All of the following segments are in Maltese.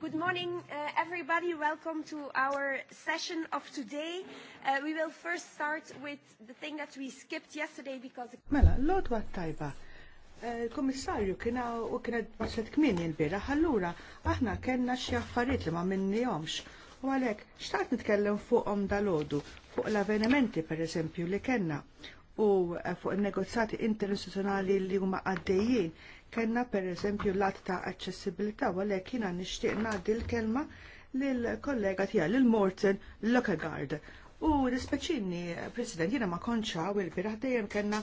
Good morning, uh, everybody. Welcome to our session of today. Uh, we will first start with the thing that we skipped yesterday because... Mela, l-odwa tajba. Il-komissarju uh, kiena u kienet baċet kmini l-bira, għallura aħna kena xie affarijiet li ma minni jomx. U għalek, xtaqt nitkellem fuqom dal-ħodu, fuq l-avvenimenti per eżempju li kena u eh, fuq il-negozjati internazzjonali li huma għaddejjin kellna pereżempju l-att ta' aċċessibilità u għalhekk jiena nixtieq ngħaddi l-kelma lill-kollega tiegħi lil Morten Lockegaard. U nispeċini, President, jiena ma konċaw il-biraħ dejjem kellna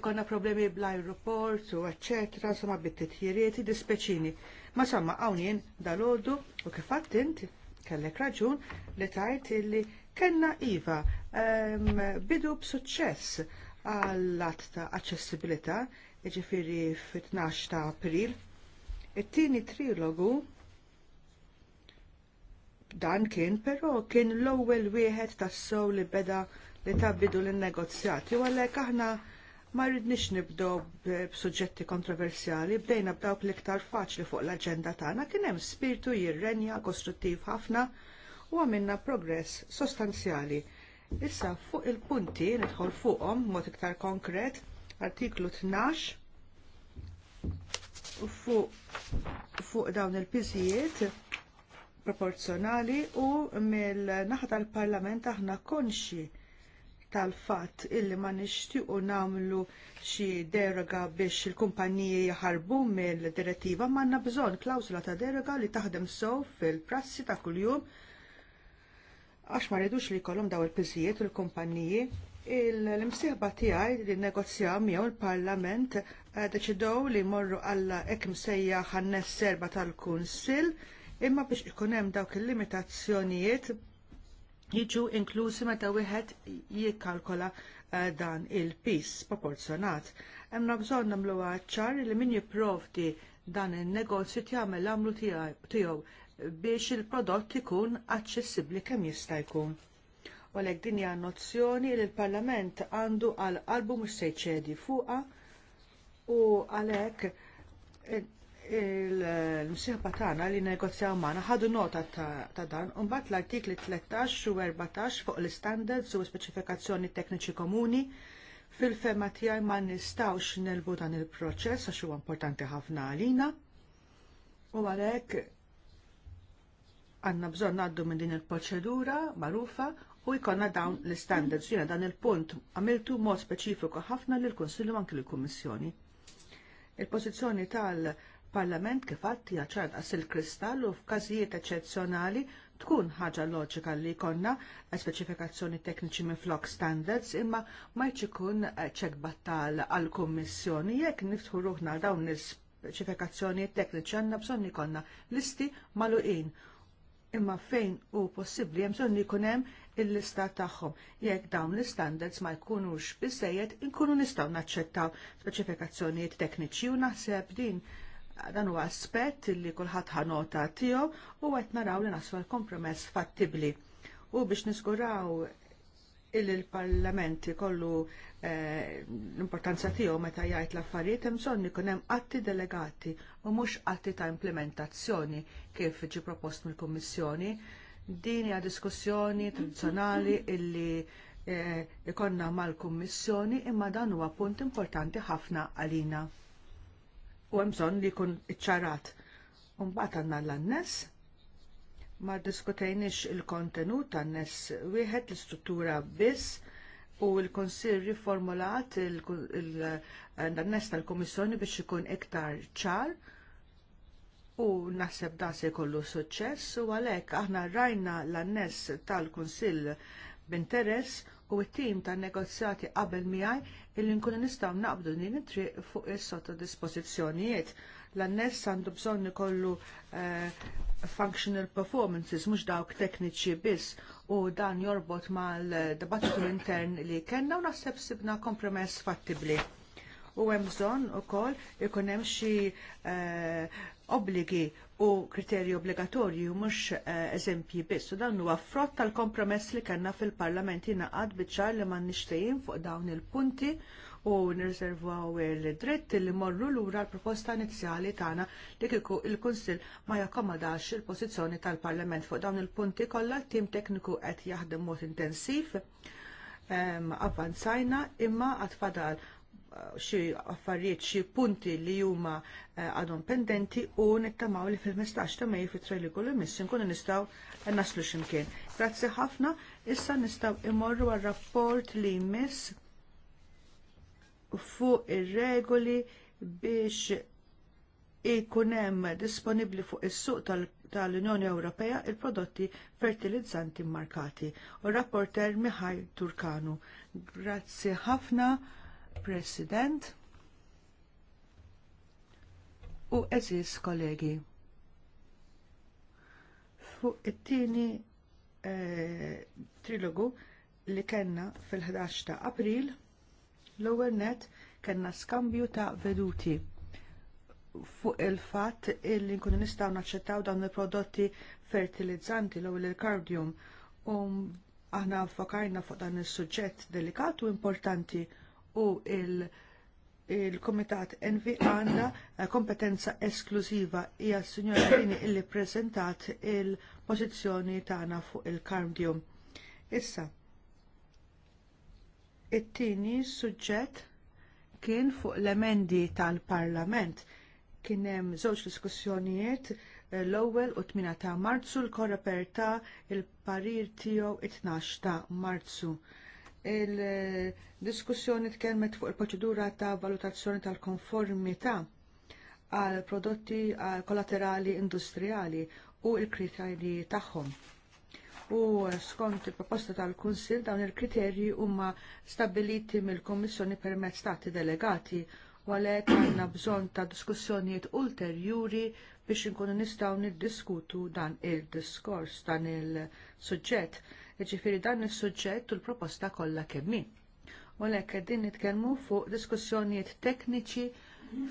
ikonna problemi bl-aeroport u eccetera, insomma bit-titjirieti, dispeċini. Ma samma hawn dal dalodu u kifat int kellek raġun li tajt illi kenna Iva um, bidu b'suċċess għall-att ta' aċċessibilità, jiġifieri f 12 ta' April. It-tieni trilogu dan kien però kien l-ewwel wieħed tas-sow li beda li tabbidu l-negozjati u għalhekk aħna ma rridniex nibdew b'suġġetti kontroversjali, bdejna b'dawk l-iktar faċli fuq l-aġenda tagħna kien hemm spiritu jirrenja kostruttiv ħafna u għamilna progress sostanzjali Issa fuq il-punti nidħol fuqhom mod iktar konkret artiklu 12 fuq fuq dawn il-piżijiet proporzjonali u mill-naħa tal-Parlament aħna konxi tal-fatt illi ma nixtiequ nagħmlu xi deroga biex il-kumpaniji jaħarbu mill-direttiva m'għandna bżonn klawsula ta' deroga li taħdem sew fil-prassi ta' kuljum għax ma rridux li jkollhom daw il-piżijiet u l-kumpanniji Il-imsieħba tiegħi li negozja miegħu il parlament eh, deċidow li jmorru għalla hekk msejja ħannes serba tal-Kunsill imma biex ikun hemm dawk il-limitazzjonijiet jiġu inklusi meta wieħed jikkalkola eh, dan il-pis proporzjonat. Hemm bżonn nagħmluha ċar li min jipprovdi dan in-negozju jagħmel l-għamlu tiegħu biex il-prodott ikun aċċessibbli kemm jista' jkun. U għalhekk din hija nozzjoni li l-Parlament għandu għal qalbu mhux se jċedi fuqha u għalhekk il-msieħba tagħna li negozjaw magħna ħadu nota ta' dan u mbagħad l-artikli 13 u 14 fuq l-istandards u speċifikazzjoni tekniċi komuni fil-fema tiegħi ma nistgħux nelbu dan il-proċess għax huwa importanti ħafna għalina u għalhekk għanna bżon għaddu minn din il-proċedura marufa u jkonna dawn l-standards. Jena dan il-punt għamiltu mod speċifiku ħafna l konsilju anki l kummissjoni Il-pozizjoni tal-Parlament kif għatti ċart il-kristall u f'każijiet eccezzjonali tkun ħaġa loġika li jkollna speċifikazzjoni tekniċi minn flok standards imma ma jċikun ċek battal għall-Kummissjoni jekk niftħu ruħna dawn l specifikazzjoni tekniċi għandna bżonn jkollna listi maluqin imma fejn u possibbli hemm bżonn li hemm il-lista tagħhom. Jekk dawn l-standards ma jkunux biżejjed, inkunu nistgħu naċċettaw speċifikazzjonijiet tekniċi u naħseb din dan huwa aspett li kulħadd ħanota tiegħu u qed naraw li nasfa l-kompromess fattibbli. U biex nisguraw il parlamenti kollu l-importanza tiegħu meta jgħid l-affarijiet hemm bżonn ikun hemm atti delegati u mhux atti ta' implementazzjoni kif ġi propost mill-Kummissjoni. Din hija diskussjoni tradizzjonali illi eh, ikonna mal-Kummissjoni imma dan huwa punt importanti ħafna għalina. U hemm bżonn li jkun iċċarat. Mbagħad għandna l-annes ma diskutejniex il-kontenut għan nes wieħed l-istruttura biss u l-Konsil riformulat l-annes tal-Komissjoni biex ikun iktar ċar u naħseb da se jkollu suċċess u għalhekk aħna rajna l-annes tal-Kunsill b'interess u t-tim tan negozjati qabel miegħi illi nkunu nistgħu naqbdu din it-triq fuq is-sotto dispozizjonijiet l-annes għandu bżonn ikollu uh, functional performances, mhux dawk tekniċi biss, u dan jorbot mal-dibattitu intern li kellna u naħseb sibna kompromess fattibli. U hemm bżonn ukoll ikun hemm xi uh, obbligi u kriterji obbligatorji u mhux eh, eżempji biss. U dan huwa frott tal-kompromess li kellna fil-Parlament jingħaqad biċ-ċar li ma nixtejjin fuq dawn il-punti u nirriservaw il-dritt li morru lura l-proposta inizjali tagħna li kieku il-Kunsill ma jakkomodax il-pożizzjoni tal-Parlament fuq dawn il-punti kollha tim tekniku qed jaħdem mod intensiv avvanzajna imma għatfadal eh, xi affarijiet xi punti li huma eh, għadhom pendenti u nittamaw li fil-15 ta' Mej fit Trelli kollu missi nkunu nistgħu naslu x'imkien. Grazzi ħafna, issa nistgħu imorru għar-rapport li jmiss fuq ir-regoli biex ikun hemm disponibbli fuq is-suq tal-Unjoni Ewropea il-prodotti fertilizzanti mmarkati. U rapporter Mihaj Turkanu. Grazzi ħafna, President. U eżis kollegi. Fuq it-tieni eh, trilogu li kellna fil-11 ta' April L-ewwel net kellna skambju ta' veduti fuq il-fatt illi nkunu nistgħu naċċettaw dawn il-prodotti fertilizzanti l-ewwel il-kardium u um, aħna fokajna fuq dan is-suġġett delikat u importanti u il- il-Komitat Envi għandha eh, kompetenza esklusiva hija s-Sinjora Lini illi ppreżentat il-pożizzjoni tagħna fuq il-Kardium. Issa, It-tieni suġġett kien fuq l-emendi tal-Parlament. Kien hemm żewġ diskussjonijiet eh, l-ewwel u tmina ta' Marzu l-koreper ta' il-parir tiegħu it-tnax ta' Marzu. Il-diskussjoni tkellmet fuq il-proċedura ta' valutazzjoni tal-konformità għal prodotti kollaterali industrijali u l kriterji tagħhom u skont il-proposta tal-Kunsil dawn il-kriterji huma stabiliti mill-Kommissjoni permezz stati delegati u għalhekk għandna bżonn ta' diskussjonijiet ulterjuri biex inkunu nistgħu niddiskutu dan il-diskors dan il-suġġett. Jiġifieri dan is-suġġett u l-proposta kollha kemm hi. U għalhekk qegħdin nitkellmu fuq diskussjonijiet tekniċi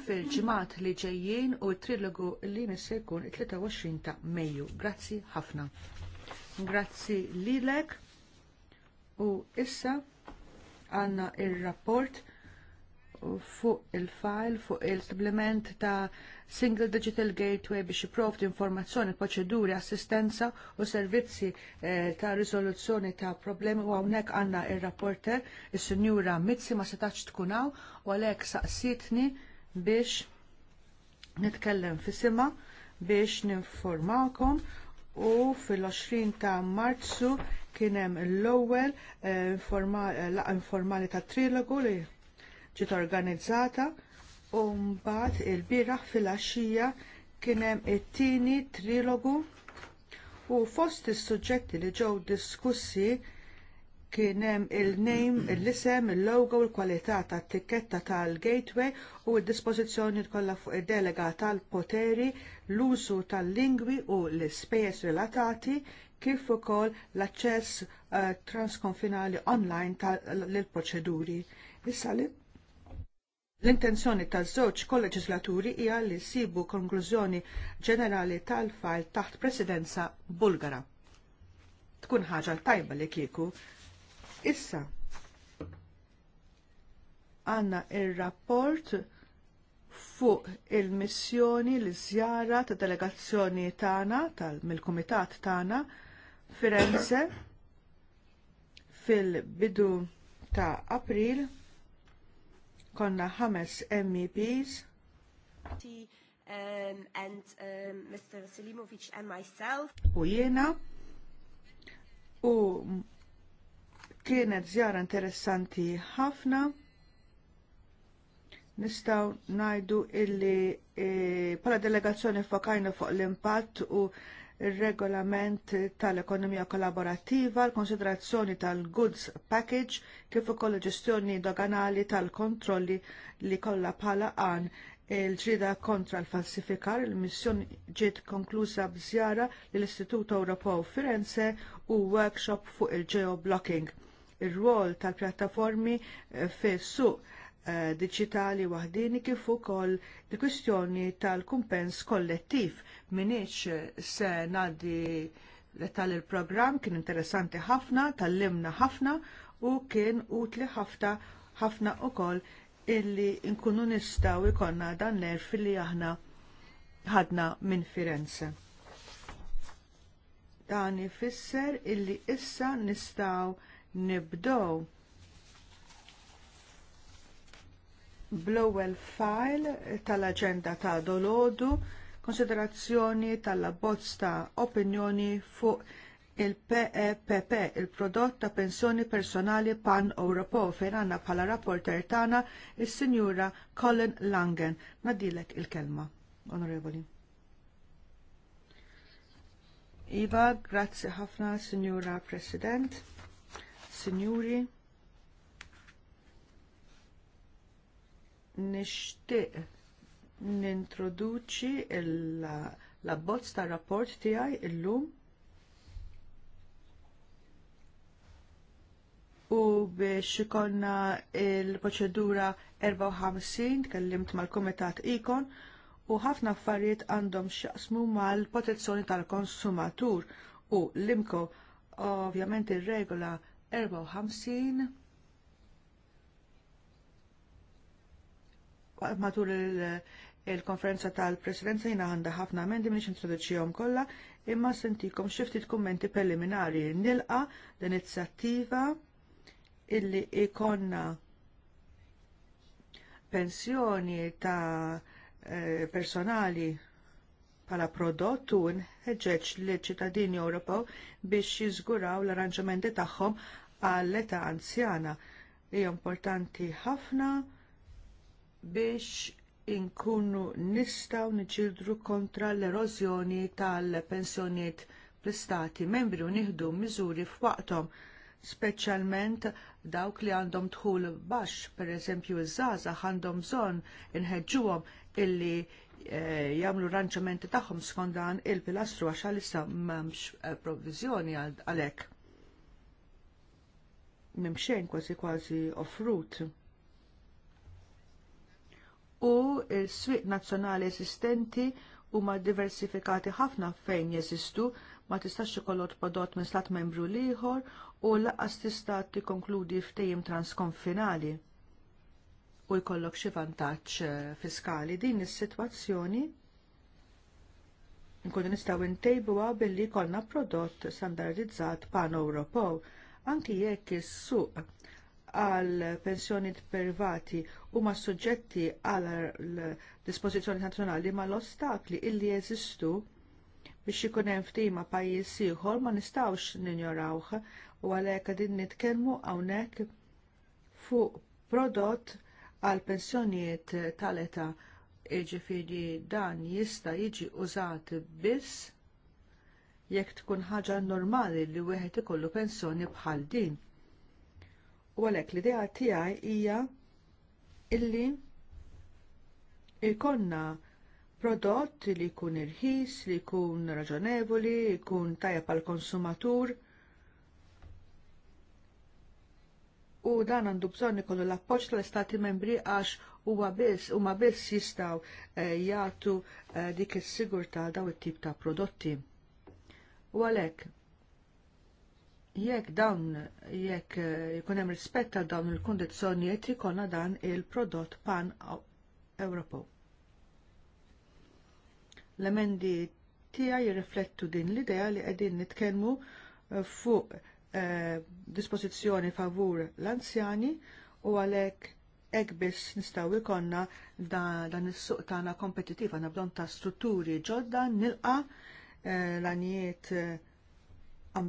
fil-ġimgħat li ġejjin u t-trilogu li jmiss jkun it-23 ta' Mejju. Grazzi ħafna. Grazzi lilek. U issa għanna il-rapport fuq il-file, fuq il-supplement ta' Single Digital Gateway biex jiprovdi informazzjoni, proċeduri, assistenza u servizzi eh, ta' risoluzzjoni ta' problemi u għawnek għanna il-rapporter, il-Sinjura Mitzi ma setax tkunaw u għalek saqsitni biex nitkellem fissima biex ninformawkom u fil-20 ta' Marzu kien hemm l-ewwel eh, eh, laqgħa informali ta' trilogu li ġiet organizzata u mbagħad il-bieraħ fil-għaxija kien hemm it-tieni trilogu u fost is-suġġetti li ġew diskussi kien hemm il-name, l-isem, il il-logo, il logo tat-tikketta tal-gateway u d-dispożizzjoni kollha fuq id-delega tal-poteri, l-użu tal-lingwi u l-ispejjeż relatati kif ukoll l-aċċess eh, transkonfinali online lill-proċeduri. Issa L-intenzjoni taż-żewġ kolleġislaturi hija li jsibu konklużjoni ġenerali tal-fajl taħt presidenza Bulgara tkun ħaġa tajba li kieku Issa, għanna il-rapport fuq il-missjoni l żjara ta' delegazzjoni tagħna tal-mil-kumitat tagħna Firenze fil-bidu ta' April konna ħames MEPs um, and um, Mr. Selimovic and myself u jiena u Kienet żjara interessanti ħafna. Nistaw najdu illi bħala e, pala delegazzjoni fokajna fuq l-impatt u il-regolament tal-ekonomija kollaborattiva, l-konsiderazzjoni tal-goods package, kif ukoll ġestjoni doganali tal-kontrolli li kollha bħala għan il-ġrida kontra l-falsifikar, il-missjoni ġiet konklusa bżjara l-Istitut Ewropew Firenze u workshop fuq il-geoblocking ir-rwol tal-pjattaformi eh, fis-suq eh, diġitali waħdini kif ukoll il-kwistjoni tal-kumpens kollettiv minix eh, se ngħaddi tal il-programm kien interessanti ħafna, tal-limna ħafna u kien utli ħafna ħafna ukoll illi nkunu nistgħu jkollna dan nerf li aħna ħadna minn Firenze. Dan ifisser illi issa nistgħu nibdow bl-ewwel file tal-aġenda ta' dolodu konsiderazzjoni tal-abbozz ta' opinjoni fuq il-PEPP, il-prodott ta' pensjoni personali pan Europo, fejn għandna bħala rapporter tagħna is-Sinjura Colin Langen. Nadilek il-kelma, onorevoli. Iva, grazzi ħafna, Sinjura President sinjuri nixtieq nintroduċi l-abbozz tar rapport tiegħi illum u biex ikonna il proċedura 54 tkellimt mal-Kumitat Ikon u ħafna affarijiet għandhom x'jaqsmu mal-protezzjoni tal-konsumatur u l-imko ovvjament ir-regola 54 matul il-konferenza tal-presidenza jina għanda ħafna amendi minix introduċijom kolla imma sentikom xiftit kummenti preliminari nilqa l-inizjattiva illi ikonna pensjoni ta' eh, personali bħala prodott u nħeġġeġ li ċittadini Ewropew biex jiżguraw l-arranġamenti tagħhom għall-età anzjana. Hija importanti ħafna biex inkunu nistgħu niġġieldu kontra l-erożjoni tal-pensjonijiet fl-istati membri u nieħdu miżuri f'waqthom speċjalment dawk li għandhom dħul baxx, pereżempju iż-żgħażagħ għandhom bżonn inħeġġuhom illi Eh, jagħmlu ranġamenti tagħhom skont dan il-pilastru għax għalissa m'hemmx eh, provviżjoni għalhekk. Mimxejn kważi kważi offrut. U s-swieq nazzjonali esistenti huma diversifikati ħafna fejn jeżistu ma tistax ikollok prodott minn stat membru l ieħor u lanqas tista' tikkonkludi ftehim transkonfinali u jkollok xi vantaġġ eh, fiskali. Din is-sitwazzjoni nkunu nistgħu ntejbuha billi jkollna prodott standardizzat pan-Ewropew anki jekk is-suq għal pensjonijiet privati huma suġġetti għal dispożizzjoni nazzjonali ma l-ostakli illi jeżistu biex ikun hemm ftima pajjiż ieħor ma nistgħux ninjorawh u għalhekk qegħdin nitkellmu hawnhekk fuq prodott għal pensjonijiet tal-età jiġifieri dan jista' jiġi użat biss jekk tkun ħaġa normali li wieħed ikollu pensjoni bħal din. U għalhekk l-idea tiegħi hija illi ikonna prodott li jkun irħis, li jkun raġonevoli, jkun tajjeb għall konsumatur u dan għandu bżonn kollu l-appoġġ tal-Istati membri għax huwa biss huma biss jistgħu eh, jagħtu eh, dik is ta' daw it-tip ta' prodotti. U għalhekk jekk dawn jekk eh, jkun hemm rispett għal dawn il-kundizzjonijiet ikolna dan il-prodott pan Ewropew. L-emendi tiegħi jirriflettu din l-idea li qegħdin nitkellmu fuq eh, dispożizzjoni favur l-anzjani u għalhekk hekk biss nistgħu jkollna dan da is-suq tagħna kompetitiva għandna ta' strutturi ġodda nilqa eh, l-għanijiet eh,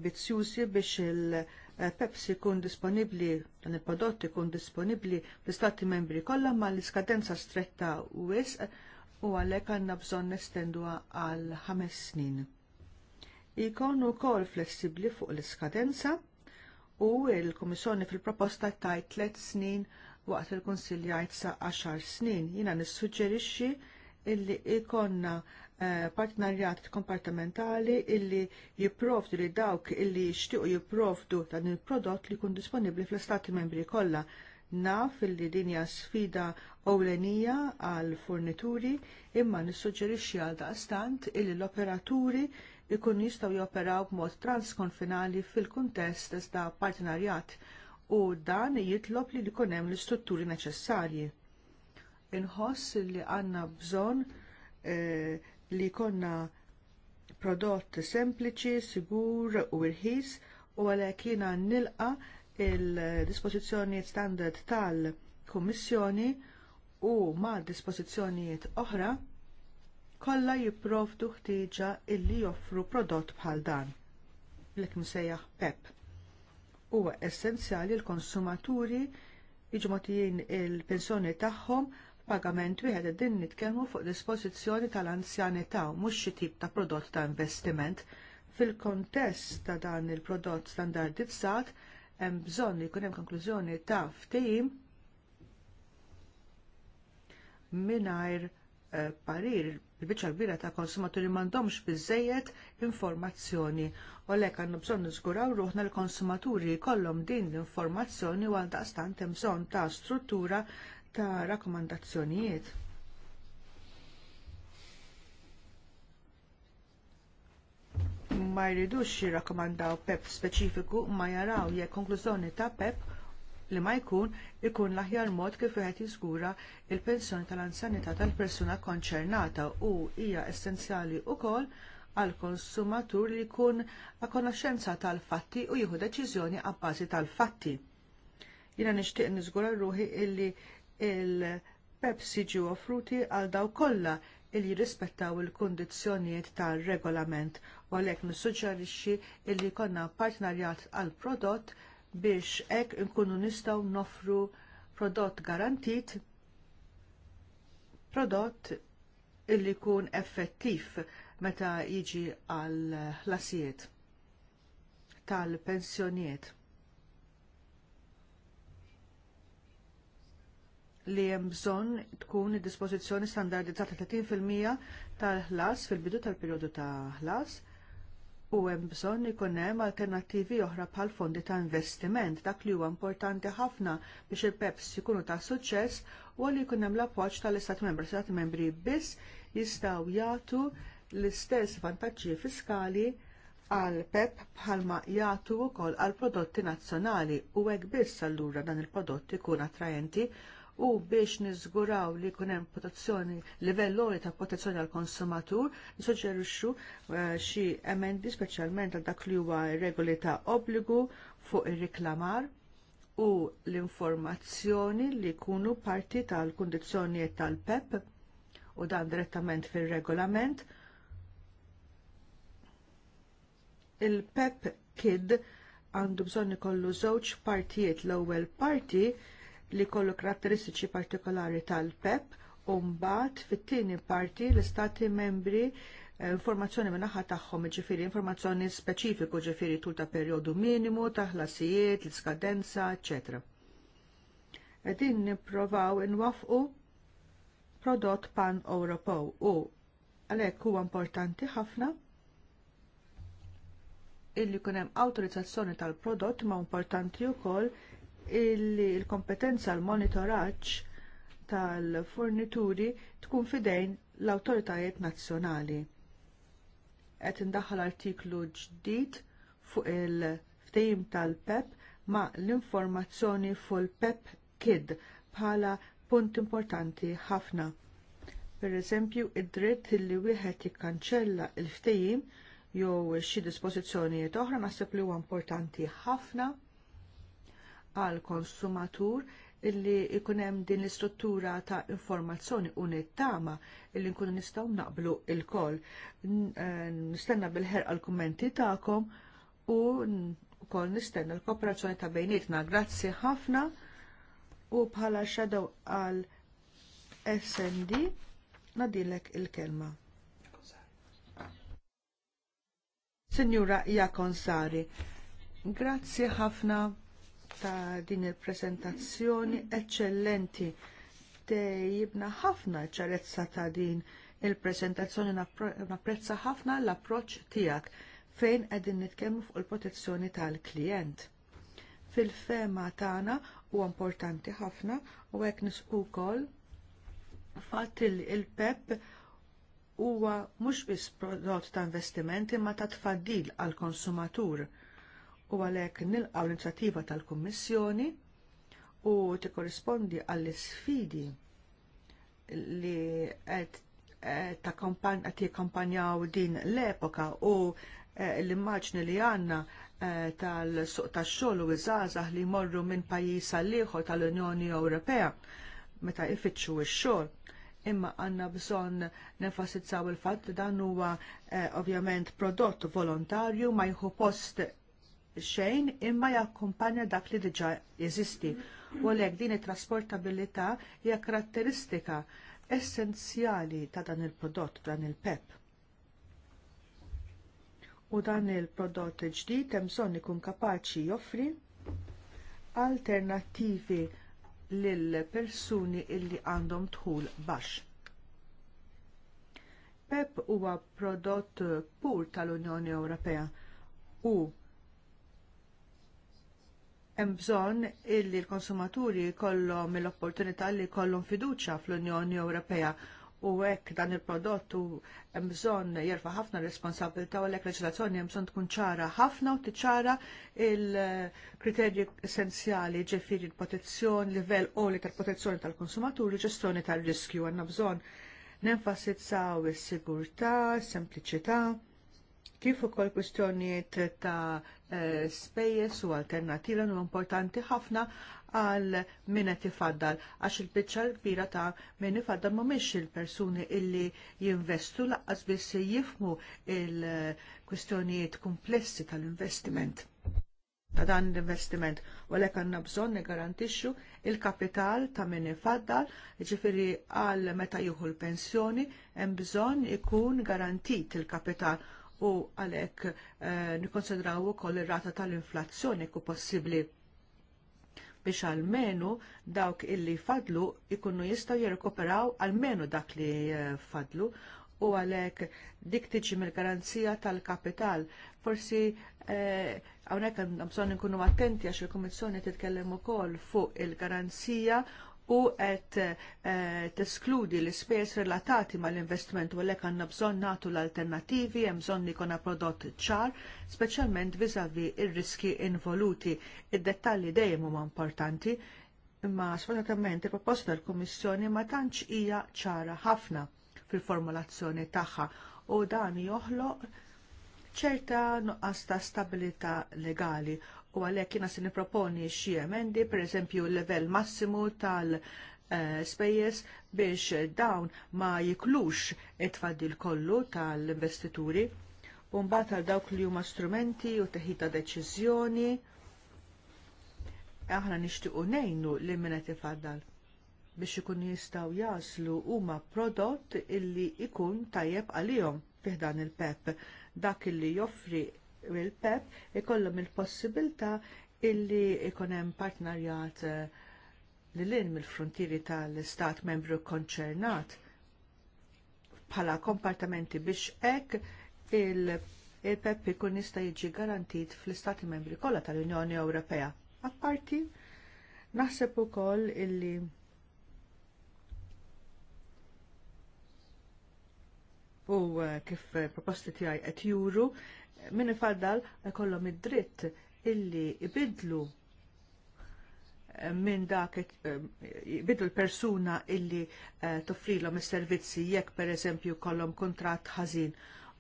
biex il-Pepsi eh, kun disponibbli dan il-prodott ikun disponibbli fl-istati membri kollha ma l-iskadenza stretta u wisq u għalhekk għandna bżonn nestenduha għal ħames snin jkunu wkoll flessibbli fuq l-iskadenza u l-Kummissjoni fil-proposta taj 3 snin waqt il-Kunsill sa 10 snin. Jiena nissuġġerixxi illi ikonna eh, partnerjat kompartimentali illi jipprovdu li dawk illi jixtiequ jipprovdu dan il-prodott li kun disponibbli fl-Istati membri kollha naf din hija sfida ewlenija għal fornituri imma nissuġġerixxi għal daqstant illi l-operaturi ikun jistgħu joperaw b'mod transkonfinali fil-kuntest ta' partenarjat u dan jitlob li jkun hemm l-istrutturi neċessarji. Inħoss li għandna bżonn e, li jkollna prodott sempliċi, sigur u irħis u għalhekk jiena nilqa il-dispożizzjonijiet standard tal-Kummissjoni u ma' dispożizzjonijiet oħra kollha jipprovdu ħtieġa illi joffru prodott bħal dan. Lek msejjaħ PEP. Huwa essenzjali l-konsumaturi jiġmotijin il-pensjoni tagħhom pagament wieħed din nitkellmu fuq dispożizzjoni tal-anzjanità mhux xi tip ta' prodott ta' investiment. Fil-kontest ta' dan il-prodott standardizzat, hemm bżonn li jkun hemm konklużjoni ta' ftehim mingħajr eh, parir il-biċċa kbira ta' konsumaturi m'għandhomx biżżejjed informazzjoni u għalhekk għandna bżonn niżguraw ruħna l-konsumaturi jkollhom din l-informazzjoni u għaldaqstant hemm bżonn ta' struttura ta' rakkomandazzjonijiet. Ma jridux jirrakkomandaw PEP speċifiku ma jaraw jekk konklużjoni ta' PEP li ma jkun ikun l-aħjar mod kif wieħed jiżgura l pensjoni tal-anzjanità tal-persuna konċernata u hija essenzjali wkoll għall konsumatur li jkun a konoxxenza tal-fatti u jieħu deċiżjoni abbażi tal-fatti. Jiena nixtieq niżgura ruħi illi il-Pepsi ġew offruti għal daw kollha illi jirrispettaw il kundizzjonijiet tar regolament u għalhekk nissuġġerixxi illi jkollna partnerjat għall prodott biex hekk nkunu nistgħu nofru prodott garantit, prodott illi jkun effettiv meta jiġi għal ħlasijiet tal-pensjonijiet li hemm bżonn tkun id-dispożizzjoni standardizzata 30% tal-ħlas fil-bidu tal-perjodu ta' ħlas. Ta u hemm bżonn ikun hemm alternattivi oħra bħal fondi ta' investiment dak li huwa importanti ħafna biex il-PEPS ikunu ta' suċċess u li jkun hemm l-appoġġ tal-Istat Membri. Stati Membri biss jistgħu jagħtu l-istess vantaġġi fiskali għal PEP e bħalma jagħtu wkoll għal prodotti nazzjonali u hekk biss allura dan il-prodott ikun attrajenti u biex niżguraw li jkun hemm protezzjoni livell ta' protezzjoni għall konsumatur nisuġġerixxu eh, xi emendi speċjalment għal dak li huwa regoli ta' obbligu fuq ir-riklamar u l-informazzjoni li jkunu parti tal-kundizzjonijiet tal-PEP u dan direttament fir-regolament. Il-PEP KID għandu bżonn ikollu żewġ partijiet l-ewwel parti, -parti li kollu karatteristiċi partikolari tal-PEP u mbagħad fit-tieni parti l-istati membri eh, informazzjoni minnaħa tagħhom ġifieri informazzjoni speċifiku ġifieri tul ta' perjodu minimu, ta' ħlasijiet, l-iskadenza, eċetera. Qegħdin nipprovaw inwafqu prodott pan-Ewropew u għalhekk huwa importanti ħafna illi jkun hemm awtorizzazzjoni tal-prodott ma' importanti wkoll illi l-kompetenza il l monitoraġġ tal-fornituri tkun fidejn l awtoritajiet nazzjonali. Qed indaħħal artiklu ġdid fuq il-ftehim tal-PEP ma' l-informazzjoni fuq il-PEP e KID bħala punt importanti ħafna. Pereżempju id-dritt li wieħed jikkanċella l ftehim jew xi dispożizzjonijiet oħra naħseb li huwa importanti ħafna għal konsumatur illi jkun hemm din l-istruttura ta' informazzjoni unittama illi nkunu nistgħu naqblu l-koll. Eh, nistenna bil-ħerqa l-kummenti tagħkom u wkoll nistenna l-kooperazzjoni ta' bejnietna. Grazzi ħafna u bħala xadaw għal SND nadilek il-kelma. Signora Jakonsari, grazzi ħafna ta' din il-presentazzjoni eccellenti. Jibna ħafna ċarezza ta' din il-presentazzjoni napprezza ħafna l-approċ tijak fejn qegħdin nitkellmu fuq il-protezzjoni tal-klient. Fil-fema tagħna huwa importanti ħafna u hekk nisqu wkoll fatt il-PEP huwa mhux biss prodott ta' investimenti ma ta' tfaddil għall konsumatur u għalhekk nilqgħu l-inizjattiva tal-Kummissjoni u tikkorrispondi għall isfidi li qed eh, ta' kampanj jikkampanjaw din l-epoka u eh, l-immaġni li għandna eh, tal-suq tax-xogħol u iż li jmorru minn pajjiż għal ieħor tal-Unjoni Ewropea meta jfittxu x-xogħol imma għanna bżon nefasizzaw il-fatt dan huwa ovvjament prodott volontarju ma jħu post xejn imma jakkumpanja dak li diġà jeżisti. U għalhekk din it-trasportabilità hija karatteristika essenzjali ta' dan il-prodott, dan il-PEP. U dan il-prodott ġdid hemm bżonn ikun kapaċi joffri alternattivi lil persuni illi għandhom tħul baxx. PEP e huwa prodott pur tal-Unjoni Ewropea u hemm bżonn illi l-konsumaturi jkollhom l-opportunità li jkollhom fiduċja fl-Unjoni Ewropea u hekk dan il-prodott u hemm bżonn jerfa' ħafna responsabilità u għalhekk leġislazzjoni hemm bżonn tkun ċara ħafna u tiċċara il-kriterji essenzjali ġifieri l-protezzjoni, livell qoli tal-protezzjoni tal-konsumaturi, ġestjoni tar-riskju għandna bżonn nenfasizzaw is-sigurtà, is-sempliċità kif ukoll kwistjonijiet ta' eh, spejjeż u alternattiva nu importanti ħafna għal min qed ifaddal għax il-biċċa l-kbira ta' min ifaddal mhumiex il-persuni illi jinvestu laqqas biss jifmu il-kwistjonijiet komplessi tal-investiment ta' dan l-investiment u għalhekk għandna bżonn nigarantixxu l kapital ta' min ifaddal, jiġifieri għal meta jieħu l-pensjoni hemm bżonn ikun garantit il-kapital u għalhekk eh, nikkonsidraw ukoll ir-rata tal-inflazzjoni ku possibbli biex għalmenu dawk illi fadlu ikunnu jistaw jirrekuperaw għalmenu dak li eh, fadlu u għalek dik tiġi mill-garanzija tal-kapital. Forsi għonek uh, għamson nkunu attenti għax il-Komissjoni titkellem ukoll fuq il-garanzija u qed eh, teskludi l-ispejs relatati mal-investiment u għalhekk għandna bżonn nagħtu l-alternattivi hemm bżonn jkollna prodott ċar, speċjalment viżavi r riski involuti. Id-dettalji dejjem huma importanti, imma sfortunatament il-proposta tal-Kummissjoni ma tantx hija ċara ħafna fil-formulazzjoni tagħha u dan joħloq ċerta nuqqas ta' stabilità legali u għalhekk jiena se nipproponi xi emendi, pereżempju l-level massimu tal- spejjeż biex dawn ma jiklux it-tfaddil kollu tal-investituri u mbagħad għal dawk li huma strumenti u teħita deċiżjoni aħna nixtiequ ngħinu li min qed ifaddal biex ikun jistgħu jaslu huma prodott illi jkun tajjeb għalihom fih dan il-pep dak illi joffri il-PEP ikollhom il-possibilità illi ikun hemm partnerjat li eh, lin mill-frontieri tal-istat membru konċernat bħala kompartamenti biex hekk il-PEP ikun jista' jiġi garantit fl-istati membri kollha tal-Unjoni Ewropea. Apparti, naħseb ukoll illi u eh, kif eh, proposti tiegħi qed juru min ifaddal kollom id-dritt illi ibidlu eh, minn dak jibidlu eh, l-persuna illi eh, toffrilhom is-servizzi jekk pereżempju kollom kuntratt ħażin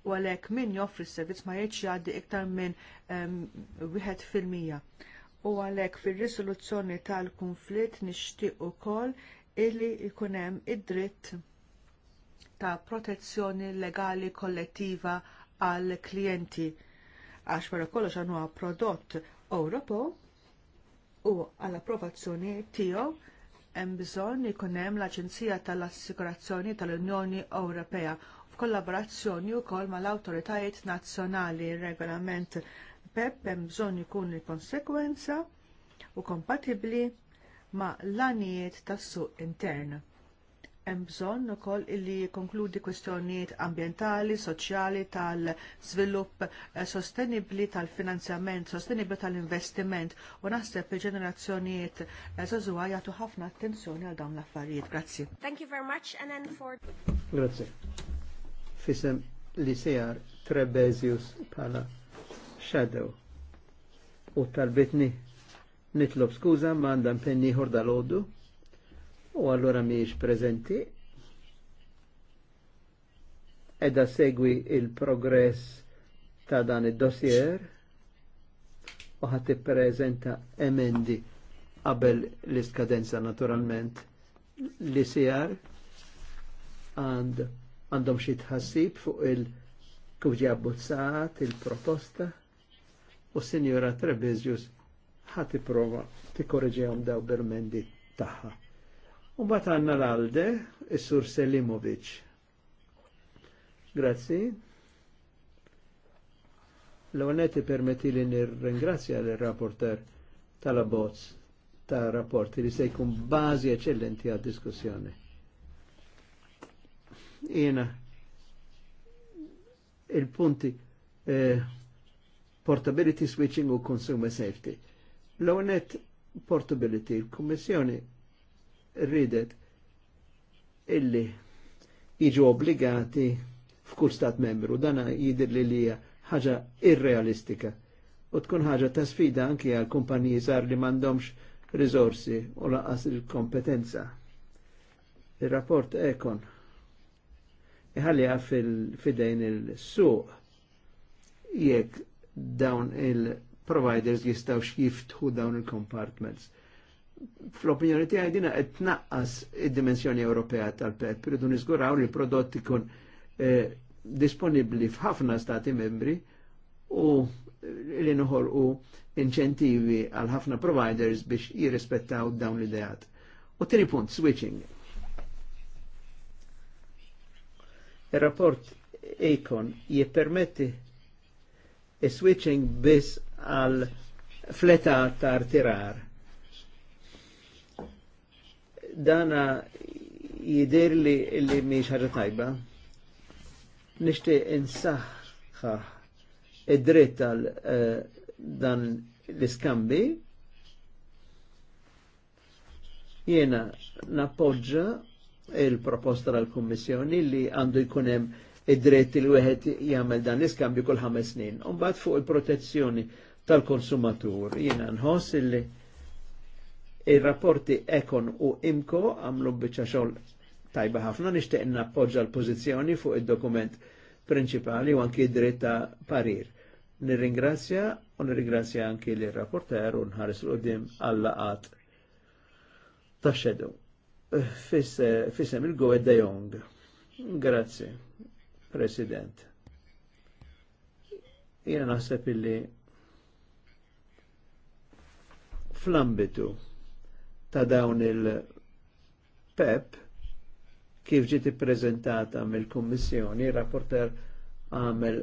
u għalhekk min joffri s-servizz ma jgħidx jgħaddi iktar minn ehm, wieħed fil-mija. U għalhekk fir-risoluzzjoni tal-kunflitt nixtieq ukoll illi jkun hemm id-dritt ta' protezzjoni legali kollettiva għal klijenti għax wara kollox għal prodott Ewropo u għall approvazzjoni tiegħu hemm bżonn ikun hemm l-Aġenzija tal-Assikurazzjoni tal-Unjoni Ewropea f'kollaborazzjoni wkoll mal-awtoritajiet nazzjonali regolament PEP hemm bżonn ikun il-konsekwenza u kompatibbli ma' l għanijiet tas-suq intern hemm bżonn ukoll illi jikkonkludi kwistjonijiet ambjentali, soċjali tal-żvilupp eh, sostenibbli tal-finanzjament, sostenibbli tal-investiment u naħseb il-ġenerazzjonijiet żożuha eh, jagħtu ħafna attenzjoni għal dawn l-affarijiet. Grazzi. Thank you very much and then for Grazzi. Fisem li sejar Trebezius pala Shadow u tal-bitni nitlob skuza ma għandha impenni ħor dal u għallura miex prezenti. Edda segwi il-progress ta' dan id-dossier u ħati prezenta emendi qabel l-iskadenza naturalment li sijar għand għandhom xie tħassib fuq il kif abbozzat il-proposta u Signora Trebezius ti korreġi għom daw bil-mendi tagħha. U bat għanna l-alde, il-sur Selimovic. Grazzi. L-għonetti permetti li nir-ringrazzja l-rapporter tal-abbozz ta' rapporti li sejkun bazi eccellenti għad diskussjoni. Jena, il-punti eh, portability switching u consumer safety. L-għonet portability, il-Kommissjoni ridet illi jiġu obbligati f'kull stat membru. Dana jidir li li ħaġa irrealistika. U tkun ħaġa ta' sfida anki għal kumpaniji żgħar li m'għandhomx risorsi u laqas il-kompetenza. Il-rapport ekon iħallija fil-fidejn il-suq jekk dawn il-providers jistawx jiftħu dawn il-compartments fl-opinjoni tiegħi dina qed tnaqqas id-dimensjoni Ewropea tal-PEP, irridu niżguraw li l-prodott ikun eh, disponibbli f'ħafna stati membri u li noħolqu inċentivi għal ħafna providers biex jirrispettaw dawn l-ideat. U tieni punt, switching. Il-rapport Econ jippermetti e-switching biss għal fleta tar tirar dana jider li li miex ħaġa tajba. nishti insaħħa id-dritt għal eh, dan l-iskambi Jiena nappoġġa il-proposta tal-Kummissjoni li għandu jkun hemm id-dritt li wieħed jagħmel dan l-iskambju kull ħames snin. Umbagħad fuq il-protezzjoni tal-konsumatur jiena nħoss illi Il-rapporti Ekon u Imko għamlu bieċa xol tajba ħafna nishtiq nappoġġa l-pożizzjoni fuq id-dokument prinċipali u anki dritt ta' parir. Nirringrazzja u nirringrazzja anki l-rapporter u nħares l-qoddim għalla għat ta' xedu. Fissem il-Goe de Jong. Grazie, President. Jena naħseb illi fl-ambitu ta' dawn il-PEP kif ġiet ippreżentata mill-Kummissjoni, rapporter għamel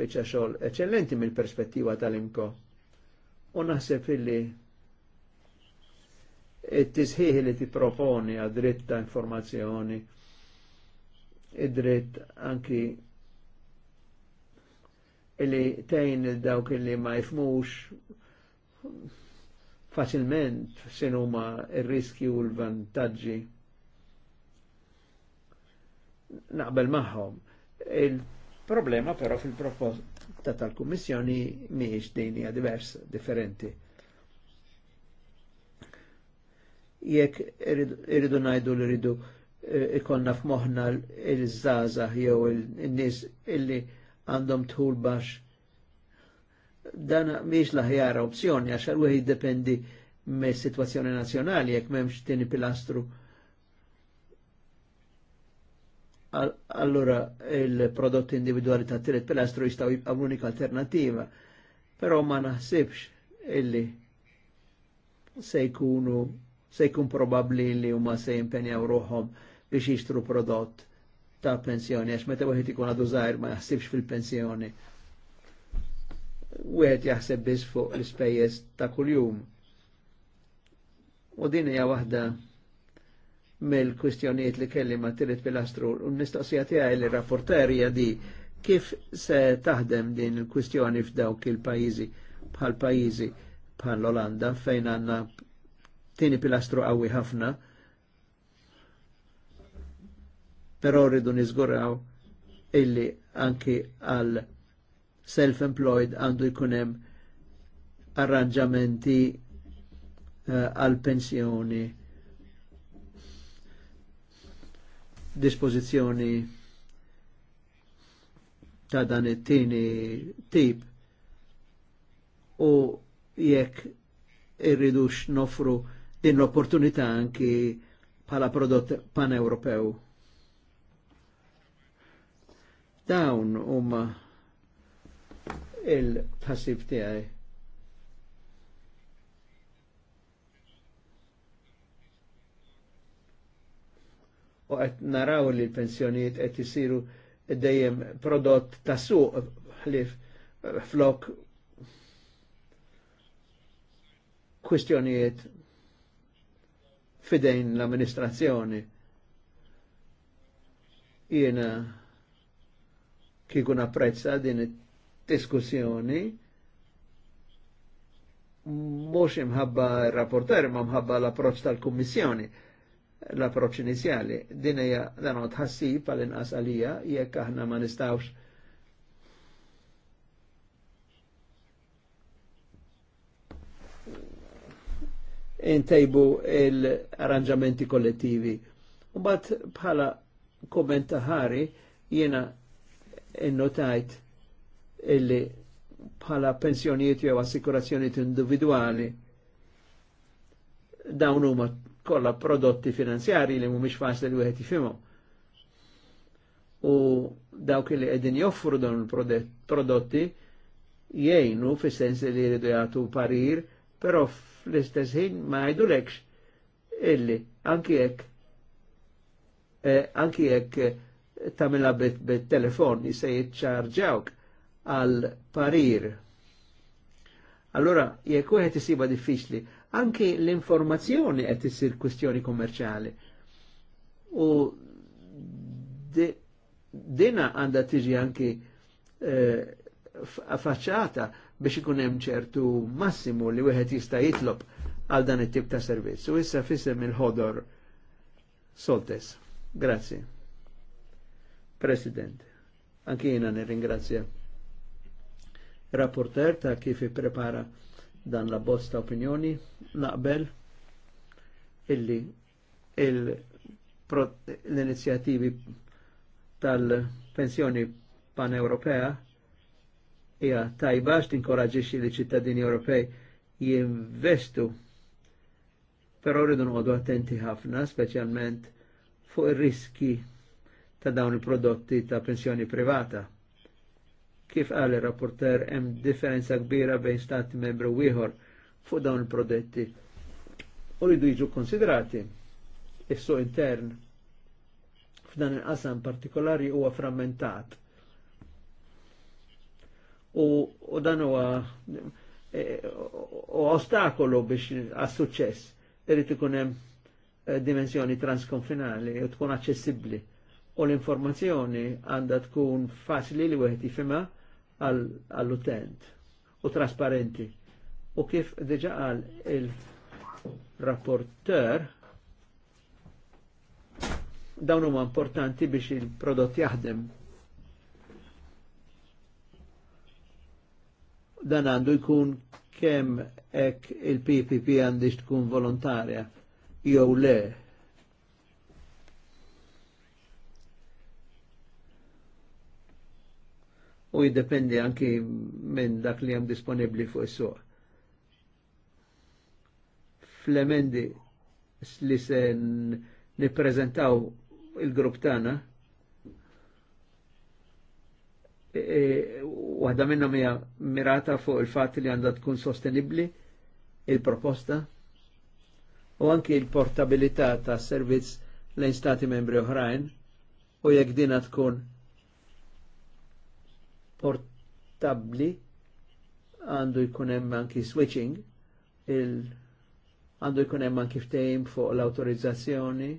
biċa xogħol eċċellenti mill-perspettiva tal-imko. U naħseb illi it-tisħiħi li tipproponi għad dritt ta' informazzjoni, id-dritt anki illi tejn il-dawk illi ma jifmux faċilment huma r-riski u l-vantaġġi naqbel magħhom. Il-problema però fil-proposta tal-Kummissjoni mhijiex din hija divers differenti. Jekk irridu ngħidu li rridu eh, ikonna f'moħħna il-żgħażagħ jew in-nies illi għandhom tħul baxx dan miex laħjar opzjoni għax għal wieħed jiddependi me situazzjoni nazzjonali jekk m'hemmx tieni pilastru. Allora il prodott individuali ta' tiret pilastru jistaw jibqa' l-unika alternativa, però ma naħsibx illi se jkunu se jkun probabbli li huma se jimpenjaw ruħhom biex jixtru prodott ta' pensjoni għax meta wieħed ikun għadu żgħir ma jaħsibx fil-pensjoni wieħed jaħseb biss fuq l-ispejjeż ta' kuljum. U din hija waħda mill-kwistjonijiet li kelli ma' tiret pilastru u nistoqsija tiegħi li rapporterja di kif se taħdem din il-kwistjoni f'dawk il-pajjiżi bħal pajjiżi bħal l-Olanda fejn għandna tieni pilastru qawwi ħafna però rridu niżguraw illi anki għal self-employed għandu jkunem arranġamenti eh, għal pensjoni dispozizjoni ta' dan it tini tip u jekk irridux nofru din l-opportunità anki bħala prodott pan-Ewropew. Dawn huma um il passib tiegħi. U qed naraw li l-pensjonijiet qed isiru dejjem prodott ta' suq li flok kwistjonijiet fidejn l-amministrazzjoni. Jiena kikun apprezza din it diskussjoni mhux imħabba r-rapporter ma mħabba l-approċċ tal-Kummissjoni l-approċċ inizjali. Din hija dan tħassib għal inqas għalija jekk aħna ma nistgħux intejbu l-arranġamenti kollettivi. U bħala komment ħari jiena innotajt illi bħala pensjoniet jew assikurazzjonijiet individuali dawn huma kollha prodotti finanzjari li mhumiex faċli li wieħed jifhimhom. U dawk li qegħdin joffru dawn il-prodotti jgħinu fis-sens li jridu jagħtu parir, però fl-istess ħin ma jgħidulekx illi anki jekk eh, anki jekk tagħmilha bit-telefon jista' jiċċarġawk għal parir. Allora, jekku għet jisiba diffiċli, anki l-informazzjoni għet jisir kwistjoni kommerċali. U di, dina għanda tiġi anki eh, faċċata biex ikunem ċertu massimu li wieħed jista' jitlob għal dan it-tip ta' servizz. U issa fissem il-ħodor soltes. Grazie. President, anki jiena nirringrazzja rapporter ta' kif prepara dan la bosta opinjoni naqbel illi l-inizjativi tal-pensjoni pan europea hija tajba tinkoraġixxi li ċittadini Ewropej jinvestu però rridu nqogħdu attenti ħafna speċjalment fuq ir-riski ta' dawn il-prodotti ta' pensjoni privata Kif għal il rapporter hemm differenza kbira bejn stati membru wieħor fuq dawn il-prodetti u rridu jiġu konsiderati is-suq intern f'dan il-qasam partikolari huwa frammentat. U, u dan huwa e, u ostakolu biex għas-suċċess irid ikun hemm e, dimensjoni transkonfinali u tkun aċċessibbli u l-informazzjoni għandha tkun faċli li wieħed fima għall-utent u trasparenti. U kif diġa għal il-rapporter dawn huma importanti biex il-prodott jaħdem. Dan għandu jkun kemm hekk il-PPP għandix tkun volontarja jew le u jiddependi anki minn dak li hemm disponibbli fuq is-suq. fl li se nippreżentaw il-grupp tagħna e, e, waħda minnhom hija mirata fuq il-fatt li għandha tkun sostenibbli il-proposta u anki il-portabilità ta' servizz lejn stati membri oħrajn u jekk dina tkun portabli għandu jkun hemm anki switching il għandu jkun hemm anki ftehim fuq l-awtorizzazzjoni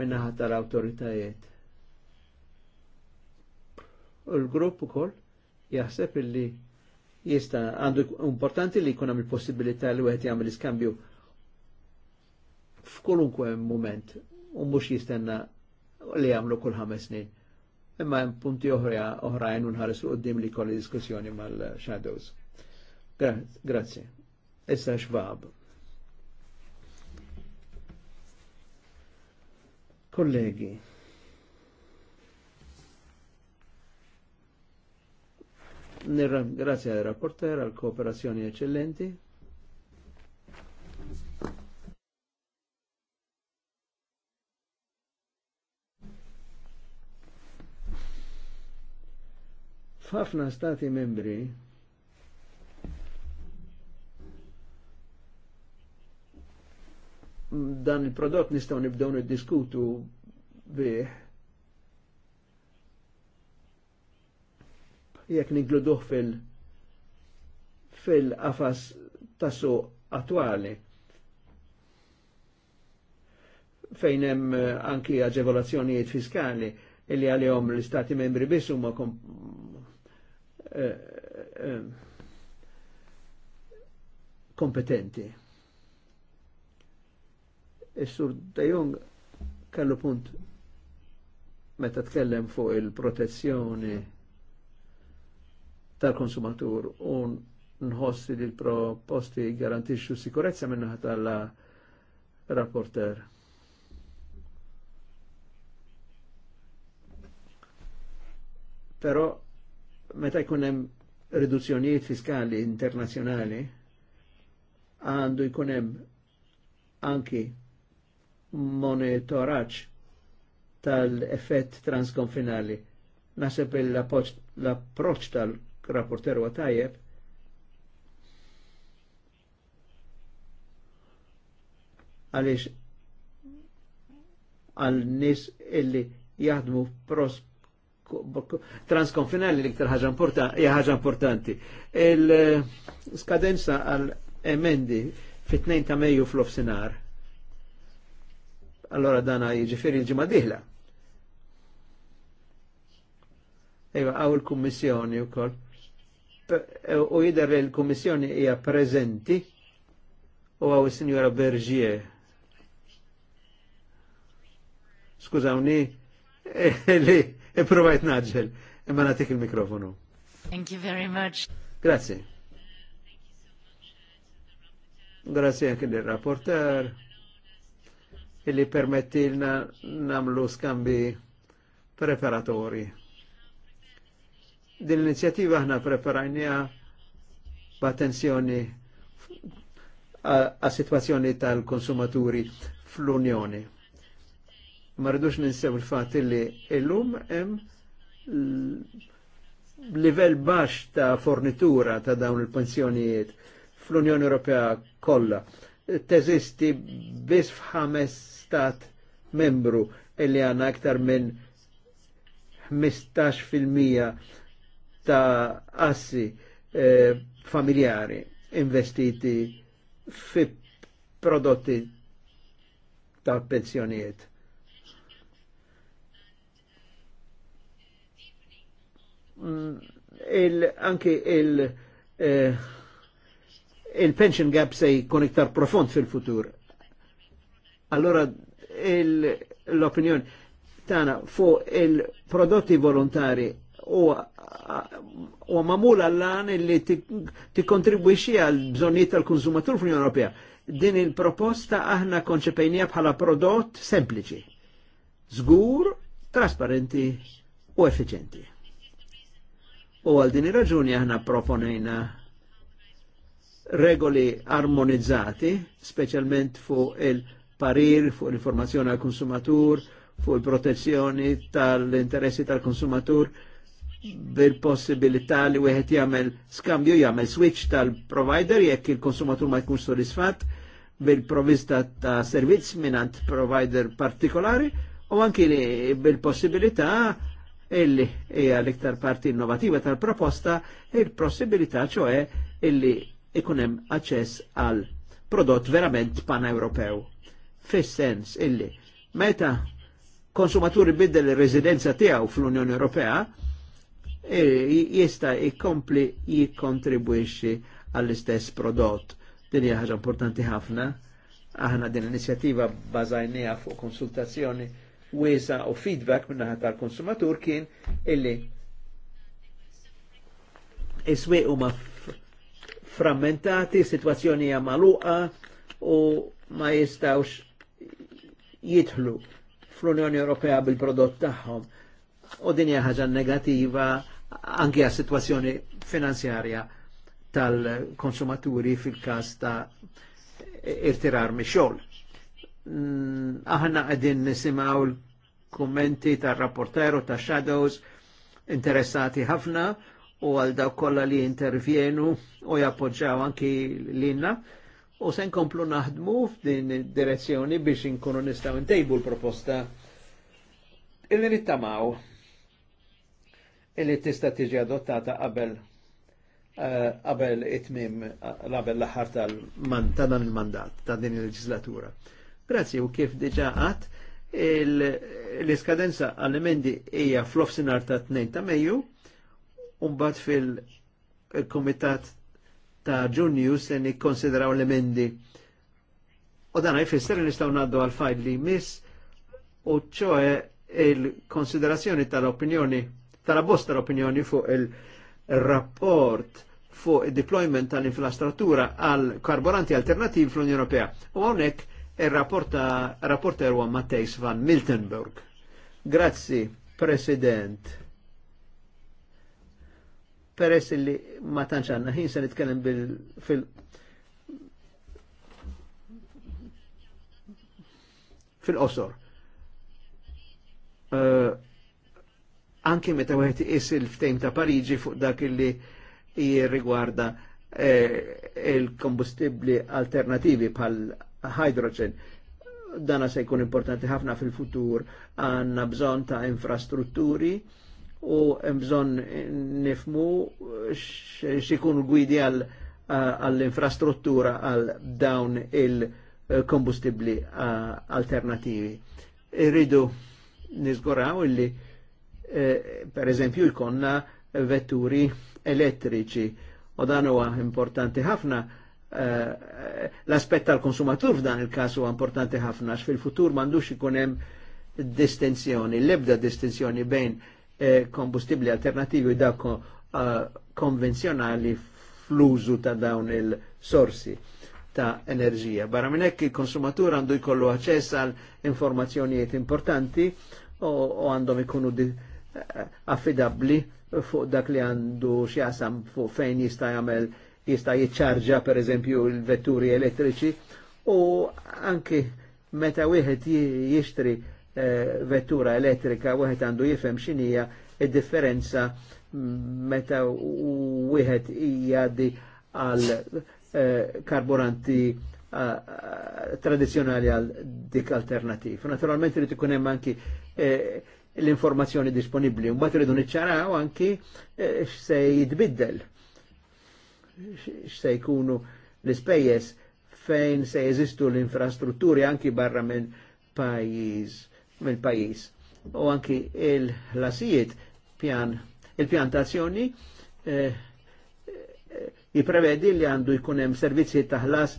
minnaħa tal-awtoritajiet. U l-grupp ukoll jaħseb illi jista għandu importanti li jkun hemm il-possibilità li wieħed jagħmel iskambju f'kolunkwe moment u mhux jistenna li jagħmlu kull ħames snin imma hemm punti oħra oħrajn unħares qudiem li kolli diskussjoni mal-shadows. Grazzi. Issa xbab. Kollegi, grazie al rapporter, al cooperazione eccellenti. F'ħafna stati membri dan il-prodott nistgħu nibdew niddiskutu bih jekk nigluduh fil- fil-qafas tasu attwali fejn hemm eh, anki aġevolazzjonijiet fiskali illi għalihom l-istati membri biss huma Eh, eh, kompetenti. Is-sur e Dajong kellu punt meta tkellem fuq il-protezzjoni tal-konsumatur u nħossi li l-proposti garantixxu sikurezza minnaħa tal-rapporter. Però meta jkun hemm riduzzjonijiet fiskali internazzjonali għandu jkun hemm anki monitoraġġ tal-effett transkonfinali. Naseb l approċċ tal wa tajjeb għaliex għal nis illi jaħdmu prosp transkonfinali li ktar ħaġa importanti, ħaġa importanti. Il-skadenza għal emendi fit-2 ta' Mejju fl-ofsinar. Allora dana jiġifieri l-ġimgħa diħla. Ewa, għaw il-kummissjoni u koll. U jider il-kummissjoni hija prezenti u għaw il-Sinjora Bergier. Skużawni, li Iprovajt naġġel, imma natik il-mikrofonu. Thank you very much. Grazie. Grazie anche del rapporteur li permettilna namlu scambi preparatori. Din l-inizjativa ħna preparajnija a situazioni situazzjoni tal-konsumaturi fl-Unjoni ma ninsew il-fatt li illum hemm livell baxx ta' fornitura ta' dawn il-pensjonijiet fl-Unjoni Ewropea kollha. Teżisti biss f'ħames stat membru illi għandna aktar minn 15% ta' assi eh, familjari investiti fi prodotti tal pensjonijiet il, anki il, eh, il pension gap se jkun iktar profond fil-futur. Allora l-opinjoni tana fuq il-prodotti volontari u mamula lan li ti kontribwixi għal bżonniet tal-konsumatur fl unjoni Ewropea. Din il-proposta aħna konċepejnija bħala prodott sempliċi, zgur, trasparenti u efficienti. U għal din raġuni aħna proponejna regoli armonizzati, specialment fuq il-parir, fuq l-informazzjoni għal konsumatur, fuq il-protezzjoni tal-interessi tal-konsumatur, bil-possibilità li wieħed jagħmel skambju jagħmel switch tal-provider jekk il-konsumatur ma jkunx sodisfat bil-provista ta' servizz minant provider partikolari u anki bil-possibilità illi hija l-iktar parti innovativa tal-proposta il-possibilità ċoe illi ikun hemm aċċess għal prodott verament pan-Ewropew. Fis-sens illi meta konsumaturi biddel il-residenza tiegħu fl-Unjoni Ewropea e, jista jkompli jikkontribwixxi għall-istess prodott. Din hija ħaġa importanti ħafna. Aħna din l-inizjattiva bażajnija fuq konsultazzjoni wiesa u feedback minnaħat tal-konsumatur kien illi iswe u ma frammentati, situazzjoni jammaluqa u ma jistawx jitħlu fl-Unjoni Ewropea bil-prodott tagħhom. U din hija ħaġa negativa anke għas situazzjoni finanzjarja tal-konsumaturi fil-każ ta' irtirar mix-xogħol. Mm, aħna għedin nisimaw l-kommenti tar rapporteru ta' shadows interessati ħafna u għal daw kolla li intervjenu u jappoġġaw anki l-inna u sen komplu naħdmu f'din direzzjoni biex inkunu nistaw intejbu l-proposta illi nittamaw illi tista tiġi adottata qabel eh, qabel uh, it-tmim qabel l-aħħar tal ta' dan il-mandat ta' din il-leġislatura. Grazzi, u kif diġa għat, l-iskadenza għall-emendi hija fl-ofsinar ta' 2 ta' Mejju, un-bat fil-komitat ta' ġunju se nikkonsideraw l-emendi. U dan jfisser li nistgħu ngħaddu għal fajl li mis, u ċoħe il-konsiderazzjoni tal-opinjoni tal-abbost tal-opinjoni fuq il-rapport fuq il deployment tal-infrastruttura għal karburanti alternativi fl-Unjoni Ewropea. U hawnhekk Il-rapporta, rapporter huwa Matejs van Miltenburg. Grazzi, President. Peress li ma tanċanna ħin se nitkellem bil fil fil-qosor. Uh, anki meta wieħed is il-ftejm ta' Pariġi fuq dak li jirrigwarda eh, il-kombustibli alternativi pal hydrogen. Dana se jkun importanti ħafna fil-futur għanna bżon ta' infrastrutturi u bżon nifmu xikun gwidi eh, għall-infrastruttura għal dawn il-kombustibli eh, alternativi. Irridu nizguraw illi eh, per eżempju jkonna vetturi elettriċi u dan huwa importanti ħafna Eh, l-aspett tal-konsumatur f'dan il-każ huwa importanti ħafna għax fil-futur m'għandux ikun hemm distinzjoni, l-ebda distinzjoni bejn eh, kombustibli alternativi dak eh, konvenzjonali fl-użu ta' dawn il-sorsi ta' enerġija. Barra minn hekk il-konsumatur għandu jkollu aċċess għal informazzjonijiet importanti u għandhom ikunu affidabbli fuq dak li għandu xjasam fuq fejn jista' jagħmel jista' jiċċarġa per eżempju l-vetturi elettriċi u anki meta wieħed jixtri eh, vettura elettrika wieħed għandu jifhem x'inhija id-differenza mm, meta wieħed jgħaddi għal eh, karburanti eh, tradizjonali għal dik alternativ. Naturalment irid ikun hemm anki eh, l-informazzjoni disponibbli, mbagħad iridu niċċaraw anki x'se jitbiddel x'se jkunu l spejjes fejn se jeżistu l-infrastrutturi anki barra minn pajjiż minn pajis. U anki il-ħlasijiet pjan il-pjantazzjoni eh, eh, jiprevedi li għandu jkun hemm servizzi ta' ħlas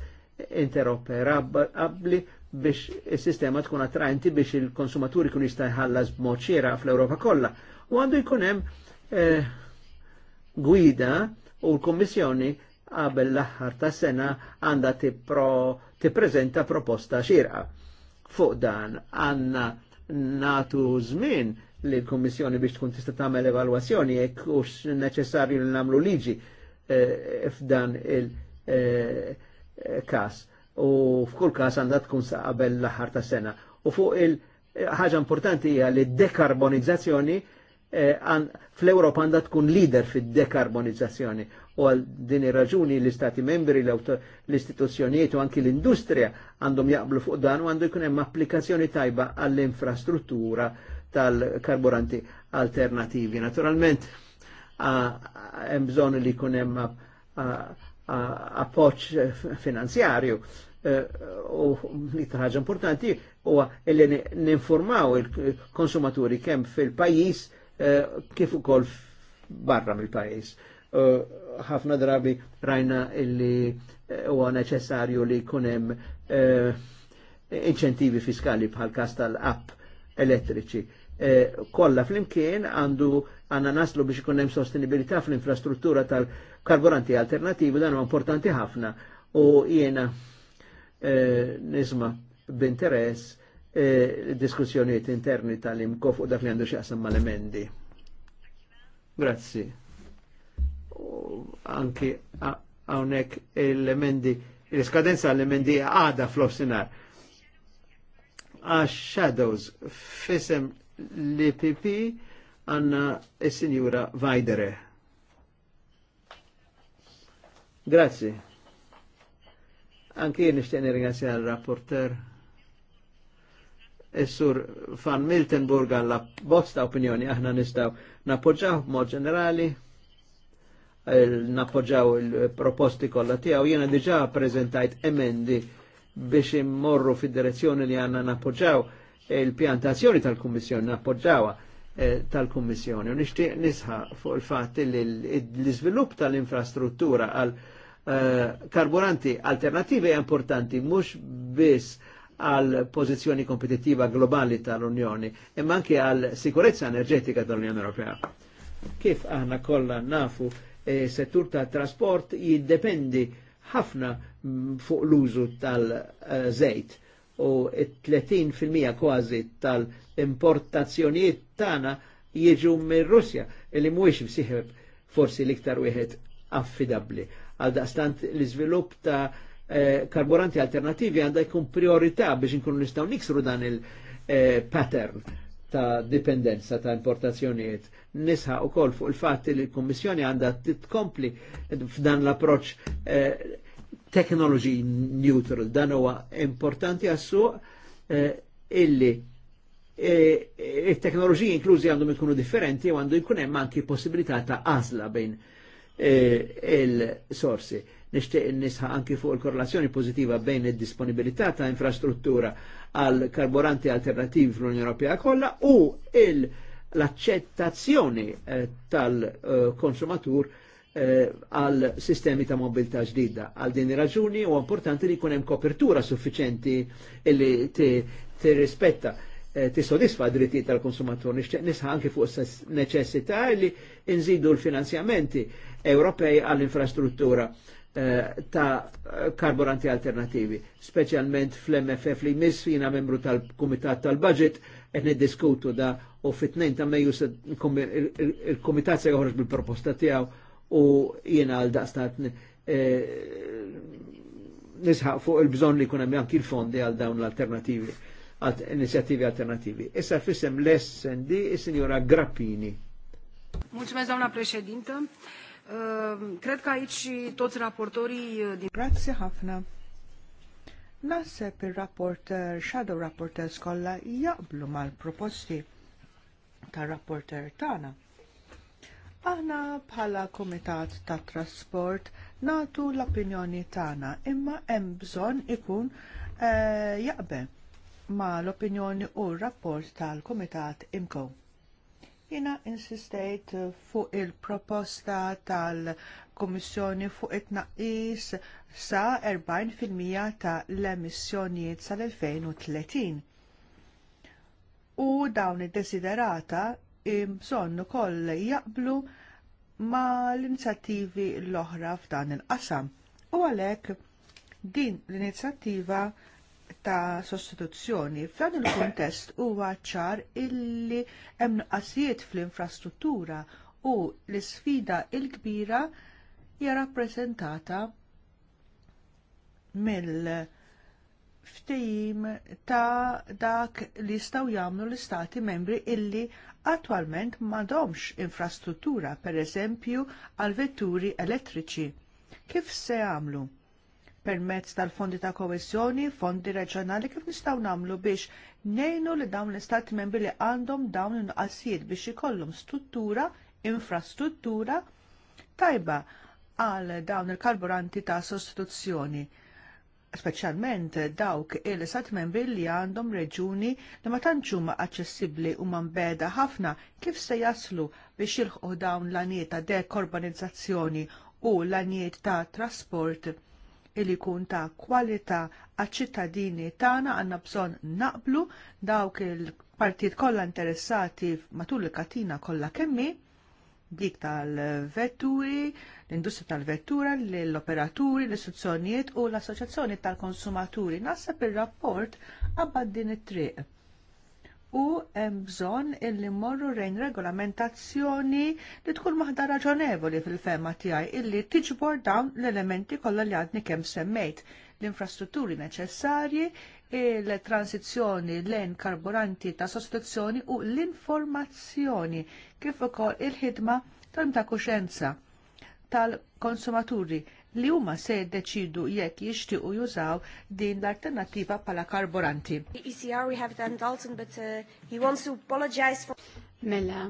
interoperabbli biex il-sistema tkun attraenti biex il-konsumaturi kun jista' jħallas b'mod fl-Ewropa kollha. U għandu jkun hemm eh, gwida u l-Kommissjoni qabel l-aħħar ta' sena għandha tippreżenta proposta xirqa. Fuq dan għandna natu żmien li l-Kommissjoni biex tkun tista' tagħmel evalwazzjoni jekk hux neċessarju li nagħmlu liġi eh, f'dan il-każ. Eh, u f'kull każ għandha tkun sa qabel l-aħħar ta' sena. U fuq il- ħaġa importanti hija li dekarbonizzazzjoni Eh, fl-Europa għandha tkun leader fid-dekarbonizzazzjoni u għal din raġuni l-istati membri, l-istituzzjonijiet u anki l-industrija għandhom jaqblu fuq dan u għandu jkun hemm applikazzjoni tajba għall-infrastruttura tal-karburanti alternativi. Naturalment, hemm bżonn li jkun hemm appoġġ finanzjarju eh, u li ħaġa importanti huwa li ninformaw il-konsumaturi kemm fil-pajjiż Eh, kif ukoll barra mill-pajis. Eh, ħafna drabi rajna illi eh, huwa neċessarju li kunem inċentivi fiskali bħal kastal tal-app elettriċi. Kolla fl-imkien għandu għanna naslu biex kunem sostenibilità fl-infrastruttura tal-karburanti alternativi dan huwa importanti ħafna u jiena nisma b'interess E, diskussjoniet interni tal-imkof u dak li għandu xaqsam mal-emendi. Grazzi. Anki għawnek l-emendi, l-skadenza l-emendi għada fl-offsinar. Għax shadows fisem l pp għanna il-Sinjura Vajdere. Grazzi. Anki nishtiqni ringrazzja l-rapporter. Sur Van Miltenburg għalla bosta opinjoni aħna nistaw napoġġaw mod ġenerali eh, napoġġaw il-proposti kollha tiegħu jiena diġà ppreżentajt emendi biex immorru fid-direzzjoni li għandna napoġġaw il-pjantazzjoni tal-Kummissjoni nappoġġawha eh, tal-Kummissjoni. U nixtieq nisħa fuq il-fatt li l-iżvilupp tal-infrastruttura għal eh, karburanti alternativi importanti mhux biss għal pożizzjoni kompetittiva globali tal-Unjoni, imma anke għal sikurezza enerġetika tal-Unjoni Ewropea. Kif aħna kollha nafu e, settur ta' trasport jiddependi ħafna fuq l-użu tal-żejt u 30% kważi tal-importazzjonijiet tagħna jiġu minn Russja li mhuwiex msieħeb forsi l-iktar wieħed affidabbli. Għal daqstant l-iżvilupp ta' Eh, karburanti alternativi għandha jkun priorità biex nkunu nistgħu niksru dan il-pattern eh, ta' dipendenza ta' importazzjonijiet. Nisħa u koll fuq il fatti li l-Kommissjoni għandha titkompli f'dan l-approċ eh, technology neutral. Dan huwa importanti għassu eh, illi il-teknoloġiji inklużi għandhom ikunu differenti u għandu jkun hemm anki possibilità ta' għażla bejn il-sorsi nixtieq nisħa anki fuq il-korrelazzjoni pozitiva bejn id-disponibilità ta' infrastruttura għal karburanti alternativi fl-Unjoni Ewropea kollha u l-accettazzjoni eh, tal-konsumatur eh, eh, għal sistemi ta' mobilità ġdida. Għal din raġuni u importanti li kunem kopertura suffiċenti li tirrispetta tissodisfa dritti tal-konsumatur. Nixtieq nisħa anki fuq neċessità li nżidu l-finanzjamenti Ewropej għall-infrastruttura Eh, ta' karburanti alternativi, specialment fl-MFF li miss jina membru tal-Kumitat tal-Budget qed niddiskutu da u fit nejn ta' Mejju il-Kumitat se joħroġ bil-proposta tiegħu u jiena għal daqstat eh, nisħaq fuq il-bżonn li jkun hemm anki l-fondi għal dawn l-alternativi inizjativi alternativi. Issa fissem l-SND il Signora Grappini. Mulțumesc, doamna preċedinta. Ehm, cred eh, Grazie ħafna. Naħseb il-rapporter, shadow rapporter skolla jaqblu mal-proposti tar rapporter tagħna. Aħna bħala Kumitat tat trasport nagħtu l-opinjoni tagħna, imma hemm bżonn ikun e, jaqbel ma l-opinjoni u r-rapport tal kumitat imkow. Jina insistejt fuq il-proposta tal-Komissjoni fuq it-naqis sa 40% ta' l-emissjonijiet sal-2030. U dawn id-desiderata bżonn ukoll jaqblu ma' l-inizjattivi l-oħra f'dan il-qasam. U għalhekk din l-inizjattiva ta' sostituzzjoni. F'dan il-kuntest huwa ċar illi hemm nuqqasijiet fl-infrastruttura u l-isfida l kbira hija rappreżentata mill-ftehim ta' dak li jistgħu jagħmlu l-istati membri illi attwalment m'għandhomx infrastruttura, pereżempju għal vetturi elettriċi. Kif se jagħmlu? permezz tal-fondi ta' koesjoni, fondi reġjonali kif nistgħu nagħmlu biex ngħinu li dawn l-istati membri li għandhom dawn il-nuqqasijiet biex ikollhom struttura, infrastruttura tajba għal dawn il-karburanti ta' sostituzzjoni speċjalment dawk il istat membri li għandhom reġuni li ma tantx huma aċċessibbli u mbeda ħafna kif se jaslu biex jilħqu dawn l-għaniet ta' dekorbanizzazzjoni u l-għaniet ta' trasport illi jkun ta' kwalità għaċ-ċittadini tagħna għandna bżonn naqblu dawk il-partit kollha interessati matul il-katina kollha kemmi dik tal-vetturi, l industri tal-vettura, l-operaturi, l-istituzzjonijiet u l-assoċjazzjoni tal-konsumaturi. Naħseb ir rapport għabad din it-triq u hemm bżonn illi mmorru rejn regolamentazzjoni li tkun waħda raġonevoli fil-fema tiegħi illi tiġbor dawn l-elementi kollha li għadni kemm semmejt l-infrastrutturi neċessarji, il-transizjoni lejn karburanti ta' sostituzzjoni u l-informazzjoni kif ukoll il-ħidma tal-ta' kuxenza tal-konsumaturi li huma se jiddeċidu jekk jixtiequ jużaw din l-alternattiva bħala karburanti. Mela,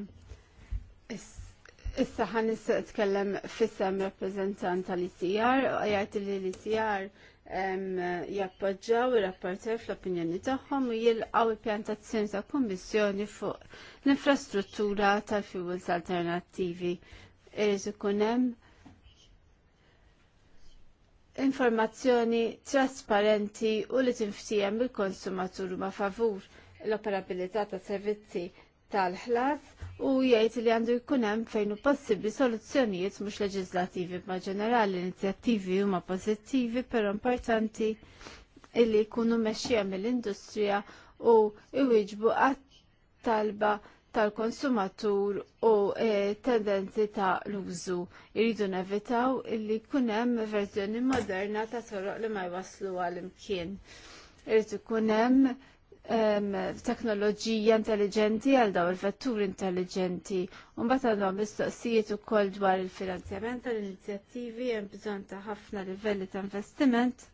issa ħan issa tkellem fissem rappresentant tal-ICR, għajt li l-ICR jappoġġaw il-rapporter fl-opinjoni tagħhom u jilqgħu il-pjantazzjoni ta' kummissjoni fuq l-infrastruttura tal-fuels alternattivi. Irid kunem hemm informazzjoni trasparenti u li tinftijem il konsumatur ma favur l-operabilità ta' servizzi tal-ħlas u jgħid li għandu jkun hemm fejn hu possibbli soluzzjonijiet mhux leġislattivi ma' ġenerali inizjattivi huma pożittivi però importanti li jkunu mexxija mill-industrija u iwieġbu għat talba tal-konsumatur u e, tendenzi ta' l-użu. Irridu nevitaw illi kunem verżjoni moderna ta' toroq li ma' jwaslu għal-imkien. Irridu kunem teknoloġija intelligenti għal daw il-vetturi intelligenti. Unbat għandhom mistoqsijiet u koll dwar il-finanzjament tal-inizjattivi hemm bżonn ta' ħafna livelli ta' investiment.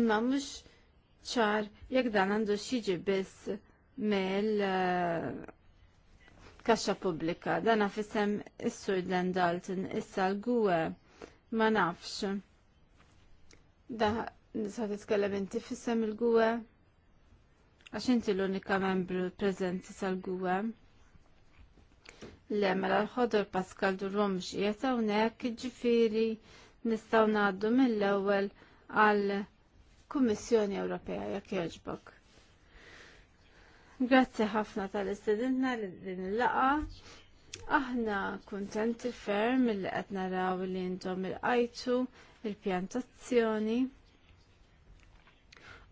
Imma mhux ċar jekk dan għandu xieġi biss mill eh, kaxxa pubblika. Dan fissem is-sur Dan Dalton issa l-gwe ma nafx. Da nisa titkellem inti fissem il-gwe għax inti l-unika membru preżenti sal-gwe. Le, mela l-ħodor Pascal Durom xieta unek ġifiri nistaw naddu mill-ewel għal Kummissjoni Ewropea jekk jogħġbok. Grazzi ħafna tal-istedinna din il-laqa. Aħna kuntenti ferm mill-li qed naraw li intom il-qajtu il-pjantazzjoni.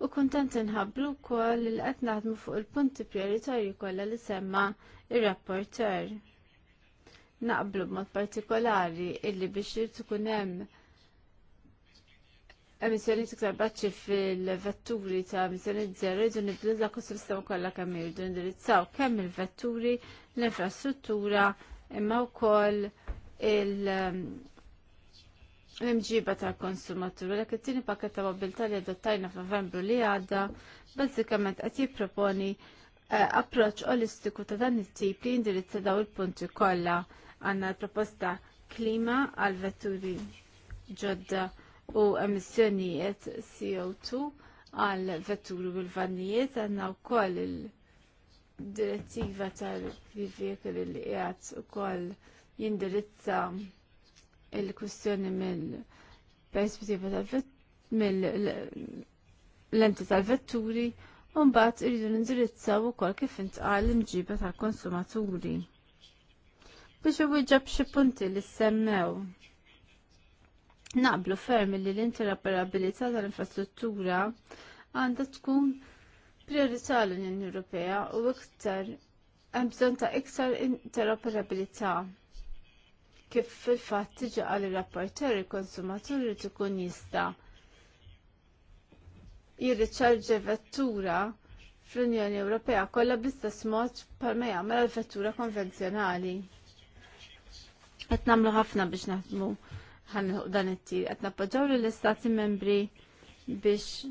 U kuntent nħablu wkoll li qed naħdmu fuq il-punti prioritarji kollha li semma ir-rapporter. Naqblu b'mod partikolari illi biex ikun hemm emissjoni t-iktar baċċi fil-vetturi ta' emissjoni zero jridu nibdilda kull sistema kollha kemm jridu indirizzaw kemm il-vetturi, l-infrastruttura, imma wkoll um, l-imġiba tal-konsumatur. Lek it-tieni pakket ta' mobilta li adottajna novembru li għadda, bażikament qed jipproponi eh, approċċ olistiku ta' dan it-tip li jindirizza daw il-punti kollha għandna l-proposta klima għal vetturi ġodda u emissjonijiet CO2 għal vetturi u l-vannijiet għanna u koll il-direttiva tal-vivekul li jgħat u koll jindirizza il-kustjoni mill-perspettiva tal-vetturi enti tal-vetturi u mbagħad iridu nindirizzaw ukoll kif intqal l-imġiba tal-konsumaturi. Biex iwieġeb xi punti li semmew. Naqblu ferm li l-interoperabilità tal-infrastruttura għandha tkun priorità l-Unjoni Ewropea u iktar hemm bżonn ta' iktar interoperabilità. Kif fil-fatt tiġi għal ir-rapporter il-konsumatur li tkun jista' jirriċarġa vettura fl-Unjoni Ewropea kollha bl-istess mod bħalma jagħmel għall vettura konvenzjonali. Qed nagħmlu ħafna biex naħdmu ħanħu dan it-tir. Qed nappoġġaw lill-istati membri biex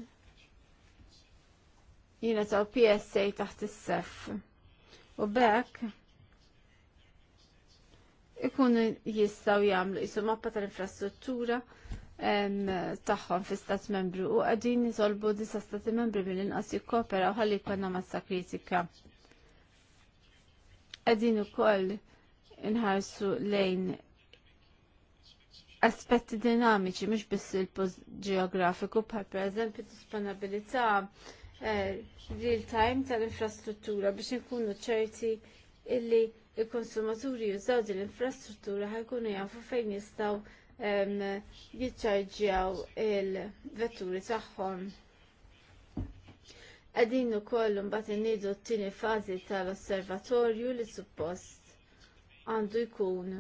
jina taw PSA taħt is-sef. U bekk ikunu jistaw jagħmlu jisu mappa tal-infrastruttura tagħhom fi stat membru u qegħdin jizolbu disa stati membri mill-inqas jikkopera u ħalli jkollna massa kritika. Qegħdin ukoll inħarsu lejn aspetti dinamiċi mhux biss il-post geografiku bħal pereżempju disponibilità eh, real time tal-infrastruttura biex inkunu ċerti illi il-konsumaturi jużaw din l-infrastruttura ħajkunu jafu fejn jistgħu ehm, jitċarġjaw il-vetturi tagħhom. Qegħdin ukoll mbagħad nidu t-tieni fażi tal-osservatorju li suppost għandu jkun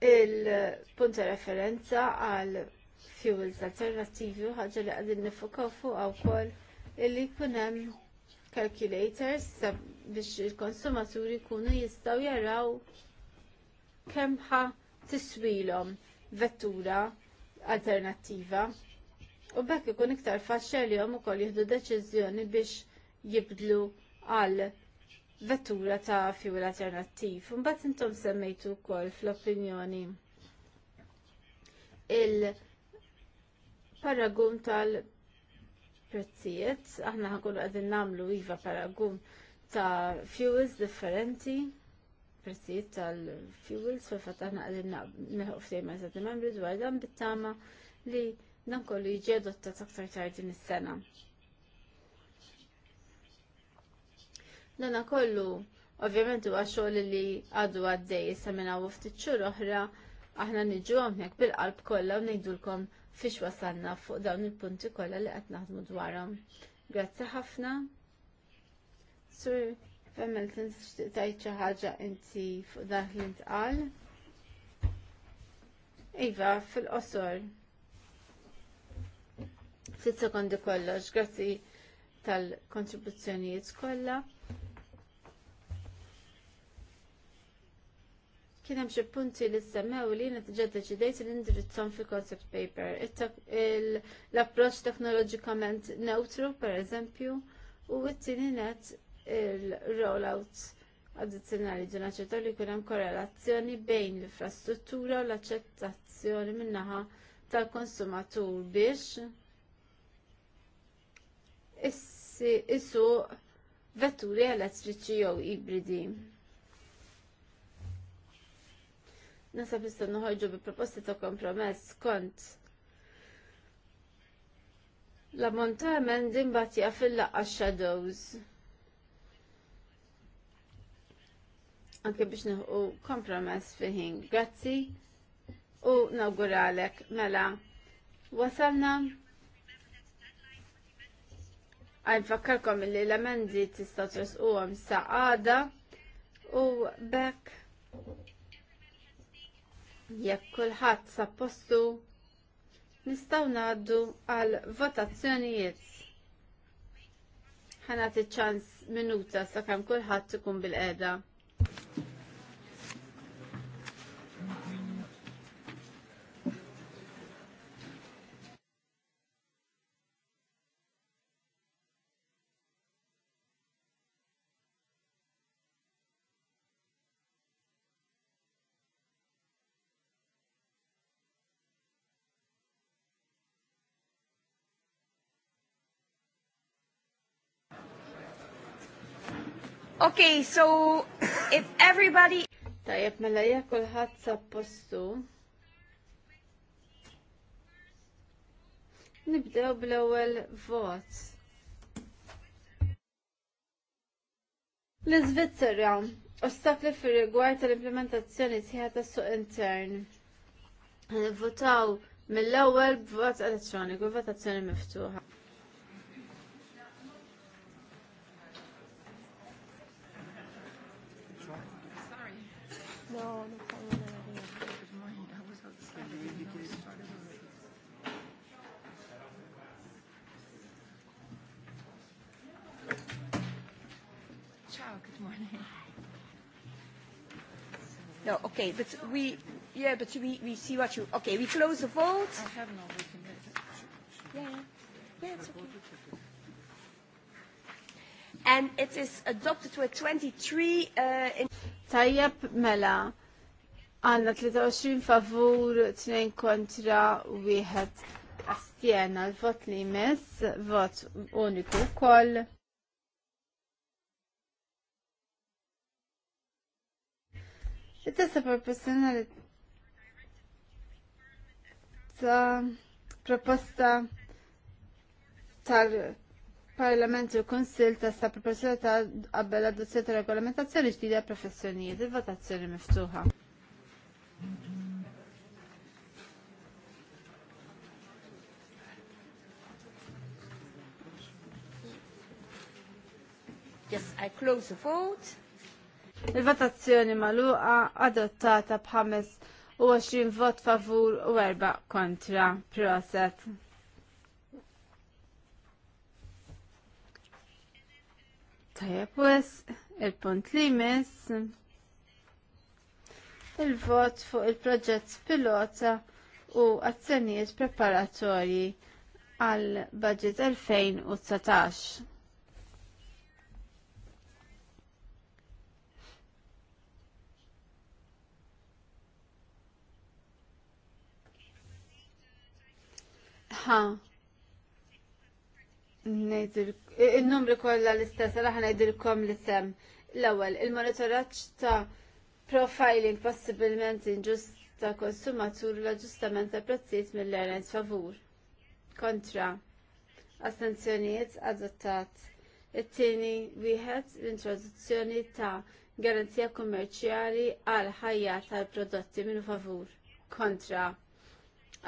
il-punt referenza għal fuels alternativi ħaġa li għadin nifokaw fuq kol illi jkun hemm calculators biex il-konsumaturi jkunu jistgħu jaraw kemm tiswilom tiswilhom vettura alternattiva u bekk ikun iktar faċċel li ukoll jieħdu deċiżjoni biex jibdlu għal vettura ta' fjul alternattiv. Mbagħad intom semmejtu wkoll fl-opinjoni il-paragun tal-prezzijiet, aħna ħakun għadin nagħmlu iva paragun ta' fuels differenti prezzijiet tal-fuels fil fat aħna għadin neħu ftejma ta' membri dwar dan bittama li dan kollu jiġi adottat aktar tard is-sena. l-għana kollu Ovvjament huwa xogħol li għadu għaddej issa minn hawn ftit xhur oħra aħna niġu hawnhekk bil-qalb kollha u ngħidulkom fiex wasalna fuq dawn il-punti kollha li qed naħdmu dwaram. Grazzi ħafna. Sur femmel tixtieq tajċa xi ħaġa inti fuq dak li ntqal. Iva, fil-qosor. Ftit sekondi kollox, grazzi tal-kontribuzzjonijiet kollha. Kien hemm xi punti li semmew li qed diġà deċidejt li indirizzhom fi concept paper. L-approċċ teknoloġikament neutru, pereżempju, u t-tieni net il-rollout addizzjonali ġena ċerta li jkun hemm korrelazzjoni bejn l-infrastruttura u l-aċċettazzjoni min-naħa tal-konsumatur biex issu vetturi elettriċi jew ibridi. Nasab nistgħu noħorġu bi proposti ta' kompromess kont l montamen ta' emendi fil-laqgħa shadows. Anke biex nieħu kompromess fiħin. Grazzi u nawguralek mela wasalna għal fakkarkom li l-emendi tista' tresquhom sa' u bekk Jekk kulħadd sa postu nistgħu ngħaddu għal votazzjonijiet. Ħanat iċ-ċans minuta sakemm kulħadd ikun bil-qiegħda. Okay, so if everybody... Tajab, mela jek kulħadd postu Nibdew bl-ewwel vot. L-Iżvizzera ostakli fir rigward tal-implementazzjoni sħiħa tas-suq intern. Votaw mill-ewwel b'vot elettroniku, votazzjoni miftuħa. No, no problem. Ciao, good morning. No, okay, but we, yeah, but we, we see what you, okay, we close the vote. I have no, vote in this. yeah, yeah, it's okay. And it is adopted with 23 uh, in Tajjab mela għanna 23 favur, 2 kontra, 1 astjena. L-vot li jmiss, vot uniku koll. Il-testa ta' proposta tal Parlament u Konsil ta' sta' proposta ta' għabbel adozzjoni ta' regolamentazzjoni ġdida e professjonijiet, il-votazzjoni miftuħa. Yes, I close the vote. Il-votazzjoni maluqa adottata b'ħames u għaxin vot favur u erba' kontra. Proset. Tajab, wes, il-punt li mis, il-vot fuq il-proġett pilota u azzjonijiet preparatorji għal budget 2019. Ha. Huh il-numri kollha l-istess, raħ ngħidilkom li sem. L-ewwel, il-monitoraġġ ta' profiling possibilment inġust ta' konsumatur l-aġġustament ta' prezzijiet mill-erens favur. Kontra. assenzjoniet adottat. It-tieni wieħed l-introduzzjoni ta' garanzija kummerċjali għal ħajja tal-prodotti minn favur. Kontra.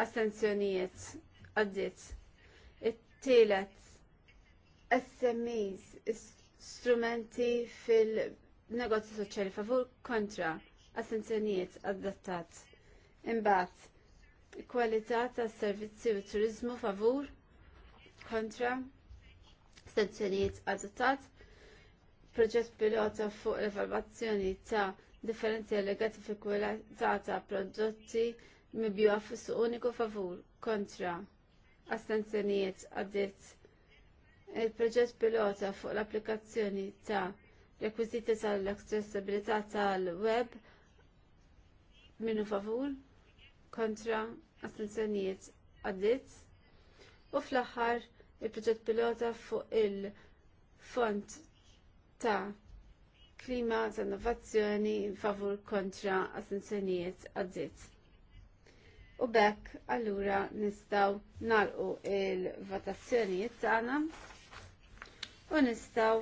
assenzjoniet għaddit. It-tielet SMEs, strumenti fil-negozju soċjali favur kontra assenzjonijiet adattat. Imbagħad, kwalità tas servizzi u turiżmu favur kontra assenzjonijiet adattat. Proġett pilota fuq l-evalvazzjoni ta' differenzi allegati fi kwalità ta' prodotti mibjuwa fis uniku favur kontra assenzjonijiet adattat il-proġett pilota fuq l-applikazzjoni ta' rekwiziti tal-accessibilità tal-web minnu favur kontra astenzjonijiet għaddit u fl-aħħar il-proġett pilota fuq il-font ta' klima ta' innovazzjoni favur kontra astenzjonijiet għaddit. U bekk allura nistaw nalqu il-votazzjonijiet tagħna u nistaw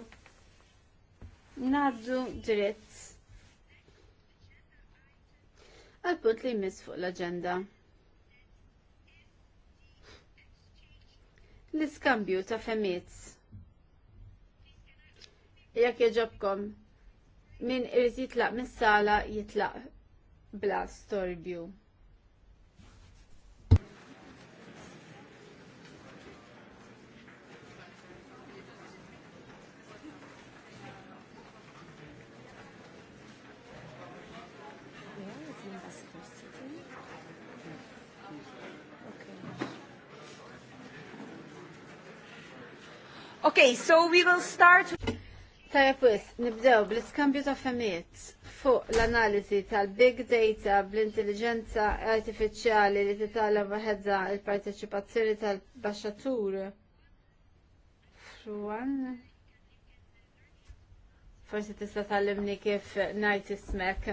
naddu dritt għal punt li jmiss fuq l-agenda. L-iskambju ta' femiet. Jekk jaġobkom, min irrid jitlaq mis-sala jitlaq bla storbju. Okay, so we will start. Tajja pwis, nibdew bl-iskambju ta' femmiet fuq l-analizi tal-big data bl-intelligenza artificiali li titala waħedza il-parteċipazzjoni tal-baxxatur. Fruan. Forsi tista' tagħlimni kif ngħid ismek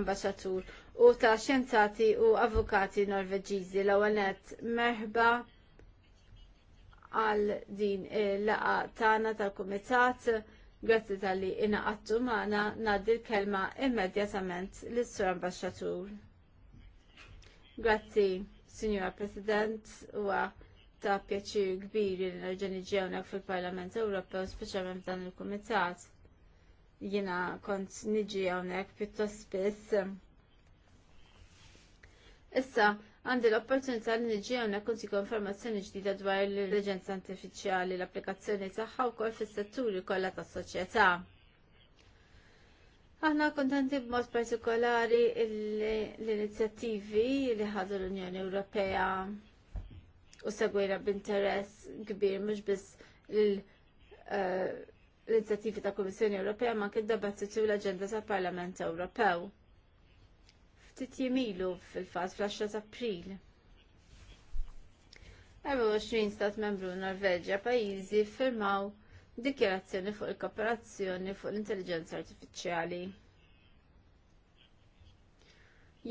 ambaxxatur u ta' xjenzati u avukati norveġiżi l-ewwel merħba għal din il laqa tagħna tal-Kumitat. Grazzi tal-li għattu maħna naddi l-kelma immedjatament l-Sur ambasġatur. Grazzi, Signora President, u ta' pjaċir kbir li nerġan iġewnek fil-Parlament Ewropew, speċjalment dan il-Kumitat. Jina kont niġi hawnhekk pjuttost spiss. Issa, għandi l-opportunità li niġi għanna kunti konfermazzjoni ġdida dwar l-intelligenza artificiali, l-applikazzjoni tagħha wkoll fis-setturi kollha tas-soċjetà. Aħna kontenti b'mod partikolari l-inizjattivi li ħadu l-Unjoni Ewropea u segwejna b'interess kbir mhux biss eh, l-inizjattivi ta' Kummissjoni Ewropea ma kien l-aġenda tal Parlament Ewropew ftit jimilu fil-fat fl-10 ta' april. 24 stat membru Norveġja pajizi firmaw dikjerazzjoni fuq il-kooperazzjoni fuq l-intelligenza artifiċjali.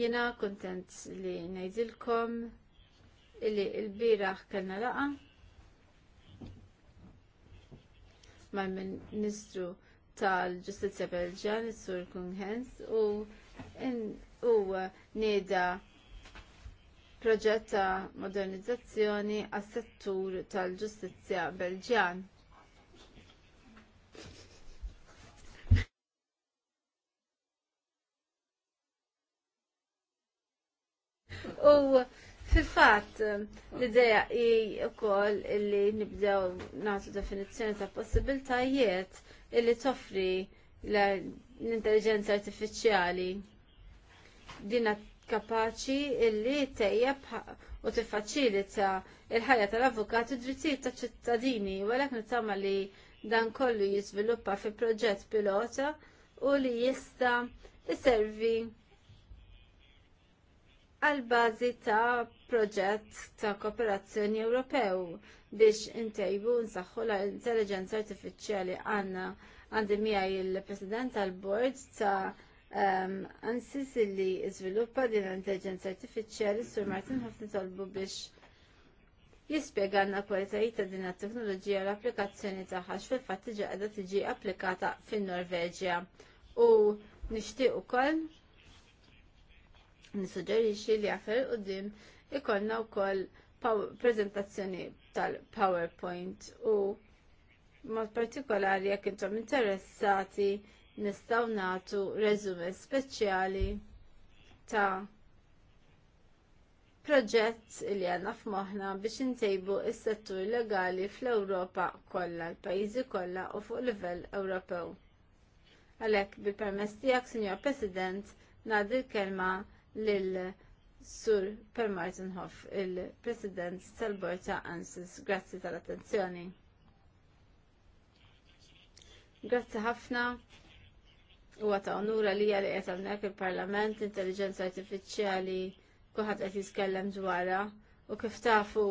Jena kontent li ngħidilkom illi il-biraħ kellna laqa mal-Ministru tal-Ġustizzja Belġan, is-Sur Hens u u nieda proġett ta' modernizzazzjoni għas-settur tal-ġustizzja Belġjan. U fil-fat, l-ideja i koll illi nibdew nagħtu definizzjoni ta' possibiltajiet illi toffri l-intelligenza artifiċjali dina kapaċi illi tejjeb u tiffaċilita il-ħajja tal-avukati drittijiet ta' ċittadini u għalhekk nittama li dan kollu jiżviluppa fi proġett pilota u li jista' iservi għal bażi ta' proġett ta' kooperazzjoni Ewropew biex intejbu nsaħħu l-intelligenza artifiċjali għandna għandi miħaj il-President tal-Bord ta' ehm, ANSIS li izviluppa din l-intelligenza artifiċjali sur Martin ħafna tolbu biex jispjega għandna ta' din it-teknoloġija u l-applikazzjoni tagħha fil-fatt tiġi qiegħda tiġi applikata fin-Norveġja. U nixtieq ukoll nissuġġerixxi li għafel qudiem ikollna wkoll prezentazzjoni tal-PowerPoint u mod partikolari jekk intom interessati nistgħu nagħtu reżume speċjali ta' proġett li għandna f'moħħna biex intejbu s settur legali fl-Ewropa kollha, l-pajjiżi kollha u fuq livell Ewropew. Għalhekk bi permess tiegħek, Sinjor President, ngħaddi l-kelma lil Sur Per Martinhoff, il-President tal-Bord ta' Ansis. Grazzi tal-attenzjoni. Grazzi ħafna. U għata onura li għalli għetamnek il-parlament, intelligenza artificiali, kuħat għet jiskellem dwarra. U kif tafu,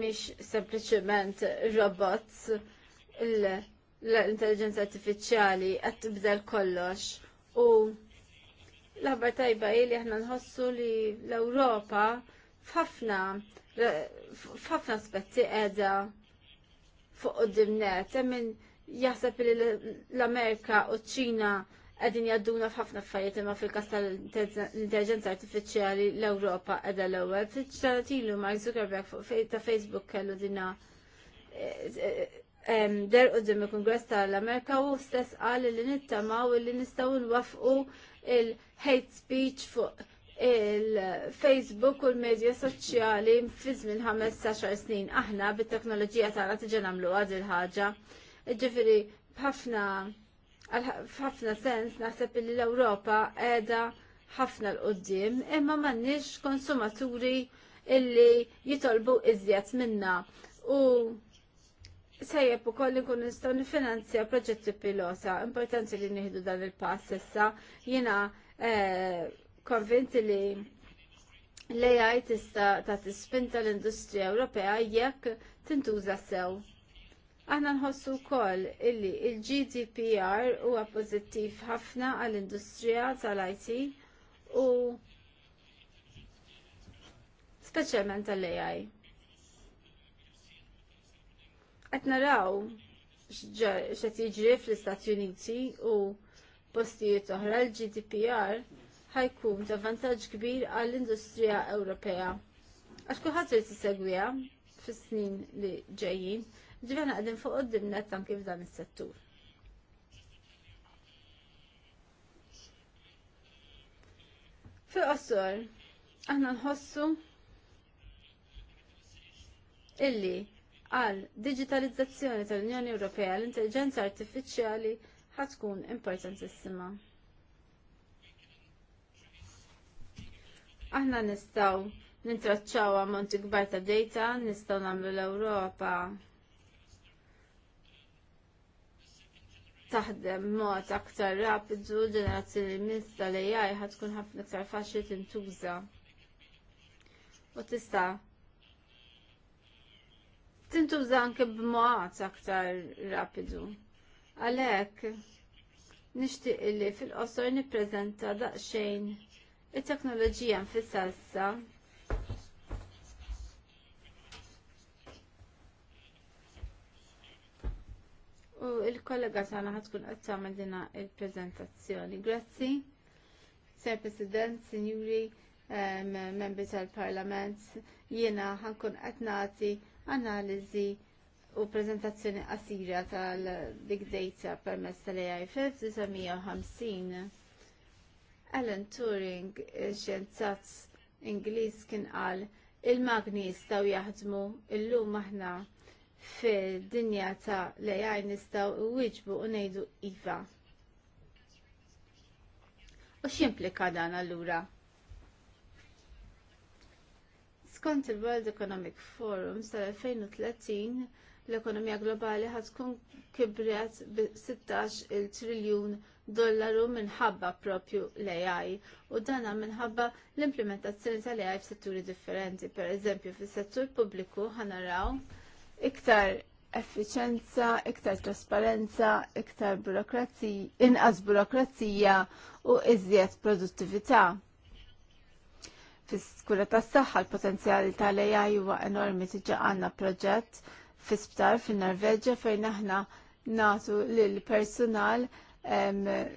mish sempliciment robots, l-intelligenza artificiali għet tibdel kollox. U l-ħabar tajba li aħna nħossu li l-Europa f'ħafna f'ħafna aspetti qiegħda fuq dimnet, min jaħseb li l-Amerika u ċ-Ċina għedin jadduna f'ħafna affarijiet imma fil-kas tal-intelligenza artifiċjali l-Ewropa għedha l-ewwel. Tiġġaratilu Mark Zuckerberg ta' Facebook kellu dina e, e, e, der qudiem il-Kongress tal-Amerika u stess qal li nittamaw li nistgħu nwafqu il-hate speech fuq il-Facebook u l-medja soċjali fi żmien 15 snin aħna bit-teknoloġija tagħna tiġi nagħmlu għad il-ħaġa. Ġifieri b'ħafna ħafna sens naħseb li l-Ewropa qiegħda ħafna l qudiem imma m'għandniex konsumaturi illi jitolbu iżjed minna. U Sejjeb u koll nkun nistgħu nifinanzja proġetti pilota. Importanti li nieħdu dan il-pass issa. Jiena eh, konvinti li l-AI tista ta' tispinta l-industrija Ewropea jekk tintuża sew. Aħna nħossu wkoll illi il-GDPR huwa pożittiv ħafna għall-industrija tal-IT u speċjalment tal-AI. Qed naraw x'qed jiġri fl-Istati Uniti u postijiet oħra l-GDPR ħajkun ta' vantaġġ kbir għall-industrija Ewropea. Għax kulħadd irid isegwiha fis-snin li ġejjin, ġifier qegħdin fuq quddiem tam kif dan is-settur. Fil-qosor, aħna nħossu illi għal digitalizzazzjoni tal-Unjoni Ewropea l-intelligenza artifiċjali ħatkun importantissima. Aħna nistaw nintraċċaw ammonti kbar ta' data, nistaw namlu l-Ewropa taħdem mod aktar rapidu ġenerazzjoni minn tal-AI ħad tkun ħafna aktar faċli tintuża. U tista' tintuża anke b'mod aktar rapidu. Għalhekk nixtieq li fil-qosor nippreżenta daqsxejn Il-teknoloġija nfissalsa U il-kollega tagħna ħad tkun qed tagħmel dina il-preżentazzjoni. Grazzi, Sir President, Sinjuri, ehm, membri tal-Parlament, jiena ħankun qed nagħti analiżi u prezentazzjoni qasira tal-Big Data permezz tal-AI 1950 Alan Turing, xjenzat Ingliż kien qal il-magni jistgħu jaħdmu illum aħna fid-dinja ta' l-AI nistgħu wieġbu u ngħidu iva. U x'implika dan allura? Skont il-World Economic Forum sal-2030 l-ekonomija globali ħad tkun kibret bi 16 il-triljun dollaru minħabba propju l-AI u dana minħabba l-implementazzjoni tal-AI f'setturi differenti. Per eżempju, fis-settur pubbliku ħanaraw iktar effiċenza, iktar trasparenza, iktar burokrazija, inqas burokrazija u iżjed produttività fis-kura tas-saħħa l-potenzjali tal-AI huwa enormi tiġi għandna proġett fi sptar fin-Norveġġja fejn aħna nagħtu lill personal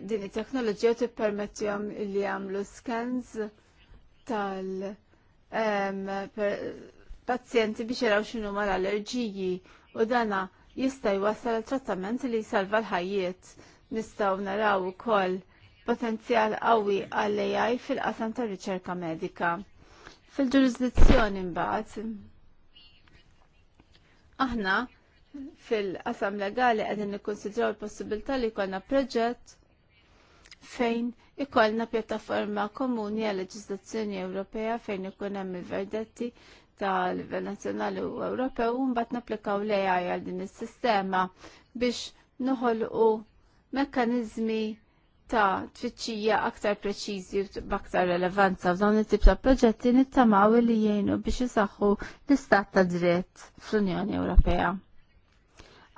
din it-teknoloġija tippermettihom li jagħmlu scans tal pazjenti biex jaraw xinu mal-allerġiji u dana jista' jwassal trattament li jsalva l-ħajjiet. Nistgħu naraw ukoll potenzjal qawwi għall-AI fil-qasam tar-riċerka medika. Fil-ġurisdizzjoni mbagħad aħna fil-qasam legali għedin nikkonsidraw l-possibilità li jkollna proġett fejn ikollna pjattaforma komuni għal leġislazzjoni Ewropea fejn ikun hemm il-verdetti ta' livell nazzjonali u Ewropew u mbagħad napplikaw l-AI għal din is-sistema biex noħolqu mekkaniżmi ta' tfittxija aktar preċiżi u b'aktar relevanza f'dawn it-tip ta' proġetti nittamaw li jgħinu biex isaħħu l-istat ta' dritt fl-Unjoni Ewropea.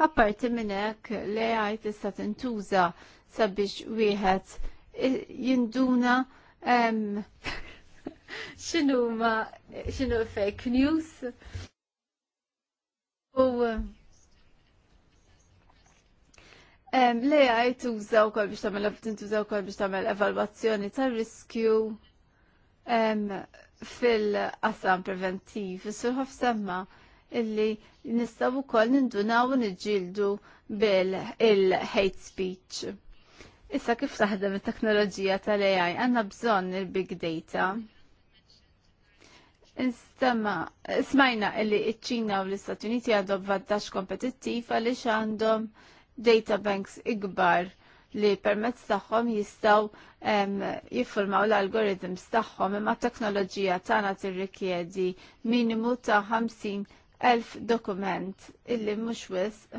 Apparti minn hekk l-AI tista' tintuża sabiex wieħed jinduna xinu ma x'inhu fake news. U l-AI tuża wkoll biex tagħmel tintuża kol biex tagħmel evalwazzjoni tar-riskju fil-qasam preventiv. Is-surħof semma' illi nistaw ukoll nindunaw u niġġieldu bil-hate speech. Issa kif taħdem it-teknoloġija tal-AI għandna bżonn il-big data. Instamma, smajna illi iċ-Ċina u l-Istati Uniti għadhom vantaġġ kompetittiv għaliex għandhom data banks ikbar li permezz tagħhom jistgħu jiffurmaw l-algorithms tagħhom imma t teknoloġija tagħna tirrikjedi minimu ta' 50 elf dokument illi mhux wisq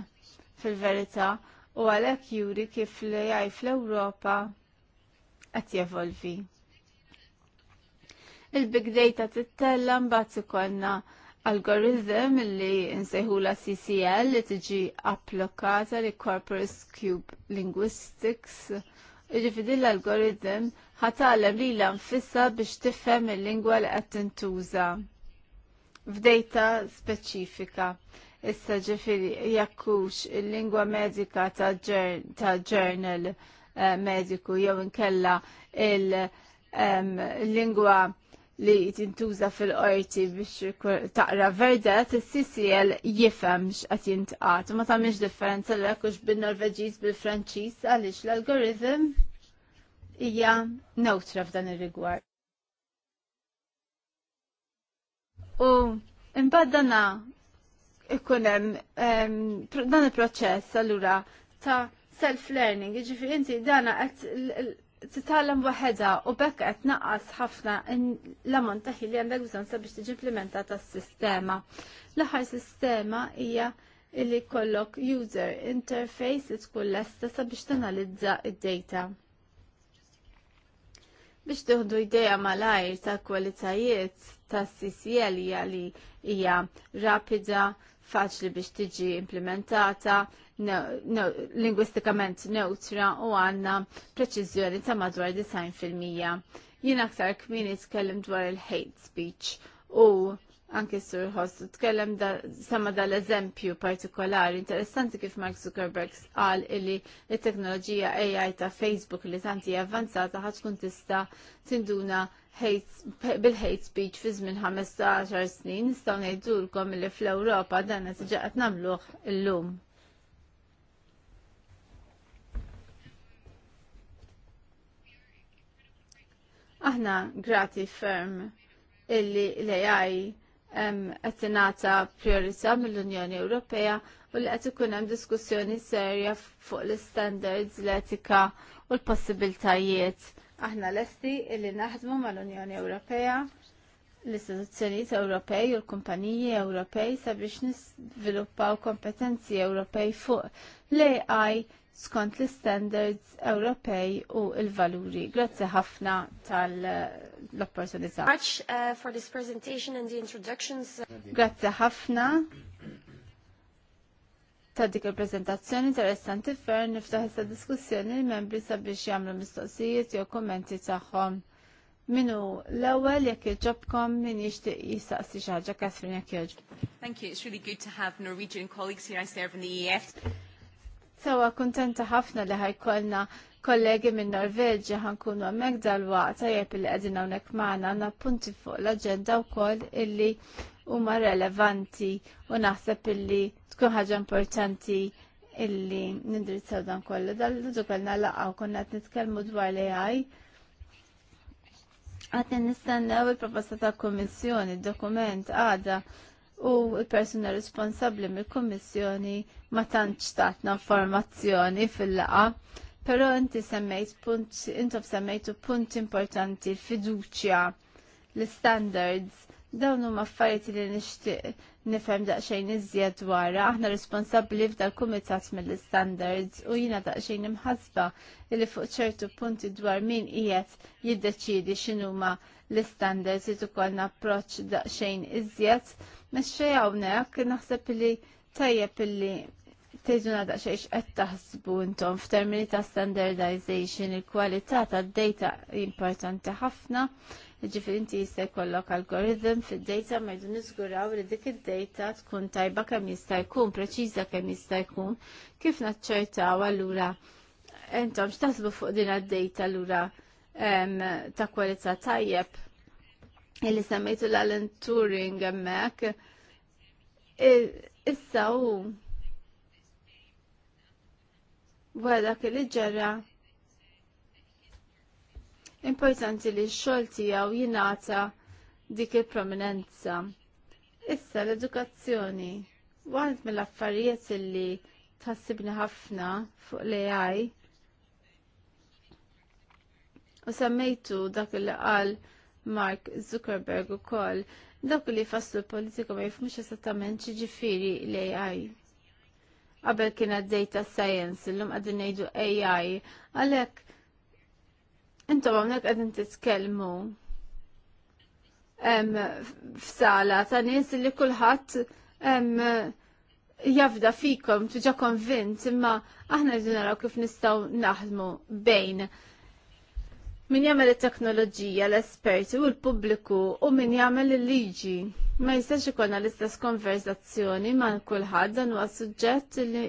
fil-verità u għalhekk juri kif li jaj fl-Ewropa qed jevolvi. Il-big data tittella mbagħad ikollna algorithm li nsejħula CCL li tiġi applikata li Corpus Cube Linguistics. Ġifidi l-algorithm ħatalem li l-anfissa biex tifhem il-lingwa li qed tintuża f'dejta speċifika. Issa ġifiri jakkux il-lingwa medika ta' journal eh, mediku jew inkella il-lingwa li tintuża fil-qorti biex taqra verdet, il-CCL jifhem x'qed jintqat. Ma tagħmilx differenza l jakkux bin-Norveġiż bil-Franċiż għaliex l-algoritm hija neutra f'dan ir-rigward. U imbagħad dana ikun hemm dan il-proċess allura ta' self-learning, jiġifieri inti dana qed titgħallem waħedha u bekk qed naqqas ħafna l-ammont ta' ħin li għandek bżonn sabiex tiġi implementata s-sistema. L-aħħar sistema hija li kollok user interface li tkun lesta sabiex tanalizza id-data biex tieħdu idea malajr ta' kwalitajiet ta' CCL hija li hija rapida, faċli biex tiġi implementata, no, no, lingwistikament neutra u għanna preċiżjoni ta' madwar 90%. Jien aktar kmini tkellem dwar il-hate speech u Anke Sir Host, tkellem da, sama dal-eżempju partikolari, interessanti kif Mark Zuckerberg qal illi il-teknoloġija AI ta' Facebook li tanti avvanzata ħad tkun tista' tinduna bil-hate speech fi żmien 15 snin, nistgħu ngħidulkom illi fl-Ewropa dan qed ġaqgħet nagħmluh illum. Aħna grati ferm illi l-AI qed tingħata priorità mill-Unjoni Ewropea u li qed ikun hemm diskussjoni serja fuq l-standards, l-etika u l-possibiltajiet. Aħna lesti li naħdmu mal-Unjoni Ewropea l-istituzzjonijiet Ewropej u l-kumpaniji Ewropej sabiex nisviluppaw kompetenzi Ewropej fuq l-AI skont l-standards Ewropej u l-valuri. Grazzi ħafna tal-opportunità. Much uh, for this presentation and the introductions. Grazzi ħafna ta' dik il-prezentazzjoni interessanti fer niftaħ issa diskussjoni l-membri sabiex jagħmlu mistoqsijiet jew kommenti tagħhom. Minu l-ewwel jekk jġobkom min jixtieq jistaqsi xi ħaġa Katrin jekk jogħġb. Thank you. It's really good to have Norwegian colleagues here. I serve in the EF. Sawa kuntenta ħafna li ħajkolna kollegi minn Norveġġa ħankunu għamek dal-waqt għajep li għedin għonek maħna għanna punti fuq l-agenda u koll illi huma relevanti u naħseb illi tkun ħaġa importanti illi nindirizzaw dan kollu. Dal-ġu kellna laqgħu konna qed nitkellmu dwar li għaj. Għatni nistennew il-proposta ta' kommissjoni, dokument għada u l-persuna responsabbli mill-Kummissjoni ma tantx tatna informazzjoni fil-laqa, però inti semmejt punt, intom semmejtu punt importanti, l fiduċja, l-standards, dawn huma affarijiet li nixtieq nifhem daqsxejn iżjed dwarha, aħna responsabbli f'dal kumitat mill-standards u jiena daqsxejn imħasba li fuq ċertu punti dwar min qiegħed jiddeċiedi x'inhuma l-standards li tukollna approċċ daqsxejn iżjed Mesċe hawnhekk naħseb li tajjeb illi tgħiduna daqsxejn qed taħsbu intom f'termini ta' standardization il-kwalità tad-data importanti ħafna. Ġifieri inti jista' jkollok algoritm fid-data ma jdu niżguraw li dik id-data tkun tajba kemm jista' jkun, preċiża kemm jista' jkun, kif naċċertaw allura intom x'taħsbu fuq din id-data allura ta' kwalità tajjeb illi semmejtu l-Alan Turing emmek, issa u għadak li ġerra importanti li x-xogħol tiegħu jingħata dik il-prominenza. Issa l-edukazzjoni waħed mill-affarijiet illi tassibni ħafna fuq l-AI u semmejtu dak li qal Mark Zuckerberg u koll. Dawk li fassu l-politika ma jifmux esattament ġifiri l-AI. Qabel kiena data science, l-lum għadin nejdu AI, għalek intom għamnek għadin titkelmu f'sala ta' nies li kulħadd jafda fikom, tuġa konvint, imma aħna rridu naraw kif nistgħu naħdmu bejn Min jagħmel it-teknoloġija, l-esperti u l-pubbliku u min jagħmel il-liġi. Ma jistax ikollna l-istess konverzazzjoni ma' kulħadd dan huwa suġġett li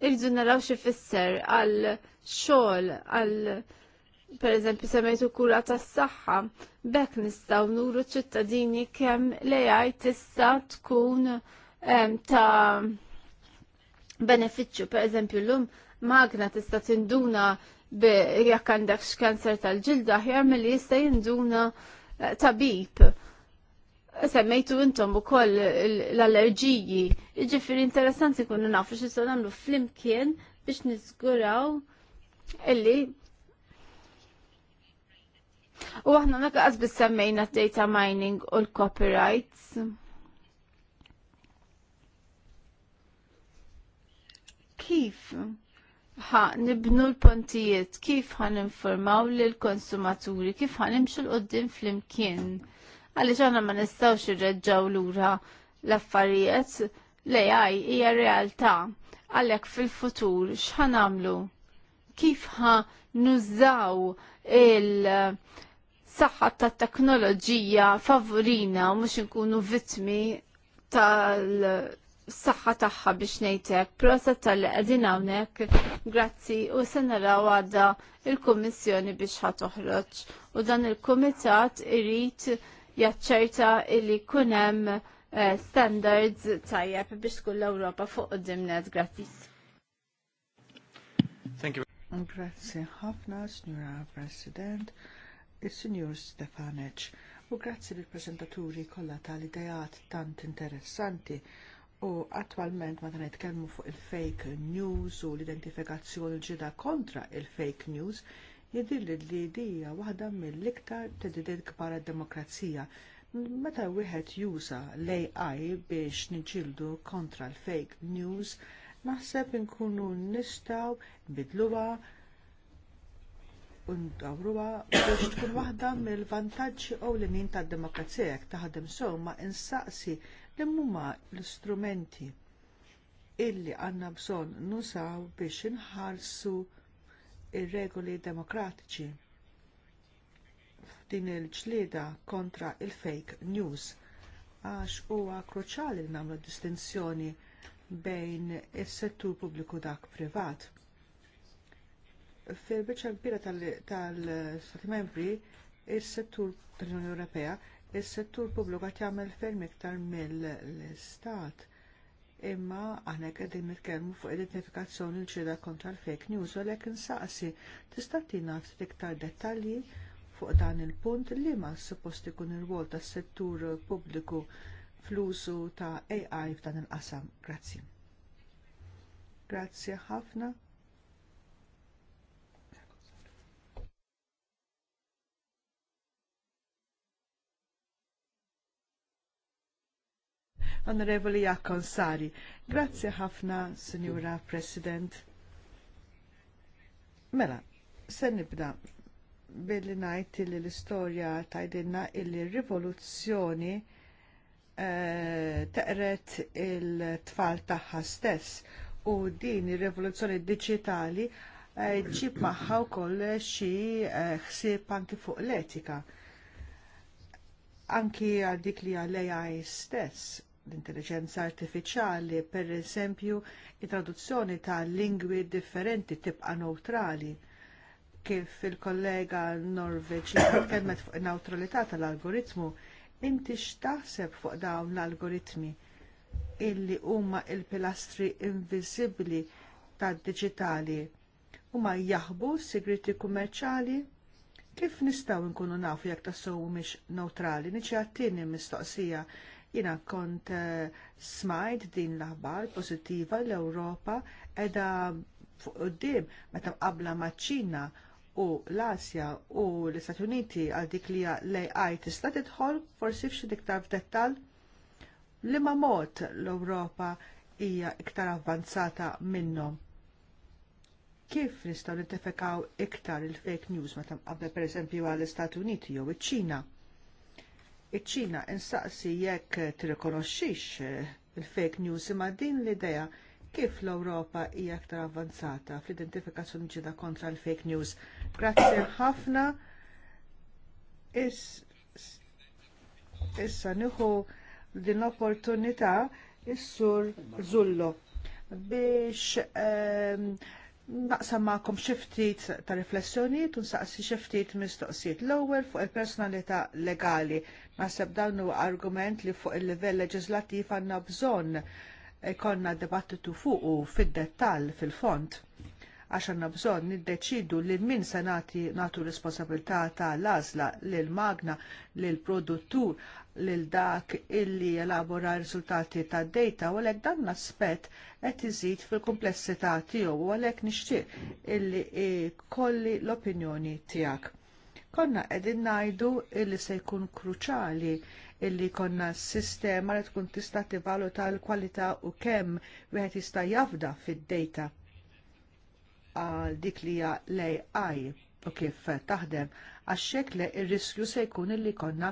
irridu naraw xi fisser għal xogħol għal per eżempju semmejtu kura tas-saħħa, bekk nistgħu nuru ċittadini kemm l-AI tista' tkun ta' benefiċċju, per eżempju llum magna tista' tinduna jekk għandek x'kanser tal-ġilda aħjar milli jista' jinduna eh, tabib. Semmejtu intom ukoll l-allerġiji. Jiġifieri interessanti kunu nafu xi nagħmlu flimkien biex niżguraw illi U aħna naqas bis semmejna data mining u l-copyrights. Kif? ħa nibnu l-pontijiet, kif ħan informaw l-konsumaturi, kif ħan imxu l-qoddim fl-imkien. Għalli ċana ma nistawx irreġġaw l-ura l-affarijiet, l-AI hija realtà. Għallek fil-futur, xħan għamlu? Kif ħa nużaw il- saħħa ta' teknoloġija favorina u mux nkunu vitmi tal s-saxħa taħħa biex nejtek, prosa tal-li għedin għawnek, grazzi u s-sanara għada il-Komissjoni biex ħatoħroċ. U dan il-Komitat irrit jaċċerta illi kunem eh, standards tajjeb biex tkun l-Ewropa fuq dimnet. Grazzi. Thank you. Grazzi ħafna, Signora President, il-Signor Stefanec. U grazzi bil prezentaturi kollha tal-idejat tant interessanti U attwalment meta nitkellmu fuq il-fake news u l-identifikazzjoni ġida kontra il-fake news, jidilli li dija waħda mill-iktar tedidiet kbar demokrazija Meta wieħed juża l-AI biex niġildu kontra l-fake news, naħseb inkunu nistgħu bidluwa undawruwa biex tkun waħda mill-vantaġġi ewlenin tad-demokrazija jekk taħdem sew ma insaqsi Kemm huma l-istrumenti illi għandna bżonn nusaw biex inħarsu r regoli demokratiċi f'din il ġlieda kontra l fake news għax huwa kruċjali li nagħmlu distinzjoni bejn is-settur pubbliku dak privat. Fil-biċċa kbira tal-Stati Membri, is-settur tal-Unjoni Ewropea Is-settur pubbliku qed jagħmel ferm iktar mill-istat imma aħna qegħdin nitkellmu fuq identifikazzjoni l ċeda kontra l-fake news u għalhekk insaqsi tista' tina ftit iktar dettalji fuq dan il-punt li ma suppost ikun ir-rwol tas-settur pubbliku fl-użu ta' AI f'dan il-qasam. Grazzi. Grazzi ħafna. Onorevoli Jakon Sari. Grazzi ħafna, Signora President. Mela, se nibda billi najt li l-istorja tajdinna illi rivoluzzjoni eh, taqret il-tfal tagħha stess u din ir-rivoluzzjoni diġitali eh, ġib maħħa u koll xie eh, xsib anki fuq l-etika. Anki għal dik li għalleja stess l-intelligenza artifiċjali, pereżempju t traduzzjoni ta' lingwi differenti tibqa' neutrali kif il-kollega Norveġi kemmet fuq neutralità tal-algoritmu, inti x'taħseb fuq dawn l-algoritmi illi huma l il pilastri inviżibbli tad-diġitali huma jaħbu s-sigriti kummerċjali Kif nistgħu nkunu nafu jekk tassow mhix neutrali? Niċi għattini mistoqsija Jiena kont eh, smajt din l-aħbar pożittiva l-Ewropa edha fuq qudiem meta mqabbla maċ-Ċina u l-Asja u l-Istati Uniti għal dik li l-AI tista' tidħol forsi f'xi iktar f'dettall liema mod l-Ewropa hija iktar avvanzata minnhom kif nistgħu nittefekaw iktar il-fake news meta mqabbel pereżempju għall istati Uniti jew iċ-Ċina. Iċ-Ċina insaqsi jekk tirrikonoxxix eh, il-fake news imma din l-idea kif l-Ewropa hija aktar avanzata fl-identifikazzjoni ġida kontra l-fake news. Grazzi ħafna. Issa nieħu din l-opportunità is-sur Zullo biex ehm, naqsam ma'kom xiftit ta' riflessjoni tun saqsi xiftit mistoqsijiet l-ewwel fuq il-personalità legali. Naħseb dawn huwa argument li fuq il-livell leġislattiv għandna bżonn ikonna dibattitu fuqu fid-dettall fil-font għax għanna bżonn niddeċidu li min se nagħti nagħtu responsabilità ta' l-għażla lil magna lil produttur lil dak illi elabora r-riżultati tad data u għalhekk dan l-aspett qed iżid fil-kumplessità tiegħu u għalhekk nixtieq illi kolli l-opinjoni tiegħek. Konna qegħdin ngħidu illi se jkun kruċali illi konna s-sistema li tkun tista' tivaluta l-kwalità u kemm wieħed jista' jafda fid-data għal dik li hija l-AI u kif taħdem Għaxek le il-riskju se jkun li konna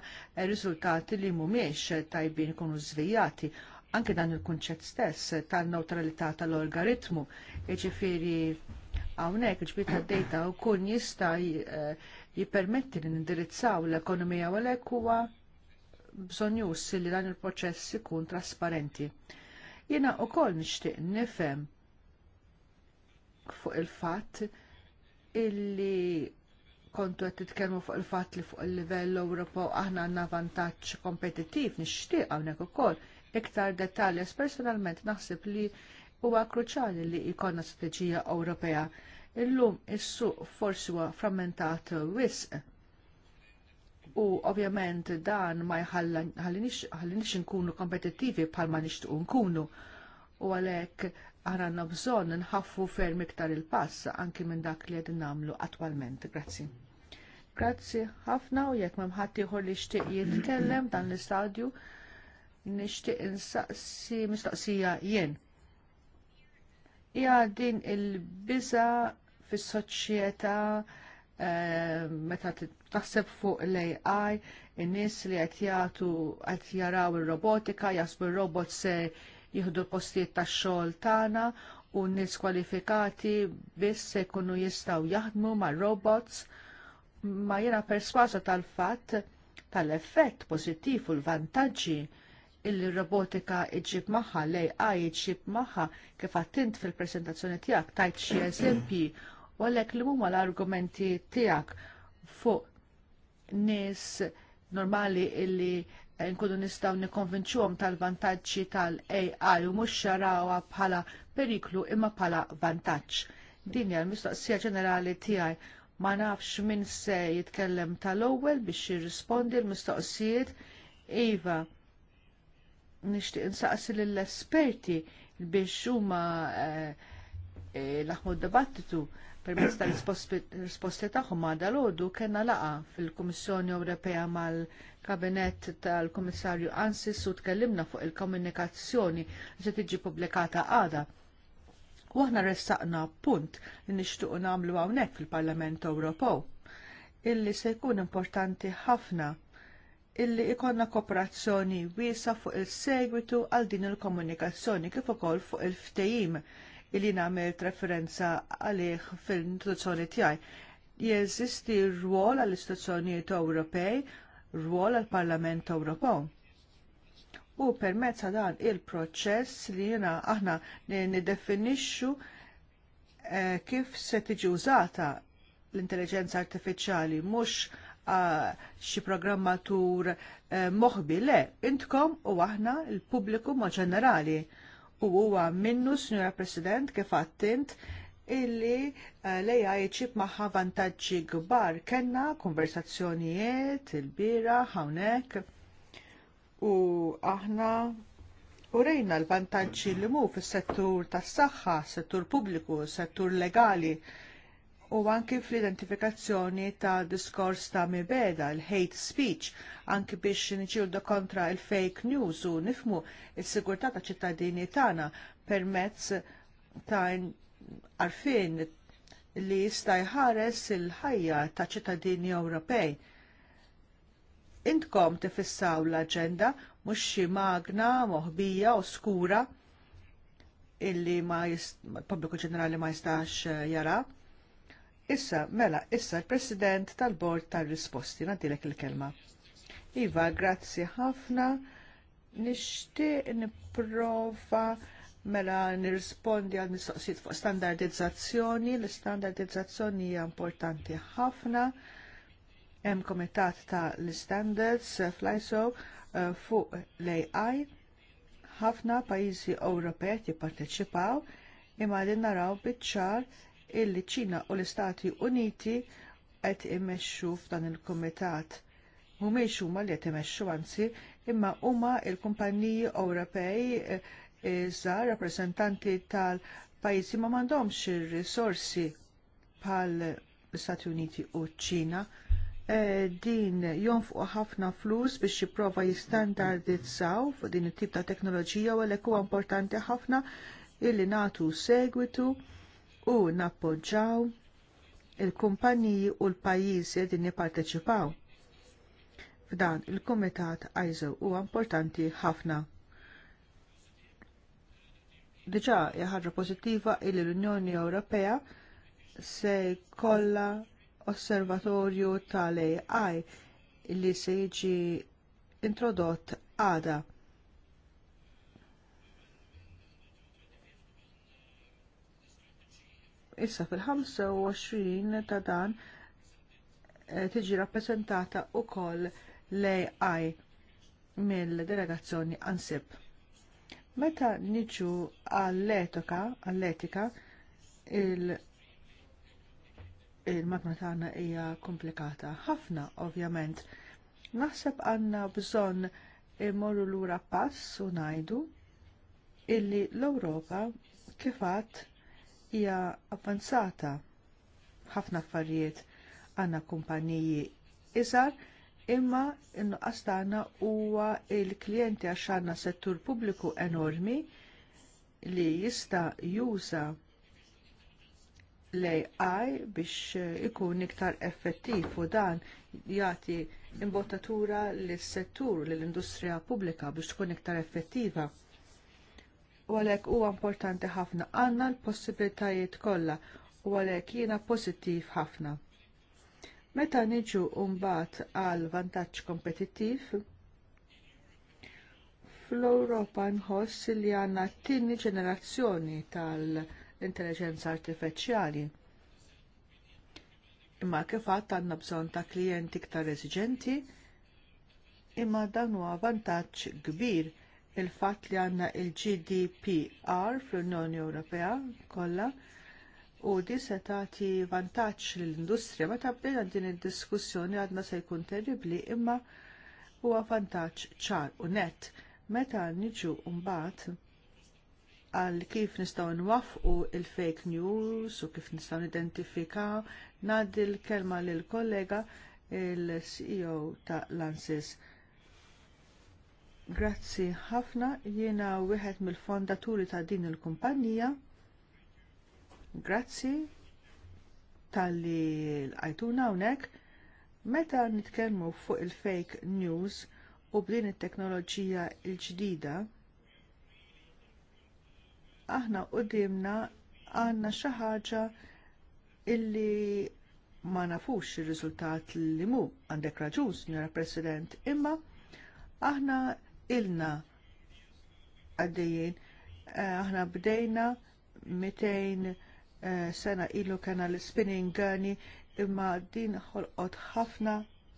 riżultati li mumiex tajbin kunu zvijati anke dan il-kunċett stess tal-neutralità tal-algoritmu ġifiri għawnek ġbita tal data u kun jista eh, jipermetti li nindirizzaw l-ekonomija u l-ek huwa bżonjus li dan il-proċess ikun trasparenti. Jena u kol nishtiq nifem fuq il-fat illi kontu għed titkelmu fuq il fatt li fuq il-livell Ewropew aħna għandna vantaġġ kompetittiv nixtieq hawnhekk ukoll iktar dettalji personalment naħseb li huwa kruċjali li jkollna strateġija Ewropea. Illum is-suq forsi huwa frammentat wisq. U ovvjament dan ma jħallinix nkunu kompetittivi bħalma nixtiequ nkunu. U għalhekk aħna għandna bżonn nħaffu ferm iktar il-pass anki minn dak li għedin nagħmlu attualment. Grazzi. Grazzi ħafna u jekk m'hemm ħadd ieħor li xtiq jitkellem dan l-istadju nixtieq insaqsi mistoqsija jien. Hija din il-biża fis-soċjetà eh, meta taħseb fuq l-AI, in-nies li qed jagħtu qed jaraw ir-robotika, jasbu r-robot se jieħdu l-postijiet tax-xogħol tagħna u n-nies kwalifikati biss se jkunu jistgħu jaħdmu mar robots ma jiena persważa tal-fatt tal-effett pożittiv u l-vantaġġi illi robotika iġib magħha lej għaj iġib magħha kif għattint fil-presentazzjoni tiegħek tajt xi eżempji u għalek li huma l-argumenti tiegħek fuq nies normali illi nkunu nistgħu nikkonvinċuhom tal-vantaġġi tal-AI u mhux xarawha bħala periklu imma bħala vantaġġ. Din hija l-mistoqsija ġenerali tiegħi ma nafx min se jitkellem tal-ewwel biex jirrispondi l-mistoqsijiet iva nixtieq insaqsi lill-esperti biex huma eh, eh, laħmu d-dibattitu permezz tal-risposti tagħhom dal-għodu kellna laqa fil-Kummissjoni Ewropea mal-Kabinett tal-Kummissarju Ansis u tkellimna fuq il-komunikazzjoni li se tiġi pubblikata għada. U aħna ressaqna punt li nixtiequ nagħmlu hawnhekk fil-Parlament Ewropew illi se jkun importanti ħafna illi ikonna kooperazzjoni wiesa fuq il-segwitu għal din il-komunikazzjoni kif ukoll fuq il-ftehim il-li nagħmel referenza għalih fil-introduzzjoni tiegħi. Jeżisti rwol għall-istituzzjonijiet Ewropej, rwol għall-Parlament Ewropew u permezz dan il-proċess li jena aħna niddefinixxu eh, kif se tiġi użata l-intelligenza artifiċjali mhux xi programmatur eh, moħbi le intkom u aħna l-pubbliku ma' ġenerali u huwa minnu, Sinjora President, kif għattint, illi eh, lejja jċib maħħa vantaġġi gbar. Kenna konversazzjonijiet il-bira hawnhekk u aħna u rejna l-vantaġġi li mu fis-settur tas-saħħa, settur pubbliku, settur legali u anki fl-identifikazzjoni ta' diskors ta' mibeda, il-hate speech, anki biex niċildu kontra il-fake news u nifmu il-sigurtà ta' ċittadini tagħna permezz ta' għarfien li jista' jħares il-ħajja ta' ċittadini Ewropej. Intkom tifissaw l-aġenda mhux xi magna moħbija oskura illi ma pubbliku ġenerali ma jistax eh, jara Issa, mela, issa l president tal-Bord tal-Risposti, nadilek il-kelma. Iva, grazzi ħafna. Nishtiq niprofa mela nirrispondi għal mistoqsijiet fuq standardizzazzjoni. L-standardizzazzjoni hija importanti ħafna. Hemm komitat ta' l-standards eh, fl-ISO eh, fuq l-AI. Ħafna pajjiżi Ewropej jipparteċipaw imma din naraw biċ-ċar illi ċina u l-Istati Uniti qed imexxu f'dan il-Kumitat. Mhumiex huma li qed imexxu anzi, imma huma l-kumpaniji Ewropej eh, iżda rappreżentanti tal-pajjiżi ma m'għandhomx ir-risorsi bħall istati Uniti u ċina eh, din jonfqu ħafna flus biex jipprova jistandardizzaw fuq din it-tip ta' teknoloġija u għalhekk huwa importanti ħafna illi nagħtu segwitu u nappoġġaw il-kumpaniji u l-pajjiżi din jipparteċipaw. F'dan il-Kumitat ISO huwa importanti ħafna. Diġà hija ħaġa pożittiva il l-Unjoni Ewropea se jkollha osservatorju tal-AI li se jiġi introdott għada issa fil-25 ta' dan eh, tiġi rappresentata wkoll l-AI mill-delegazzjoni ANSIP. Meta niġu għall-etika, għall-etika, il- il hija komplikata ħafna ovvjament. Naħseb għandna bżonn imorru lura pass u ngħidu illi l-Ewropa kifat hija avvanzata ħafna affarijiet għandna kumpaniji iżgħar imma n-nuqqas tagħna huwa l klijenti għax għandna settur pubbliku enormi li jista' juża l-AI biex ikun iktar effettiv u dan jagħti imbottatura lis settur lill industrija pubblika biex tkun iktar effettiva u għalhekk huwa importanti ħafna għandna l-possibilitajiet kollha u għalhekk jiena pożittiv ħafna. Meta niġu mbagħad għal vantaġġ kompetittiv, fl-Ewropa nħoss li għandna t-tieni ġenerazzjoni tal-intelligenza artifiċjali. Imma kif għadd għandna bżonn ta' klijenti iktar eżiġenti, imma dan huwa vantaġġ kbir il fatt li għandna l gdpr fl-Unjoni Ewropea kollha u di se tagħti vantaġġ lill-industrija meta bdejna din id-diskussjoni għadna se jkun terribbli imma huwa vantaġġ ċar u nett meta niġu mbagħad għal kif nistgħu nwaffqu l fake news u kif nistgħu nidentifikaw ngħaddi l-kelma lill kollega il-CEO ta' Lansis Grazzi ħafna, jiena wieħed mill-fondaturi ta' din il-kumpanija. Grazzi tal-li l-għajtuna unek. Meta nitkellmu fuq il-fake news u b'din it-teknoloġija l-ġdida, aħna quddiemna għandna xi ħaġa illi ma nafux ir-riżultat li mu għandek raġun, Signora President, imma aħna ilna għaddejjien. Eh, aħna bdejna 200 eh, sena ilu kena l-spinning gani imma din ħolqot ħafna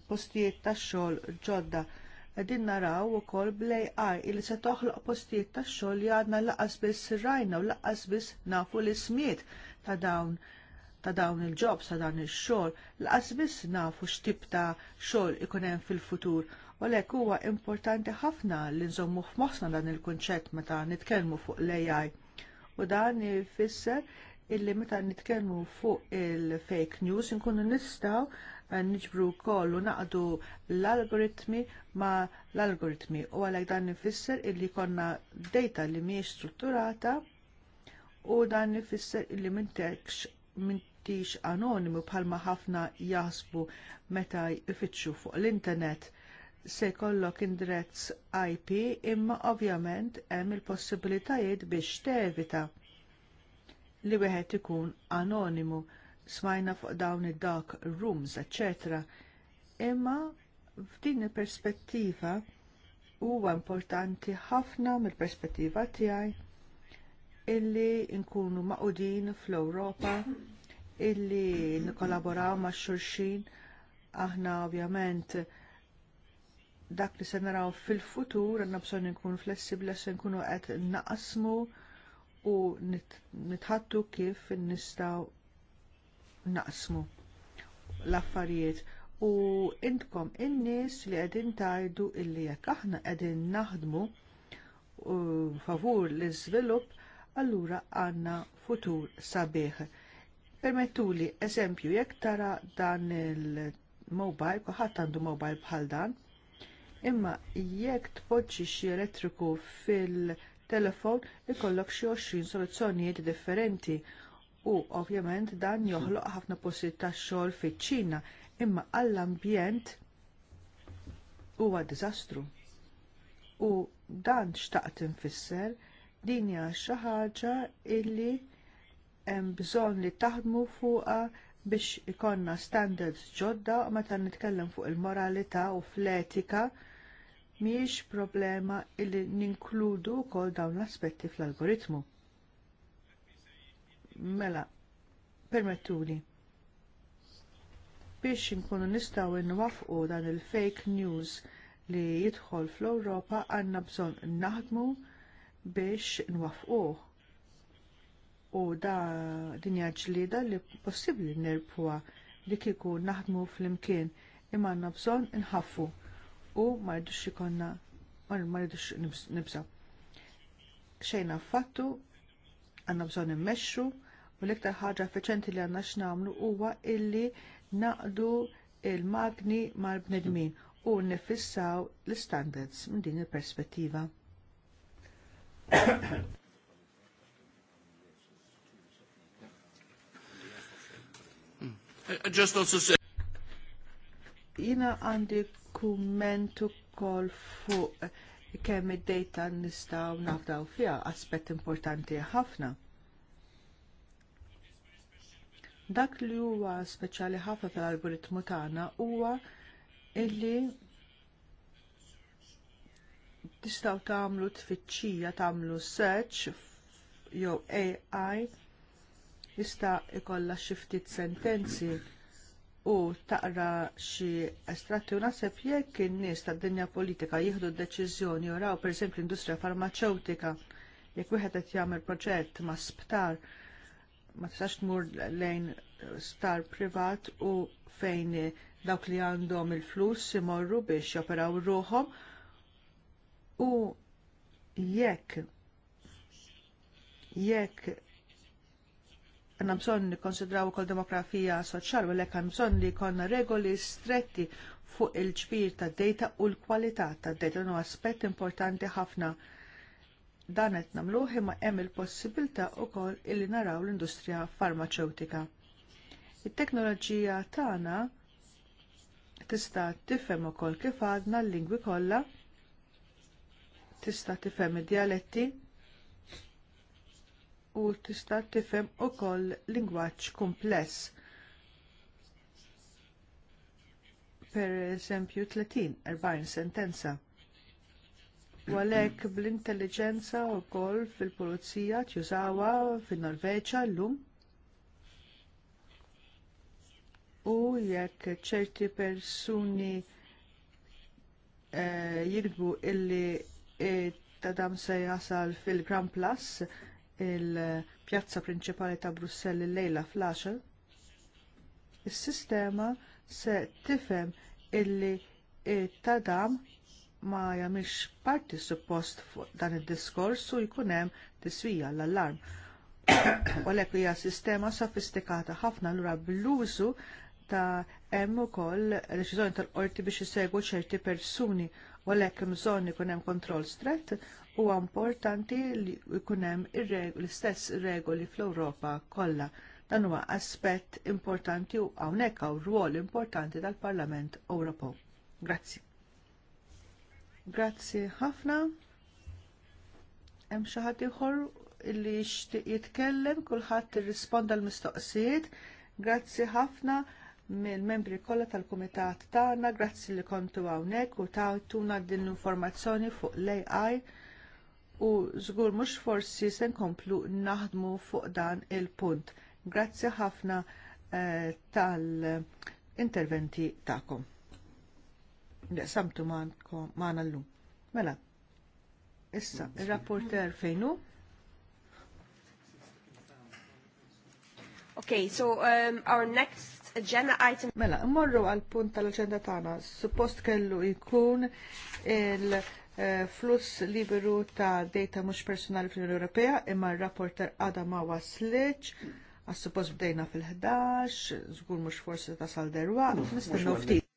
postijiet ta' xogħol ġodda. Din naraw ukoll blej għaj il se toħloq postijiet ta' xogħol li għadna laqas biss rajna u laqas biss nafu l-ismiet ta' dawn ta' dawn il-ġobs ta' dawn ix-xogħol, laqas biss nafu x'tib ta' xogħol ikun hemm fil-futur. U lek huwa importanti ħafna li nżommu f'moħħna dan il-kunċett meta nitkellmu fuq l-AI. U dan ifisser illi meta nitkellmu fuq il-fake news inkunu nistgħu eh, niġbru u naqdu l-algoritmi ma l-algoritmi u għalhekk dan nifisser illi konna data li mhijiex strutturata u dan ifisser illi mintekx mintix anonimu bħalma ħafna jasbu meta jfittxu fuq l-internet se jkollok indirizz IP imma ovvjament hemm il-possibilitajiet biex tevita li wieħed ikun anonimu smajna fuq dawn id-dark rooms, etc. Imma f'din il-perspettiva huwa importanti ħafna mill-perspettiva tiegħi illi nkunu maqudin fl-Ewropa, illi nikkollaboraw ma' xulxin, aħna ovvjament dak li se naraw fil-futur għandna bżonn nkun flessibbli se nkunu qed naqsmu u nitħattu kif nistgħu naqsmu l-affarijiet u intkom in-nies li qegħdin tgħidu illi jekk aħna qegħdin naħdmu favur l-iżvilupp allura għandna futur sabiħ. Permettuli eżempju jekk tara dan il-mobile, kuħadd għandu mobile bħal dan, imma jekk tpoġġi xi elettriku fil-telefon ikollok xi 20 soluzzjonijiet differenti u ovvjament dan joħloq ħafna postijiet ta' xogħol fiċ-Ċina imma għall-ambjent huwa diżastru. U dan xtaqt infisser din hija xi ħaġa illi hemm bżonn li taħdmu fuqha biex ikonna standards ġodda meta nitkellem fuq il-moralità u fl-etika miex problema illi ninkludu wkoll dawn l-aspetti fl-algoritmu. Mela, permettuli. Biex inkunu nistgħu nwafqu dan il-fake news li jidħol fl ewropa għandna bżonn naħdmu biex nwafquh. U da dinja ġlieda li possibbli nirpuha li kieku naħdmu flimkien imma għandna bżonn inħaffu u ma rridux ikonna ma rridux nibżaw. Xejn affattu għandna bżonn immexxu u l-iktar ħaġa effiċenti li għandna x'namlu huwa illi naqdu il-magni mal-bnedmin u nifissaw l istandards minn din il-perspettiva. Just also say... Jina għandi kumment ukoll fuq kemm id-dejta nistgħu nafdaw fiha aspett importanti ħafna. Dak li huwa speċjali ħafna tal-algoritmu tagħna huwa illi tistgħu tagħmlu tfittxija tagħmlu search jew AI jista' ikollha xi ftit sentenzi u taqra xi estratti u naħseb jekk in-nies tad-dinja politika jieħdu d-deċiżjoni uraw pereżempju l-industrija farmaceutika jekk wieħed qed jagħmel proġett ma' sptar ma tistax tmur lejn sptar privat u fejn dawk li għandhom il-flus imorru biex joperaw ruħom u jekk jekk għanna bżon nikonsidraw kol demografija soċjal u l għanna bżon li konna regoli stretti fuq il-ġbir ta' data u l-kwalità ta' data. No aspett importanti ħafna dan qed nagħmluh imma hemm il-possibilità wkoll illi naraw l-industrija farmaceutika. It-teknoloġija tagħna tista' tifhem ukoll kif għadna l-lingwi kollha, tista' tifhem id-dialetti, u tista' tifhem ukoll lingwaġġ kumpless. Per eżempju 30-40 sentenza. U għalhekk bl-intelligenza wkoll fil-pulizija tjużawha fin-Norveġa llum u jekk ċerti persuni eh, jirbu illi eh, ta' dam se jasal fil-Grand Plus il-pjazza prinċipali ta' Brussell il-lejla fl-10, is-sistema se tifhem illi ta' tadam ma jagħmilx parti suppost fuq dan id-diskors u jkun hemm tiswija l-allarm. U għalhekk hija sistema sofistikata ħafna lura bl-użu ta' hemm ukoll deċiżjoni tal-qorti biex isegwu ċerti persuni u għalhekk hemm bżonn ikun hemm kontroll strett huwa importanti li jkun hemm l-istess regoli fl-Ewropa kollha. Dan huwa aspett importanti u hawnhekk hawn rwol importanti tal-Parlament Ewropew. Grazzi. Grazzi ħafna. Hemm xi ħadd ieħor illi jixtieq jitkellem, kulħadd irrisponda l-mistoqsijiet. Grazzi ħafna mill-membri kollha tal-kumitat tagħna, grazzi li kontu hawnhekk u tagħtuna din l-informazzjoni fuq l-AI u żgur mhux forsi se nkomplu naħdmu fuq dan il-punt. Grazzi ħafna eh, tal-interventi tagħkom. Samtu maħna l-lum. Mela, issa, il-rapporter fejnu? Okay, so um, our next agenda item. Mela, morru għal punt tal-agenda tagħna, suppost kellu jkun il- Eh, fluss liberu ta' data mhux personali fl-Unjoni Ewropea imma r-rapporter Adam Awaslic, għas suppos bdejna fil-11, żgur mhux forsi ta' salderwa, nistennu ftit.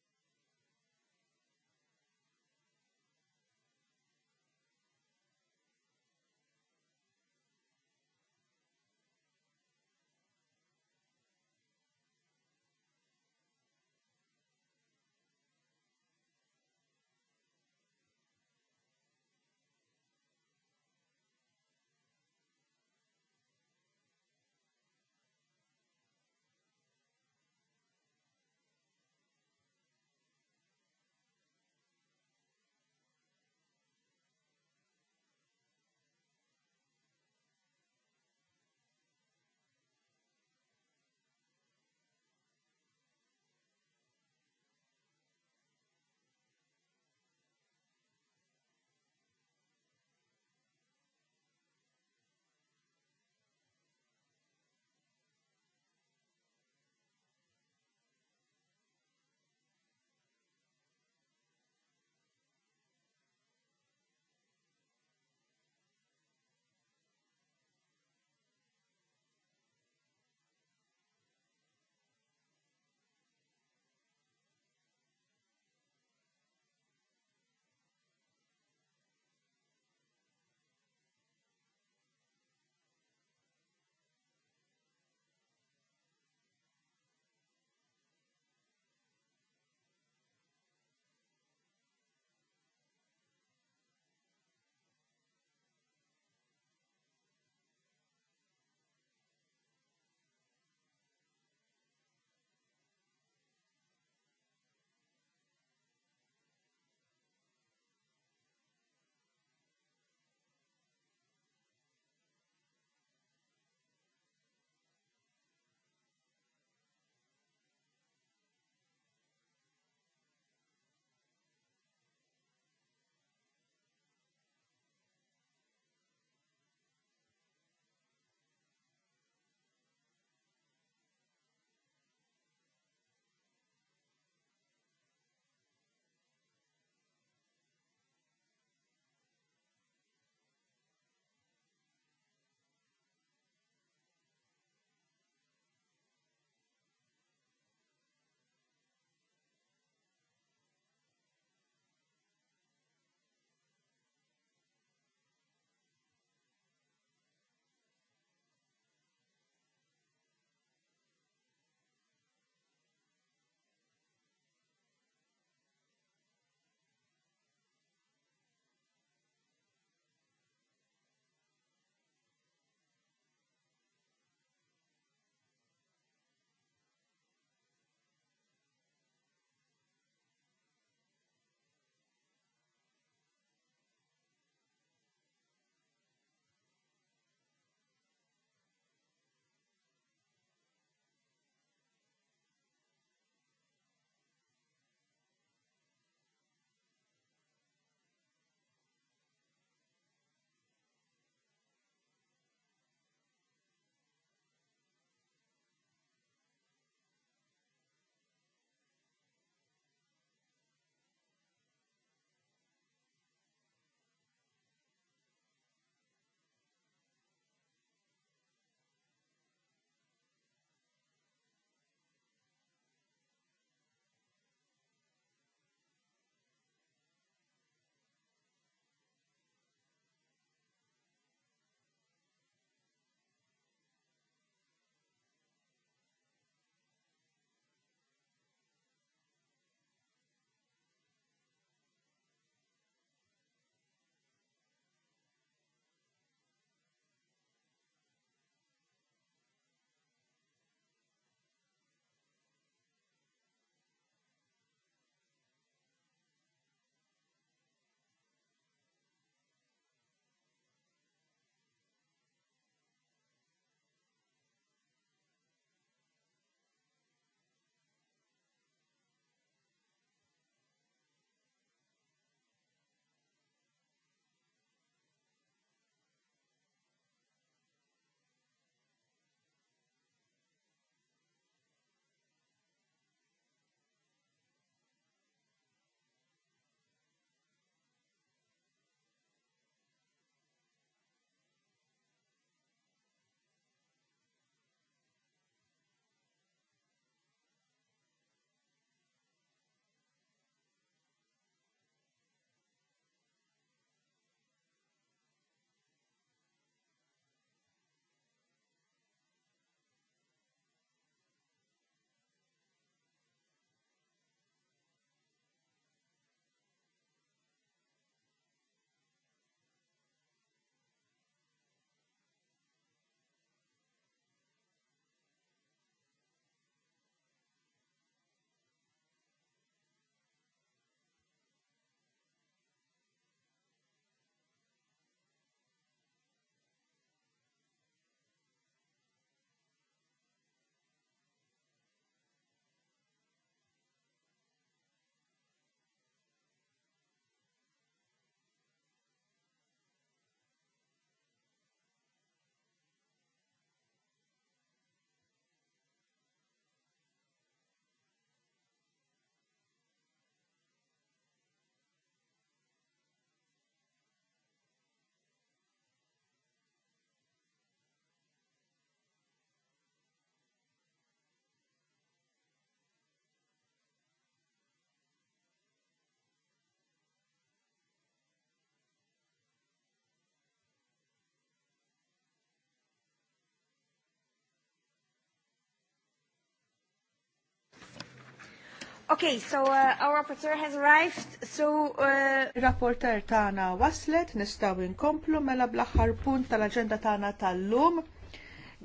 Okay, so uh, our rapporteur has arrived, so... Uh... rapporteur tana waslet, nistaw inkomplu mela bl-axar punt tal-agenda tana tal-lum,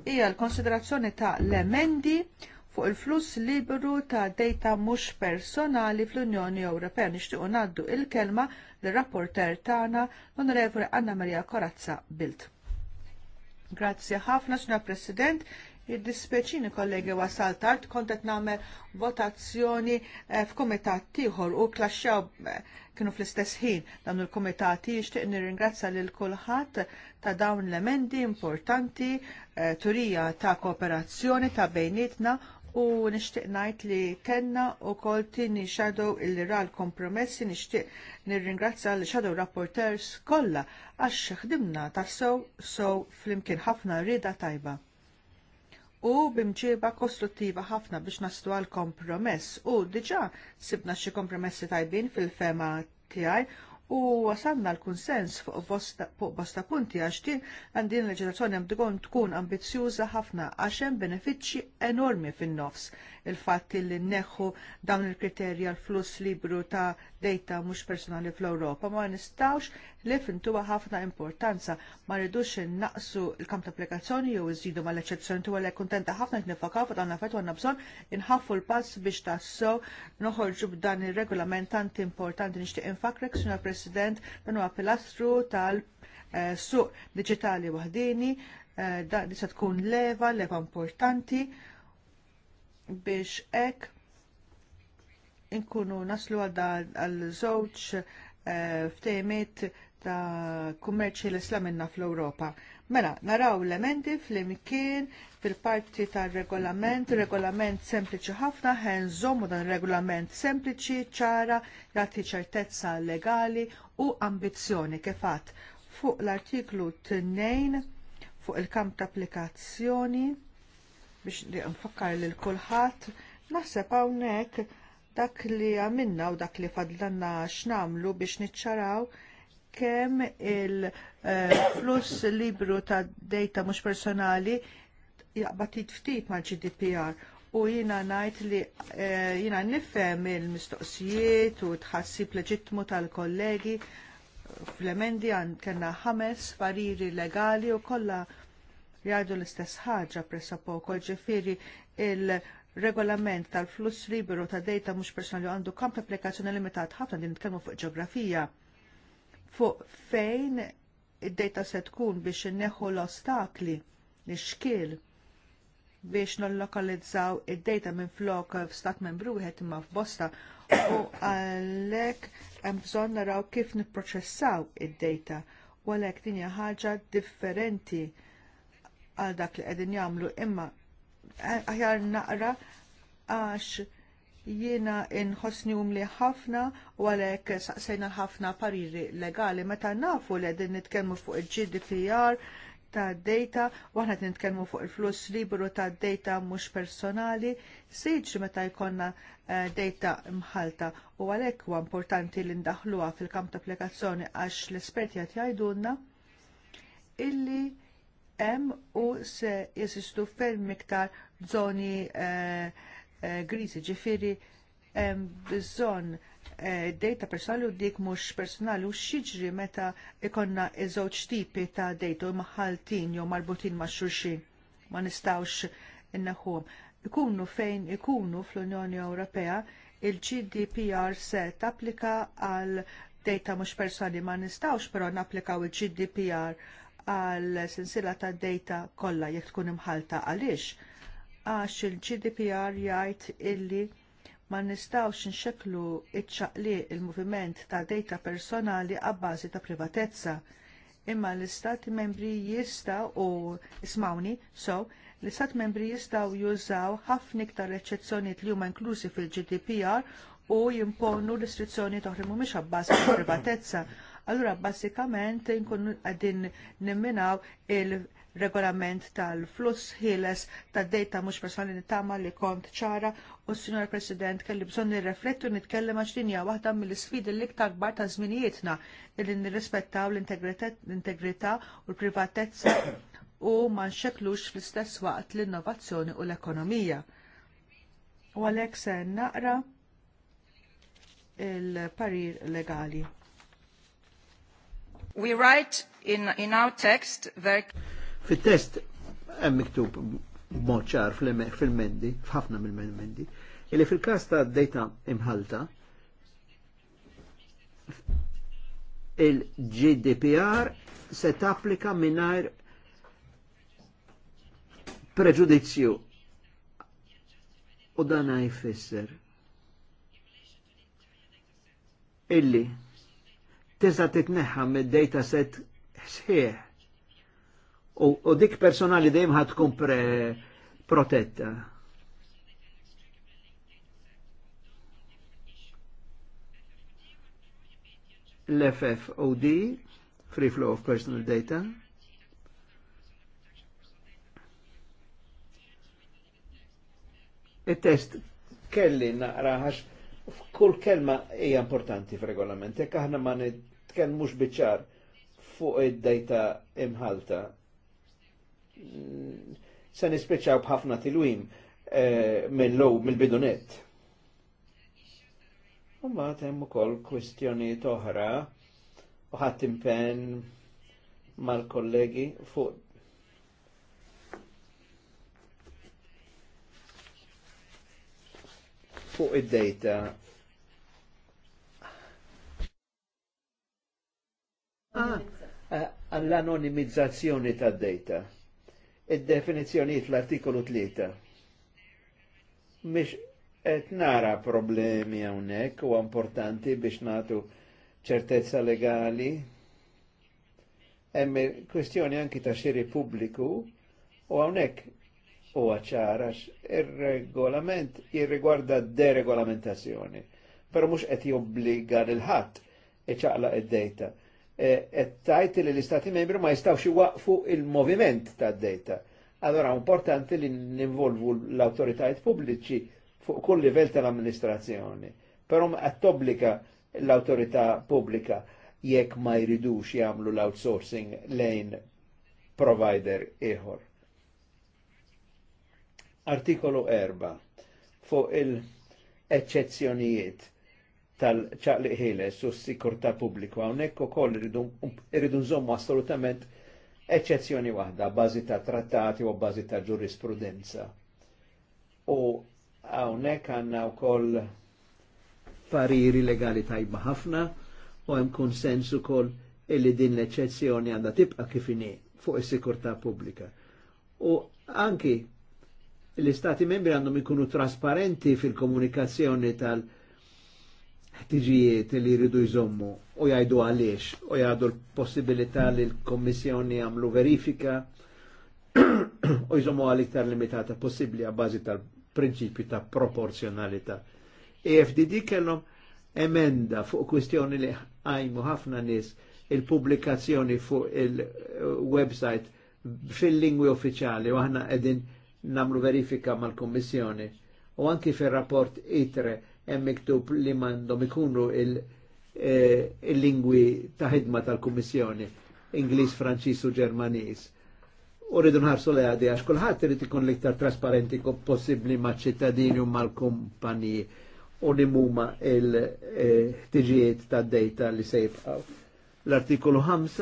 hija l-konsiderazzjoni ta' l-emendi fuq il-fluss liberu ta' data mhux personali fl-Unjoni Ewropea. Nixtiequ ngħaddu il-kelma l-rapporter tagħna l onorevole Anna Maria Korazza Bilt. Grazzi ħafna, Sra. President, Jiddispeċini kollegi wasal tard kont qed nagħmel votazzjoni eh, f'kumitat ieħor u klaxxew eh, kienu fl-istess ħin dawn il-kumitati jixtieq nirringrazzja lil kulħadd ta' dawn l-emendi importanti eh, turija ta' kooperazzjoni ta' bejnietna u nixtieq ngħid li kellna kol tini shadow il ra l-kompromessi nixtieq nirringrazzja li shadow rapporters kollha għax ħdimna tassew sew flimkien ħafna rieda tajba u bimġieba kostruttiva ħafna biex naslu għal kompromess u diġa sibna xi kompromessi tajbin fil-fema tiegħi u wasanna l-kunsens fuq bosta punti għax din għandin leġislazzjoni għamdikon tkun ambizjuza ħafna għax hemm benefiċċji enormi fin-nofs il-fatt li neħħu dawn il-kriterja l-fluss libru ta' data mhux personali fl-Ewropa. Ma nistawx li fintu ħafna importanza ma rridux innaqsu l-kamp ta' applikazzjoni jew ma' mal eċċezzjoni tu li kuntenta ħafna t nifakaw fuq dawn affett għanna bżonn inħaffu l-pass biex tassew noħorġu b'dan ir-regolament tant importanti nixtieq infakrek, suna President, dan huwa pilastru tal-suq diġitali waħdini, eh, da' se tkun leva, leva importanti biex hekk inkunu naslu għal żewġ e, eh, ftejmiet ta' kummerċi l islam minna fl-Europa. Mela, naraw l-emendi fl-imkien fil-parti tar regolament, regolament sempliċi ħafna, ħen ħenżomu dan regolament sempliċi, ċara, jagħti ċertezza legali u ambizzjoni kifat fuq l-artiklu 2 fuq il-kamp ta' applikazzjoni biex nfakkar li l-kulħat naħseb hawnhekk dak li għamilna u dak li fadlanna x'namlu biex niċċaraw kemm il-fluss eh, libru ta' data mhux personali jaqbatit ftit mal-GDPR u jina najt li eh, jina nifhem il-mistoqsijiet u tħassib leġittmu tal-kollegi fl-emendi għand kena ħames pariri legali u kollha li għadu l-istess ħaġa poko, ġifiri il-regolament tal-fluss liberu ta' data mhux personali għandu kamp applikazzjoni limitat ħafna din nitkellmu fuq ġeografija. Fuq fejn id-data se tkun biex inneħu l-ostakli, l-xkil biex nollokalizzaw id-data minn flok f'stat membru wieħed imma f'bosta u għalhekk hemm bżonn naraw kif nipproċessaw id-data u għalhekk din hija ħaġa differenti għal dak li qegħdin jagħmlu imma aħjar naqra għax jiena inħossni umli ħafna u għalhekk saqsejna ħafna pariri legali meta nafu li qegħdin nitkellmu fuq il-GDPR ta' data u aħna nitkellmu fuq il-fluss liberu ta' data mhux personali se meta jkollna eh, data mħalta u għalhekk huwa importanti li ndaħluha fil-kamp ta' applikazzjoni għax l-esperti qed jgħidulna illi hemm u se jesistu ferm iktar żoni eh, eh, griżi ġifieri hemm bżonn eh, data personali u dik mhux personali u x'jiġri meta ikonna iż-żewġ tipi ta' data u maħaltin jew marbutin ma' ma nistawx innaħħuhom. Ikunu fejn ikunu fl-Unjoni Ewropea il-GDPR se tapplika għal data mhux personali ma nistawx però napplikaw il-GDPR għal sensila ta' data kollha jekk tkun imħalta għaliex għax il-GDPR jgħid illi ma nistawx nxeklu iċċaqli il-moviment ta' data personali għabbażi ta' privatezza. Imma l-istati membri jistaw u ismawni, so, l-istat membri jistaw jużaw ħafna iktar eċċezzjonijiet li huma inklużi fil-GDPR u jimponu restrizzjoni toħri mhumiex għabbażi ta' privatezza allura bażikament nkunu qegħdin nimminaw il-regolament tal-fluss ħieles tad data mhux personali tama li kont ċara u s-Sinjor President kelli bżonn nirreflettu nitkellem għax din waħda mill-isfidi l-iktar kbar ta' żminijietna li nirrispettaw l-integrità u l-privatezza u ma nxekklux fl-istess waqt l-innovazzjoni u l-ekonomija. U għalhekk se naqra il-parir legali. We write in, in our text very... Fit-test hemm miktub b'mod ċar fil-mendi, f'ħafna mill-mendi, illi fil-każ ta' data imħalta, il-GDPR se tapplika mingħajr preġudizzju u dan jfisser illi tista' titneħħa mid-data set sħiħ. U dik personali dejjem ħad tkun protetta. L-FFOD, Free Flow of Personal Data, il-test kelli naqraħax f'kull kelma hija importanti f'regolament, jekk aħna ma kien mhux biċar fuq id dajta imħalta. Se nispiċċaw b'ħafna tilwim eh, mill-low mill-bidunet. U mbagħad hemm ukoll kwistjonijiet oħra u ħadd impenn mal-kollegi fuq fuq id-dejta Ah. Ah, l anonimizzazzjoni ta' data. Id-definizjoni e fl-artikolu 3. Mish qed nara problemi hawnhekk u importanti biex natu ċertezza legali. Hemm kwestjoni anki ta' xiri pubbliku u hawnhekk huwa ċarax ir-regolament jirrigwarda deregolamentazzjoni. Però mhux qed jobbliga lil ħadd iċaqla id-dejta. E, e tajt li l-istati membri ma jistawx waqfu il-moviment ta' data. Allora importanti li ninvolvu l autoritajt pubbliċi fuq kull livell tal-amministrazzjoni. Però għattobblika l-autorità pubblika jekk ma jridux jagħmlu l-outsourcing lejn provider ieħor. Artikolu 4 fuq il-eċċezzjonijiet tal-ċaqli ħieles u s-sikurta pubbliku u ukoll irridu nżommu assolutament eċċezzjoni waħda bażi ta' trattati u bazi ta' ġurisprudenza. U għanna għandna wkoll pariri legali tajba ħafna u hemm konsensu koll illi din l eccezzjoni għandha tibqa' kif fuq is-sikurtà pubblika. U anki l-Istati membri għandhom ikunu trasparenti fil-komunikazzjoni tal- ħtiġijiet li jridu jżommu u jgħidu għaliex u jgħadu l-possibilità li l-Kommissjoni għamlu verifika u jżommu għal iktar limitata possibbli għabbażi tal-prinċipju ta' proporzjonalità. EFDD kellhom emenda fuq kwistjoni li għajmu ħafna nies il-publikazzjoni fuq il-website fil-lingwi uffiċjali u aħna qegħdin namlu verifika mal-Kommissjoni u anki fil-rapport ITRE hemm miktub li mandom ikunu e, il-lingwi ta' ħidma tal-Kummissjoni, Ingliż, Franċiż u Ġermaniż. U rridu nħarsu li għadi għax kulħadd irid ikun l-iktar trasparenti possibbli maċ-ċittadini u mal-kumpaniji u li huma il-ħtiġijiet e, tad-dejta li se jibqgħu. L-artikolu 5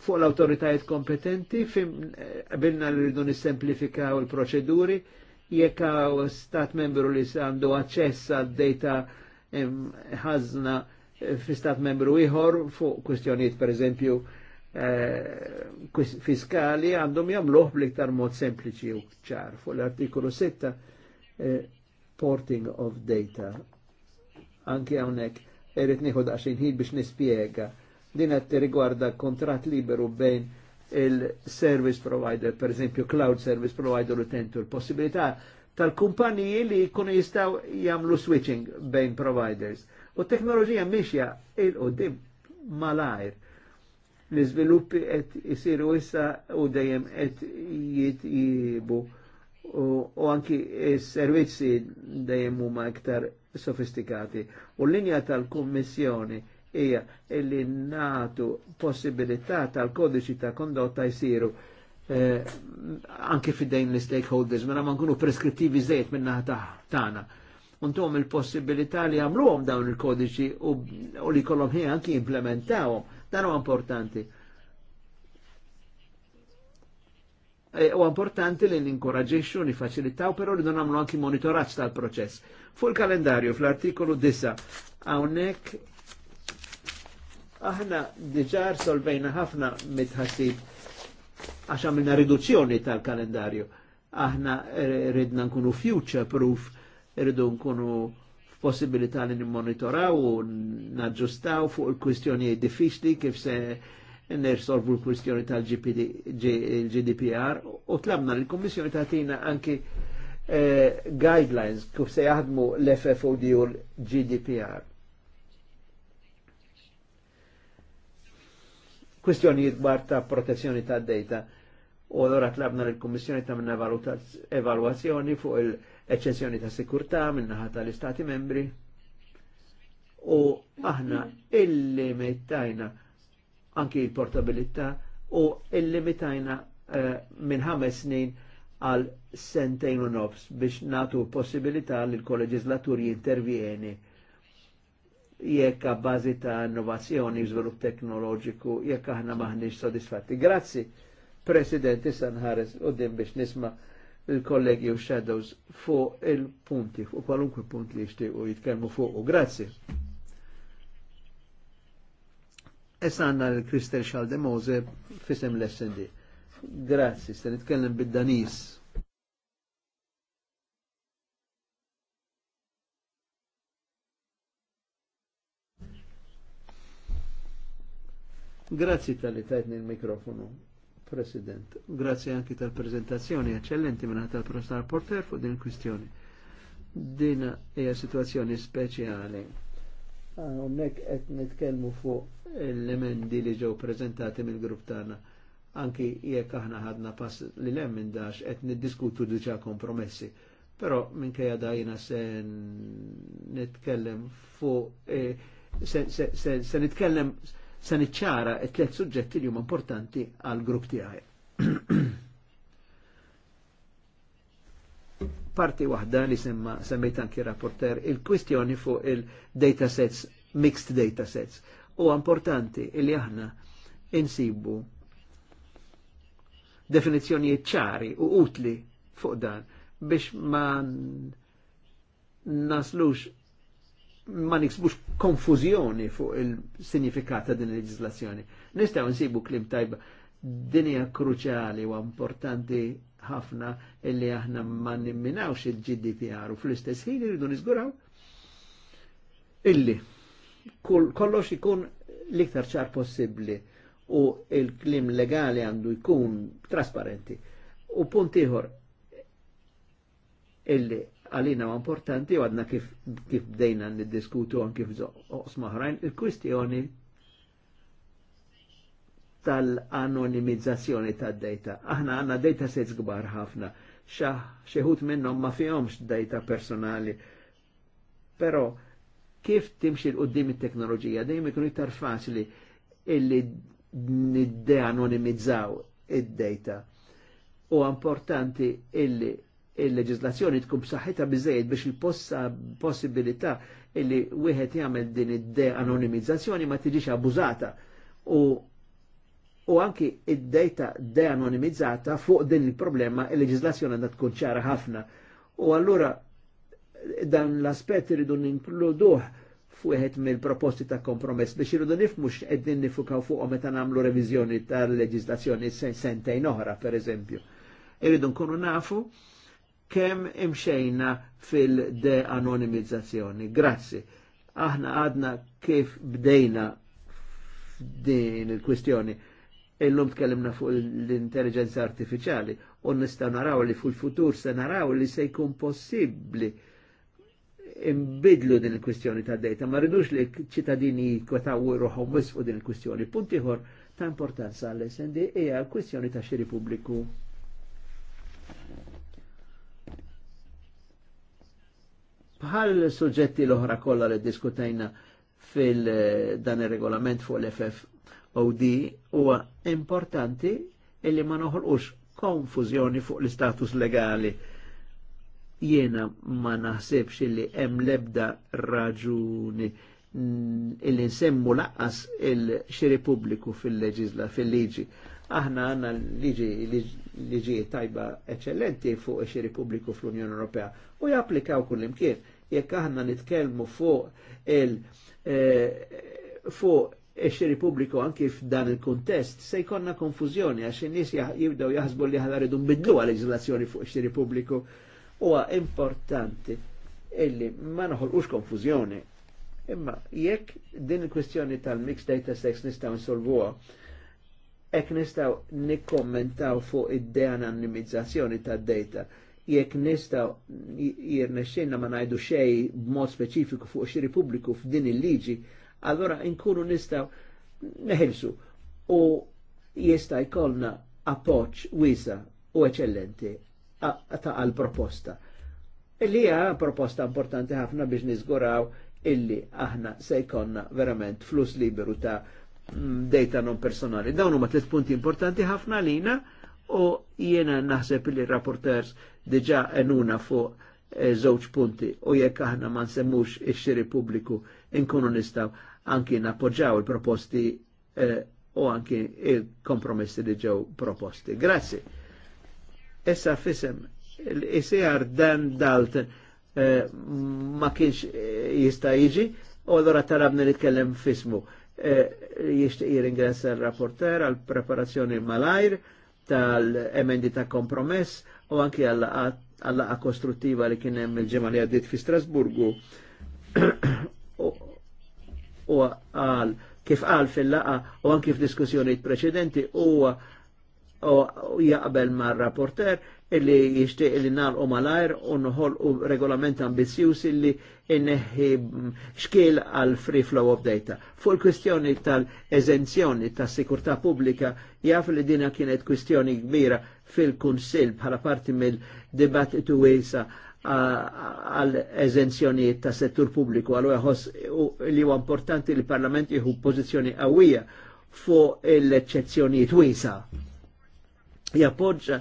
fuq l-autoritajiet kompetenti, e, bilna li rridu nissemplifikaw il-proċeduri, il il proċeduri jekk hawn stat membru li għandu aċċess għad data ħazna eh, fi stat membru iħor fuq kwistjonijiet per eżempju eh, fiskali għandhom jagħmluh bl-iktar mod sempliċi u ċar fuq l-artikolu 6 eh, porting of data. Anki għonek, erid nieħu daqsxejn ħin biex nispjega din qed rigwarda kontrat liberu bejn il-service provider, per esempio cloud service provider utentu, l-possibilità tal-kumpaniji li kunu jistaw jamlu switching bejn providers. U teknoloġija miexja il-qoddim malajr. li sviluppi qed jisiru issa u dejjem qed jitjibu u anki s-servizzi dejjem huma iktar sofistikati. U l-linja tal-Kummissjoni hija li natu possibilità tal-kodiċi ta' kondotta jsiru eh, anke fidejn l-stakeholders, mela ma nkunu preskrittivi zejt minna tagħna. Untom il-possibilità li għamluhom dawn il-kodiċi u, u li kollhom ħin anki implementawhom, dan huwa importanti. E, u importanti li li nifaċilitaw, pero li don għamlu anki monitoraġġ tal-proċess. Fu l-kalendarju, fl-artikolu 9, għawnek Aħna diġar solvejna ħafna mitħassib għax għamilna riduzzjoni tal-kalendarju. Aħna eh, ridna nkunu future proof, ridu nkunu possibilità li nimmonitoraw u naġġustaw fuq il-kwistjonijiet diffiċli kif se nersolvu l-kwistjoni tal-GDPR u tlabna l-Kommissjoni tatina anki eh, guidelines kif se jaħdmu l-FFOD u l-GDPR. kwistjonijiet dwar ta' protezzjoni ta' data u allora tlabna l-Kommissjoni ta' minna evalwazzjoni fuq il-eċċenzjoni ta' sikurtà ħata tal-Istati membri u aħna il-limitajna anki il-portabilità u il-limitajna eh, minn ħames snin għal sentejn u nofs biex natu possibilità li l kolleġizlatur jintervjeni jekk bażi ta' innovazzjoni, żvilupp teknoloġiku, jekk aħna maħniex sodisfatti. Grazzi, President, issa nħares u din biex nisma il-kollegi u shadows fuq il-punti, fuq kwalunkwe punt li jishtiqu jitkellmu fuq u grazzi. Issa għanna l-Kristel Xaldemose fisem l-SND. Grazzi, se nitkellem bid-Danis. Grazie tal-li tajtni il-mikrofonu, President. Grazie anche tal-prezentazzjoni eccellenti minna tal-Prostar Porter fu din il-kwistjoni. Din hija situazzjoni speċjali. Ah, unnek qed nitkellmu fu l-emendi li ġew prezentati mill-grupp tana. Anki jek aħna ħadna pass li lem minn dax qed diskutu diġà kompromessi. Pero minn minkejja dajna se nitkellem fuq eh, se nitkellem se niċċara t-tlet suġġetti li huma importanti għal grupp tiegħi. Parti waħda li semma semmejt anki rapporter il-kwistjoni fuq il-datasets, mixed datasets. U importanti li aħna insibu definizjonijiet ċari u utli fuq dan biex ma naslux ma niksbux konfuzjoni fuq il-sinifikat ta' din il-leġislazzjoni. Nistaw nsibu klim tajba dinja kruċali kruċjali u importanti ħafna illi aħna ma nimminawx il-GDPR u fl-istess ħin irridu niżguraw illi kollox ikun l-iktar ċar possibbli u il-klim legali għandu jkun trasparenti. U punt illi għalina u importanti u għadna kif, kif bdejna niddiskutu għan kif maħrajn, il-kwistjoni tal-anonimizzazzjoni ta' data. Aħna għanna data sets gbar ħafna, xeħut minnom ma fihomx data personali. Pero kif timxi l-qoddim it-teknoloġija, dejjem ikun iktar faċli illi nidde anonimizzaw id-data. U importanti illi il-leġislazzjoni tkun b'saħħitha biżejjed biex il-possa possibilità illi wieħed jagħmel din id-de-anonimizzazzjoni ma tiġix abbużata u u anki id-dejta de-anonimizzata fuq din il-problema il-leġislazzjoni għandha tkun ċara ħafna. U allura dan l-aspett irridu ninkluduh fuqet mill-proposti ta' kompromess biex irridu nifmu x'qegħdin nifukaw fuq meta nagħmlu reviżjoni tal-leġislazzjoni sentejn oħra, per eżempju. Irridu nkunu nafu kemm imxejna fil-de-anonimizzazzjoni. Grazzi. Aħna għadna kif bdejna din il-kwistjoni. Illum tkellimna fuq l-intelligenza artificiali u nistgħu naraw li fil-futur se naraw li se jkun possibbli imbidlu din il-kwistjoni ta' data, ma rridux li ċittadini kwetaw ruħom wisfu din il-kwistjoni. Puntiħor ta' importanza għall-SND hija kwistjoni ta' xiri pubbliku. bħal suġġetti l-oħra kollha li diskutajna fil-dan ir-regolament fuq l-FFOD huwa importanti illi ma noħolqux konfużjoni fuq l-istatus legali. Jiena ma naħsibx illi hemm lebda raġuni illi nsemmu laqqas il-xiri pubbliku fil-leġizla fil-liġi. fil leġizla fil liġi Aħna għanna liġi tajba eccellenti fuq xiri pubbliku fl-Unjoni Ewropea u japplikaw kull imkien jekk aħna nitkellmu fuq il eh, fuq xiri pubbliku anki f'dan il-kontest se jkonna konfużjoni għax in-nies jibdew jaħsbu li aħna rridu nbidlu għal leġislazzjoni fuq xiri pubbliku huwa importanti illi ma noħolqux konfużjoni. Imma jekk din il-kwestjoni tal-mixed data sex nistgħu nsolvuha Ek nistaw nikkommentaw fuq id-dea anonimizzazzjoni ta' data jekk nistaw jirnexxinna ma najdu xej b'mod speċifiku fuq xi pubbliku f'din il-liġi, allora inkunu nistaw neħilsu u jista' jkollna appoġġ wiesa u eċellenti ta' għal-proposta. Illi hija proposta importanti ħafna biex niżguraw illi aħna se jkollna verament flus liberu ta' data non personali. Dawn huma tliet punti importanti ħafna lina u jiena naħseb li rapporters diġa enuna fuq eh, żewġ punti u jekk aħna ma nsemmux ix-xiri pubbliku inkunu nistgħu anki nappoġġaw il-proposti eh, u anki il-kompromessi li ġew proposti. Grazzi. Issa fisem l-ICR Dan Dalton eh, ma kienx jista' jiġi u allura talabna nitkellem fismu. Eh, jishtiq jiringressa l-rapporter għal preparazzjoni malajr tal-emendi ta' kompromess u anki għall-laqa kostruttiva li kien hemm il-ġimgħa li fi Strasburgu. U għal kif qal fil-laqa u anki f'diskussjoni preċedenti huwa jaqbel mar-rapporter illi jishtiq li u malajr u nħolqu regolament ambizjuż illi inneħi xkiel għal free flow of data. Fu l kwistjoni tal-eżenzjoni ta' sikurtà publika, jaf li dina kienet kwistjoni kbira fil-Kunsill bħala parti mill-dibattitu wiesa għal eżenzjonijiet ta' settur publiku. għal li huwa importanti li parlament jieħu pożizzjoni qawwija fuq l-eċċezzjonijiet wiesa. Jappoġġa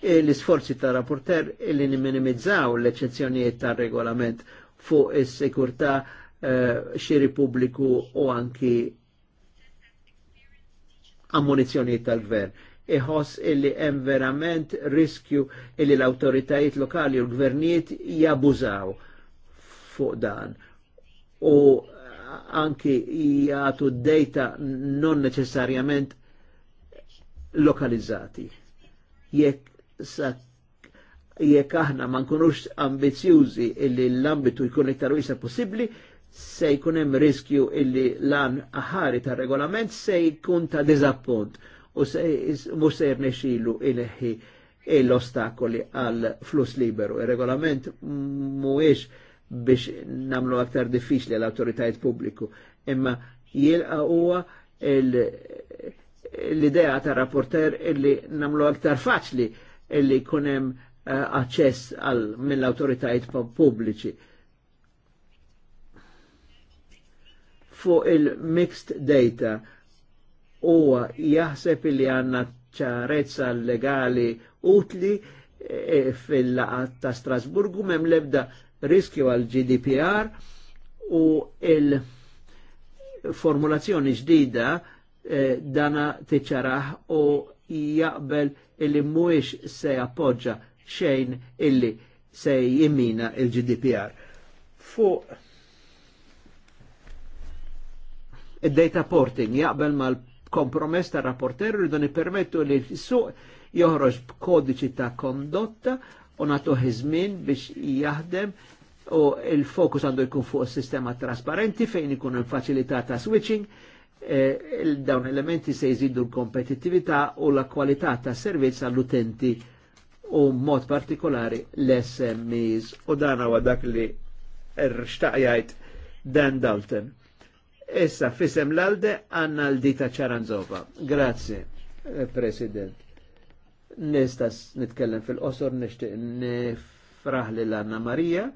E l-isforzi ta' rapporter li niminimizzaw l eccezzjonijiet ta' regolament fuq is sekurta eh, xiri pubbliku u anki ammunizzjonijiet tal-gvern. Iħoss illi hemm verament riskju illi l-autoritajiet lokali u l-gvernijiet jabużaw fuq dan. U anki jgħatu data non neċessarjament lokalizzati. Jekk sa jekk aħna ma nkunux ambizjużi illi l-ambitu jkun iktar wisa possibbli, se jkun hemm riskju illi lan aħari ta' regolament se jkun ta' diżappunt u se mhux se jirnexilu ilħi l-ostakoli għal flus liberu. Il-regolament mhuwiex biex namlu aktar diffiċli l-autoritajiet pubbliku, imma jilqa huwa l-idea ta' rapporter illi namlu aktar faċli illi kunem eh, aċċess għal mill-autoritajiet pubbliċi. Fuq il-mixed data huwa jaħseb li għanna ċarezza legali utli eh, fil-laqat ta' Strasburgu mem lebda riskju għal GDPR u il-formulazzjoni ġdida eh, dana tiċaraħ u jaqbel illi mwix se appoġġa xejn illi se jimmina il-GDPR. Fuq il data porting jaqbel mal-kompromess ta' rapporter doni permettu li s-suq joħroġ b'kodiċi ta' kondotta u natu ħizmin biex jaħdem u il-fokus għandu jkun fuq sistema trasparenti fejn ikun il-facilità ta' switching E, dawn elementi se jżidu l-kompetittività u la kwalità ta' servizz għall-utenti u mod partikolari l-SMEs u dan huwa dak li rxtaqjajt Dan Dalton. Issa fisem l-alde għanna l-dita ċaranzova. Grazie, eh, President. Nistas nitkellem fil-qosor nishtiq nifraħli l-Anna Marija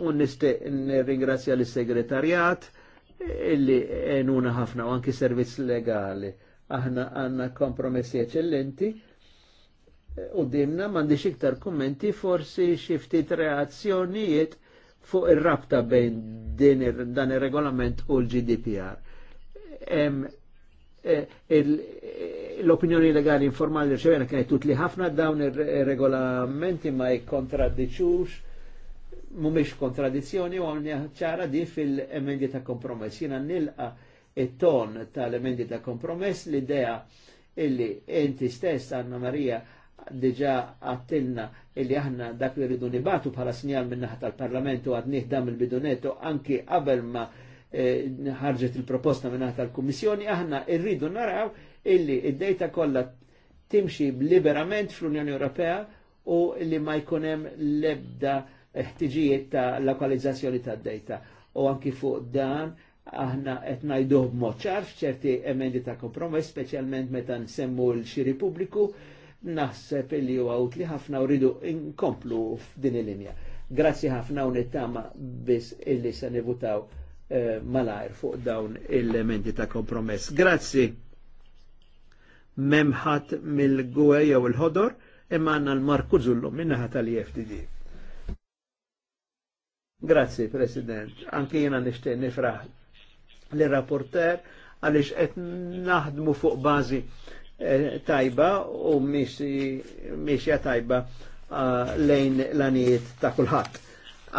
u nishtiq nirringrazzja l-segretarjat illi enuna ħafna u anki servizz legali. Aħna għanna kompromessi eccellenti u dimna mandi iktar kommenti forsi xiftit reazzjonijiet fuq ir-rabta bejn din dan ir-regolament u l-GDPR. E, l-opinjoni legali informali rċevena kienet tutli ħafna dawn ir-regolamenti ma jkontraddiċux mumiex kontradizzjoni u għamni ċara di fil-emendi ta' kompromess. Jina nilqa il ton tal-emendi ta' kompromess l-idea illi enti stess Anna Marija diġa għattilna illi aħna dak li rridu nibatu bħala sinjal minnaħ tal-Parlamentu għad dam il-bidunetu anki qabel ma eh, ħarġet il-proposta minnaħ tal-Kummissjoni aħna irridu naraw illi id-dejta kollha timxi liberament fl-Unjoni Ewropea u illi ma jkunem lebda ebda ħtiġijiet ta' lokalizzazzjoni ta' data u anki fuq dan aħna qed ngħiduh b'mod ċarf ċerti emendi ta' kompromess, speċjalment meta nsemmu l-xiri pubbliku, naħseb li huwa utli ħafna u rridu nkomplu f'din il-linja. Grazzi ħafna u nittama biss illi se nivutaw eh, malajr fuq dawn il emendi ta' kompromess. Grazzi memħat mill-gwe jew il-ħodor imma għanna l-Marku Zullu min-naħa tal-IFDD. Grazzi, President. Anki jena nishtiq nifraħ li rapporter għalix qed naħdmu fuq bażi eh, tajba u miexja tajba eh, lejn l-anijiet ta' kulħadd.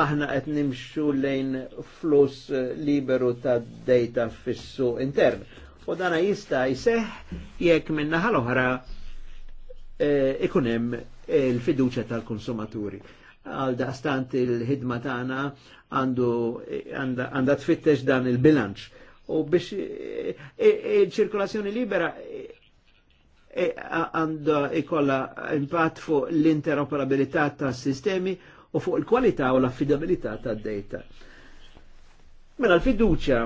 Aħna qed nimxu lejn flus eh, liberu ta' data fissu intern. U dana jista' jseħ jekk minnaħa l-oħra ikun hemm il-fiduċja tal-konsumaturi għal daqstant il-ħidma tagħna għandu għandha tfittex dan il-bilanċ. U biex il-ċirkolazzjoni e, e, libera e, għandha ikolla impatt fuq l-interoperabilità tas sistemi u fuq il-kwalità u l-affidabilità tad data. Mela l fiduċja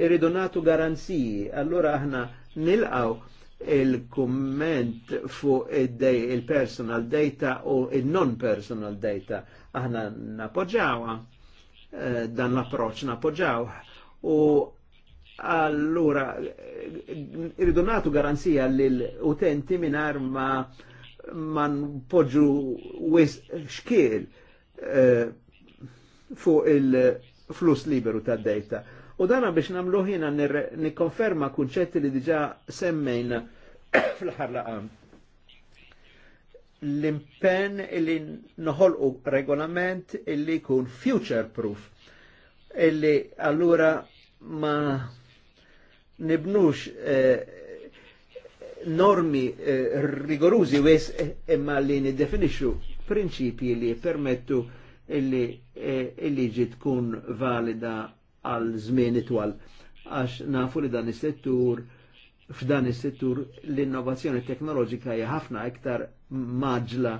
irridu natu garanziji, allura aħna nilqaw il-komment fuq il-personal data u il-non-personal data. Aħna napoġawa, eh, dan l-approċ napoġaw. U allura irridu natu garanzija l-utenti minar ma man poġu wis xkiel eh, fuq il-flus liberu ta' data U dana biex namlu ħina nikonferma kunċetti li diġa semmejna fl-ħar laqam. L-impen li noħolqu regolament illi kun future proof. Illi allura ma nibnux eh, normi eh, rigorużi wis eh, imma li nidefinixxu prinċipji li permettu illi eh, illi tkun valida għal żmien itwal għax nafu li dan is-settur f'dan is-settur l-innovazzjoni teknoloġika hija ħafna iktar maġla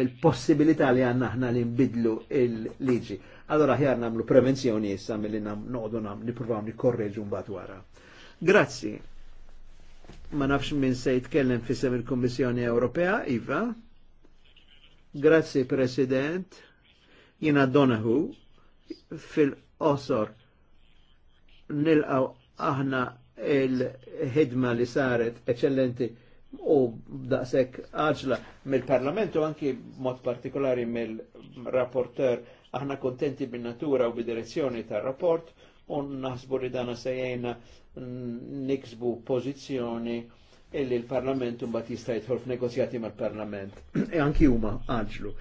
mill-possibilità li għanna ħna li nbidlu il-liġi. Allora ħjar namlu prevenzjoni issa mill-li noqdu nam nipruvaw nikorreġu mbagħad wara. Grazzi. Ma nafx minn se jitkellem fissem il-Kommissjoni Ewropea, Iva. Grazzi President. Jina Donahu, fil-qosor nilqaw aħna il-ħidma li saret eccellenti u daqsek għaġla mill-parlamentu anki mod partikolari mill-rapporter aħna kontenti bin-natura u bid-direzzjoni tar-rapport u naħsbu li dana sejjena niksbu pozizjoni illi l-parlament un jista' jidħol f'negozjati mal-parlament. E anki huma aġlu.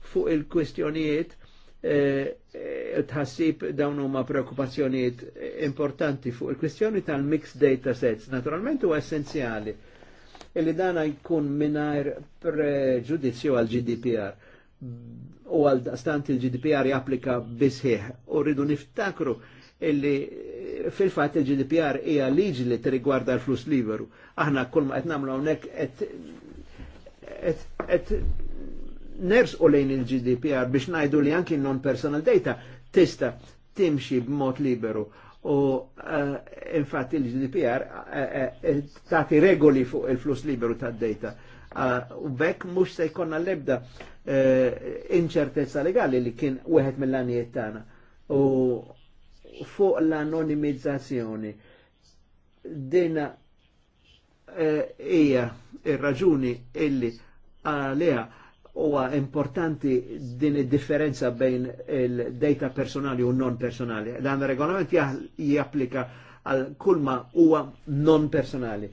Fuq il-kwestjonijiet Eh, eh, tħassib dawn huma preokkupazzjonijiet importanti fuq il-kwistjoni tal-mixed data sets. Naturalment huwa essenzjali illi dana jkun mingħajr preġudizzju għal GDPR u għal stant il-GDPR japplika bisħiħ u rridu niftakru illi fil-fat il-GDPR hija liġi li t-rigwarda l-flus liberu. Aħna kull ma qed nagħmlu hawnhekk qed ners u lejn il-GDPR biex najdu li anki non-personal data tista timxi b'mod liberu u uh, infatti il-GDPR uh, eh, uh, eh, tati regoli fuq il-flus liberu ta' data u bekk mux se jkonna lebda inċertezza legali li kien wieħed mill-għanijiet tagħna u fuq l-anonimizzazzjoni dina ija il raġuni illi Uh, huwa importanti din id-differenza bejn il-data personali u non personali. Dan il regolament japplika għal kulma huwa non personali.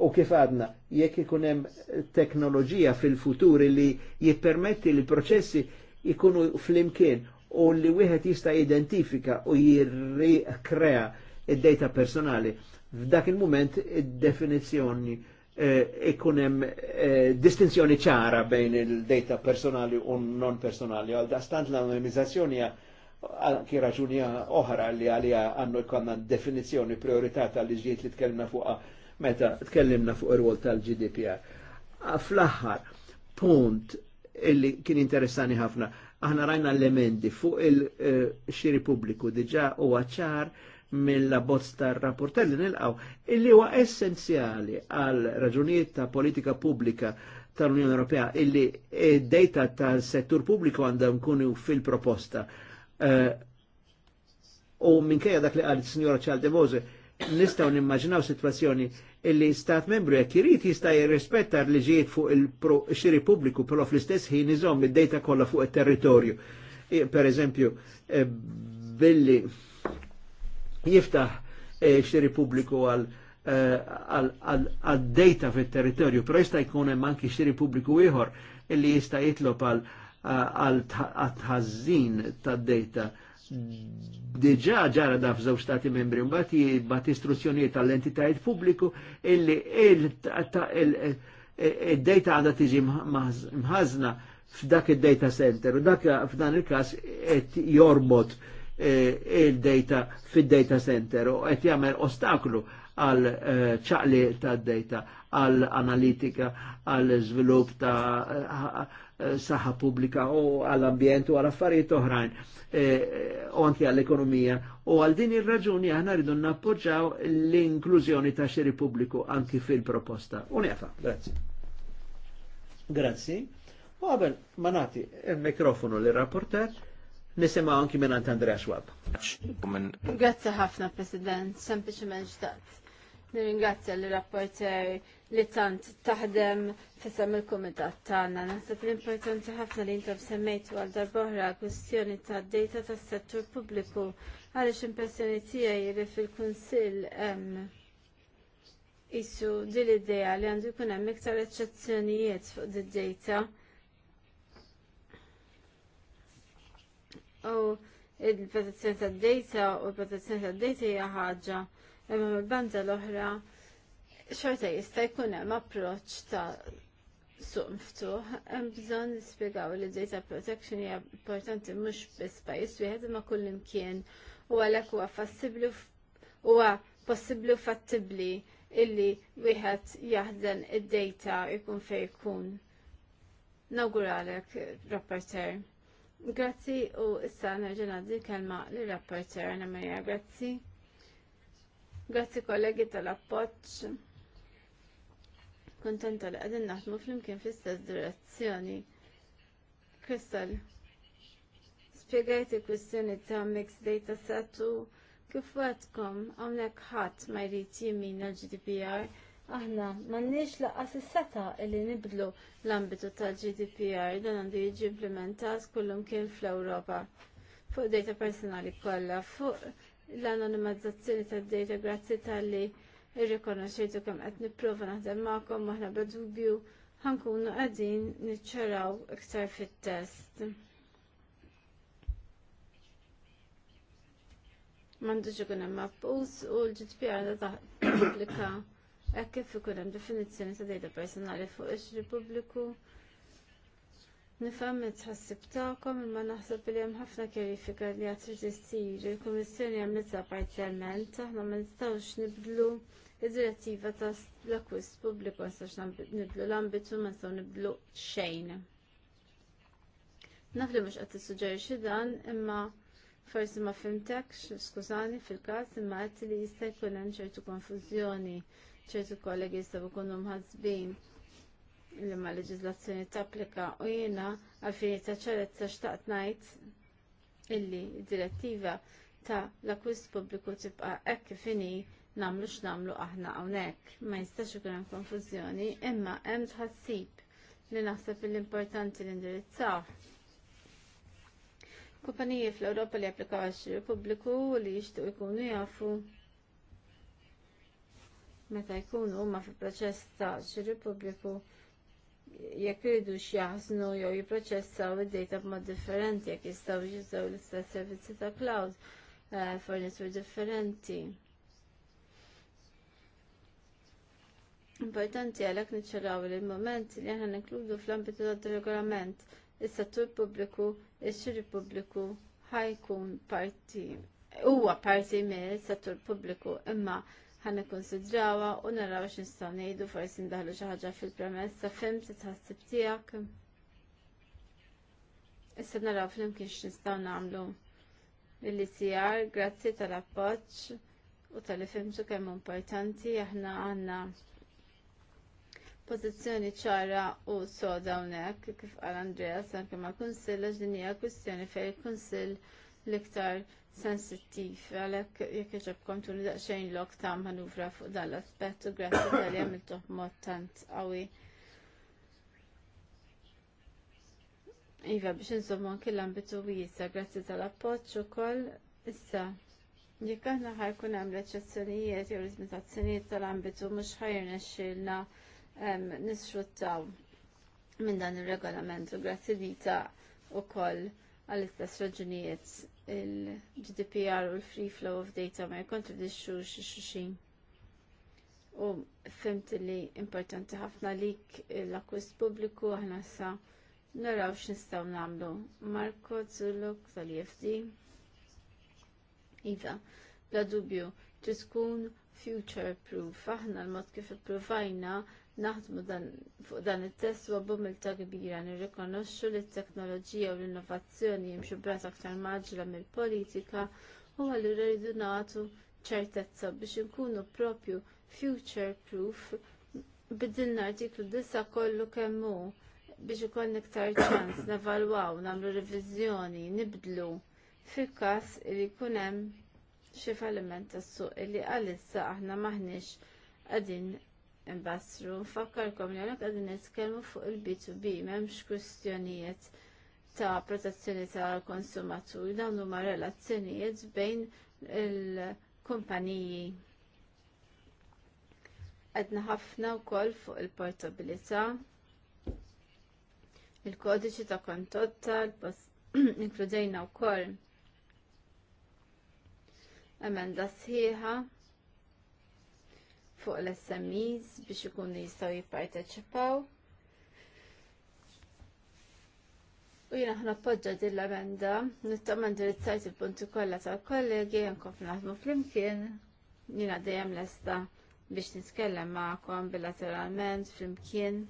U kif għadna, jekk ikun hemm teknoloġija fil-futur li jippermetti li processi ikunu imkien u li wieħed jista' identifika u jirrikrea id-data personali, f'dak il-moment id-definizzjoni il Eh, ikun hemm eh, distinzjoni ċara bejn il-data personali u non personali. Għal dastant l-anonimizzazzjoni anki raġunija oħra li għalija għannu jkollna definizjoni priorità tal-liġijiet li tkellimna fuqha meta tkellimna fuq ir wol tal-GDPR. Fl-aħħar punt illi kien interessani ħafna, aħna rajna l-emendi fuq il-xiri eh, pubbliku diġà huwa ċar mill bozz tar rapportelli li nilqaw illi huwa essenzjali għal raġunijiet ta' politika pubblika tal-Unjoni Ewropea illi id-data tal-settur pubbliku għandha nkunu fil-proposta. Eh, u minkejja dak li qal signora Ċalde Mose, nistgħu nimmaġinaw sitwazzjoni illi stat membru jekk irid jista' jirrispetta l-liġijiet fuq il-xiri pubbliku, però fl-istess ħin iżomm id-data kollha fuq it-territorju. Per eżempju, eh, billi jiftaħ eh, xiri pubbliku għal eh, għal-data fit territorju pero jista' jkun hemm anki xiri pubbliku ieħor illi jista' jitlob għal-tħażin tad-data. Diġà ġara daf f'żewġ stati membri mbagħad bat istruzzjonijiet tal-entitajiet pubbliku illi eh, id-data għandha tiġi mħażna f'dak id-data center u dak f'dan il-każ qed jorbot Eh, il-data fid-data center u għet jagħmel ostaklu għal eh, ċaqli ta' data għal analitika għal zvilup ta' eh, saħħa pubblika u għall ambjent u għal affarijiet oħrajn u anki għall ekonomija u għal din ir-raġuni aħna rridu nappoġġaw l-inklużjoni ta' xiri pubbliku anki fil-proposta. Unjafa, grazzi. Grazzi. U għabel, manati il-mikrofonu l-rapporter. Nisema anki minn għant Andrea Schwab. Grazie ħafna, President, sempliciment ġdaqt. Nirringrazzja l-rapporter li tant taħdem fissam il-komitat tagħna. Naħseb l-importanti ħafna li intom semmejtu għal darbohra kwestjoni ta' data tas settur pubbliku għaliex impressjoni tiegħi li fil-Kunsill hemm isu din l-idea li għandu jkun hemm iktar eċċezzjonijiet fuq id-data u il-protezzjoni tad-data u l-protezzjoni tad-data hija ħaġa imma mill-banda l-oħra xorta jista' jkun hemm approċċ ta' suq miftuħ, hemm bżonn nispjegaw li data protection hija importanti mhux biss pajjiż wieħed imma kull imkien u għalhekk huwa fassibbli huwa possibbli u fattibbli illi wieħed jaħdem id-data jkun fejn jkun. Nawguralek, rapporter. Grazzi u issa nerġenaddi kelma li rapporter għana Maria, grazzi. Grazzi kollegi tal-appoċ. Kontenta li għadin naħdmu fl-imkien fl-istess direzzjoni. Kristal, spiegajti kwistjoni ta' mix data set u kif għadkom għamnek ħadd ma jrid jimin l-GDPR Aħna m'għandniex laqas is-seta li nibdlu l-ambitu tal-GDPR dan għandu jiġi implementat kullum kien fl-Ewropa fuq data personali kollha, fuq l-anonimizzazzjoni tad-data grazzi tal-li irrikonoxxejtu kemm qed nipprova naħdem magħkom aħna bla dubju ħankunu qegħdin niċċaraw iktar fit-test. M'għandux ikun hemm appuż u l-GDPR da applika Hekk kif ikun hemm definizzjoni ta' dejta personali fuq ixri pubbliku Nifhem it-tħassib tagħkom imma naħseb li hemm ħafna kerifika li qed trid issir. Il-Kummissjoni għamlitha parzjalment, aħna ma nistgħux nibdlu id-direttiva ta' l-akwist pubbliku ma nistgħux nibdlu l-ambitu ma nistgħu nibdlu xejn. Naf li mhux qed tissuġġerixxi dan imma Forsi ma fhimtekx, skużani, fil-każ imma qed li jista' jkun hemm ċertu konfużjoni, ċertu kollegi jistgħu jkunu mħassbin li ma leġiżlazzjoni tapplika u jiena għalfejn ta' ċerezza xtaqt ngħid illi d-direttiva ta' l-akwist pubbliku tibqa' hekk kif inhi nagħmlu x'nagħmlu aħna hawnhekk. Ma jistax ikun hemm konfużjoni imma hemm tħassib li naħseb l-importanti li indirizzaw Kumpaniji fl-Ewropa li applikaw għax pubbliku li jixtuq jkunu jafu meta jkunu huma fi proċess ta' xiri pubbliku jekk iridu x'jaħsnu jew jipproċessaw id-data b'mod differenti jekk jistgħu jużaw l-istess servizzi ta' cloud eh, fornitur differenti. Importanti għalek niċċaraw li l-moment li aħna ninkludu fl-ambitu tad-regolament is-settur pubbliku ix-xiri pubbliku ħajkun parti huwa parti mill-settur pubbliku imma ħan ikkonsidrawha u naraw staw ngħidu forsi ndaħlu xi ħaġa fil-premessa fim titħassib tiegħek. Issa naraw flimkien x'nistgħu nagħmlu lill-ICR grazzi tal-appoġġ u tal-ifimtu kemm importanti aħna għandna pożizzjoni ċara u soda hawnhekk kif qal Andreas anke mal kunsill għax din hija kwistjoni fejn il-kunsill l-iktar sensittiv għalhekk jekk iġobkom tuni daqsxejn lok ta' manuvra fuq dan l-aspett u grazzi tal għamiltuh mod tant qawwi. Iva biex insomma anke l-ambitu grazzi tal-appoġġ ukoll issa jekk aħna ħajkun hemm l jew l-limitazzjonijiet tal-ambitu mhux ħajrna xilna nisfruttaw minn dan il-regolament u grazzi li ta' u koll għall-istess raġunijiet il-GDPR u l-free flow of data ma jkontradixxu xuxin. U fimt li importanti ħafna lik l-akwist pubbliku aħna sa' Naraw x'nistgħu nagħmlu. Marko Zulluk tal-IFD. Iva, bla dubju, tkun future proof. Aħna l-mod kif ipprovajna naħdmu fuq dan it-test u bumilta kbira nirrikonoxxu li t-teknoloġija u l-innovazzjoni jimxu brat aktar maġla mill-politika u għallu rridu nagħtu ċertezza biex inkunu propju future proof bidin artiklu disa kollu kemm hu biex ikon iktar ċans nevalwaw, nagħmlu reviżjoni, nibdlu fil-każ li jkun hemm xi tassu tas-suq li għalissa aħna maħniex għadin imbastru. Nfakkarkom li għonek għadin nitkellmu fuq il-B2B, memx kwistjonijiet ta' protezzjoni ta' konsumatur dawn huma relazzjonijiet bejn il-kumpaniji. Għedna ħafna wkoll fuq il-portabilità, il-kodiċi ta' kontotta, inkludejna wkoll emenda sħiħa fuq l-SMEs biex ikunu jistgħu jipparteċipaw. U jina ħna podġa din l-amenda, nittama indirizzajt il-punti kollha tal-kollegi, nkof naħdmu flimkien, jina dejjem lesta biex nitkellem magħkom bilateralment flimkien.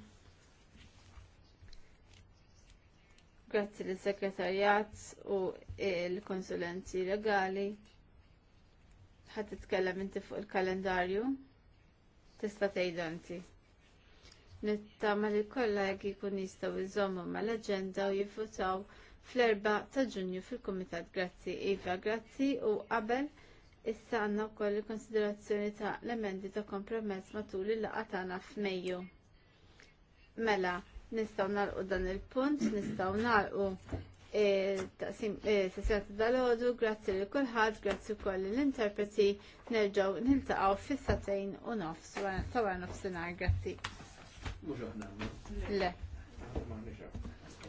Grazzi l sekretarjat u il-konsulenti legali. Ħad titkellem inti fuq il-kalendarju tista' tgħidanti. Nittama li kollegi jkun jistgħu jżommu mal-aġenda u jifutaw fl-erba ta' ġunju fil-Kumitat Grazzi Iva Grazzi u qabel issa għandna wkoll il-konsiderazzjoni ta' l-emendi ta' kompromess matul il laqgħa tagħna f'Mejju. Mela, nistgħu nagħlqu dan il-punt, nistgħu nagħlqu E, e, sessjoni ta' dal-ħodu, grazzi li kullħad, grazzi koll l-interpreti, nerġaw nintaqaw fis-satajn u nofs, tawar għar nofsinar, grazzi. Le.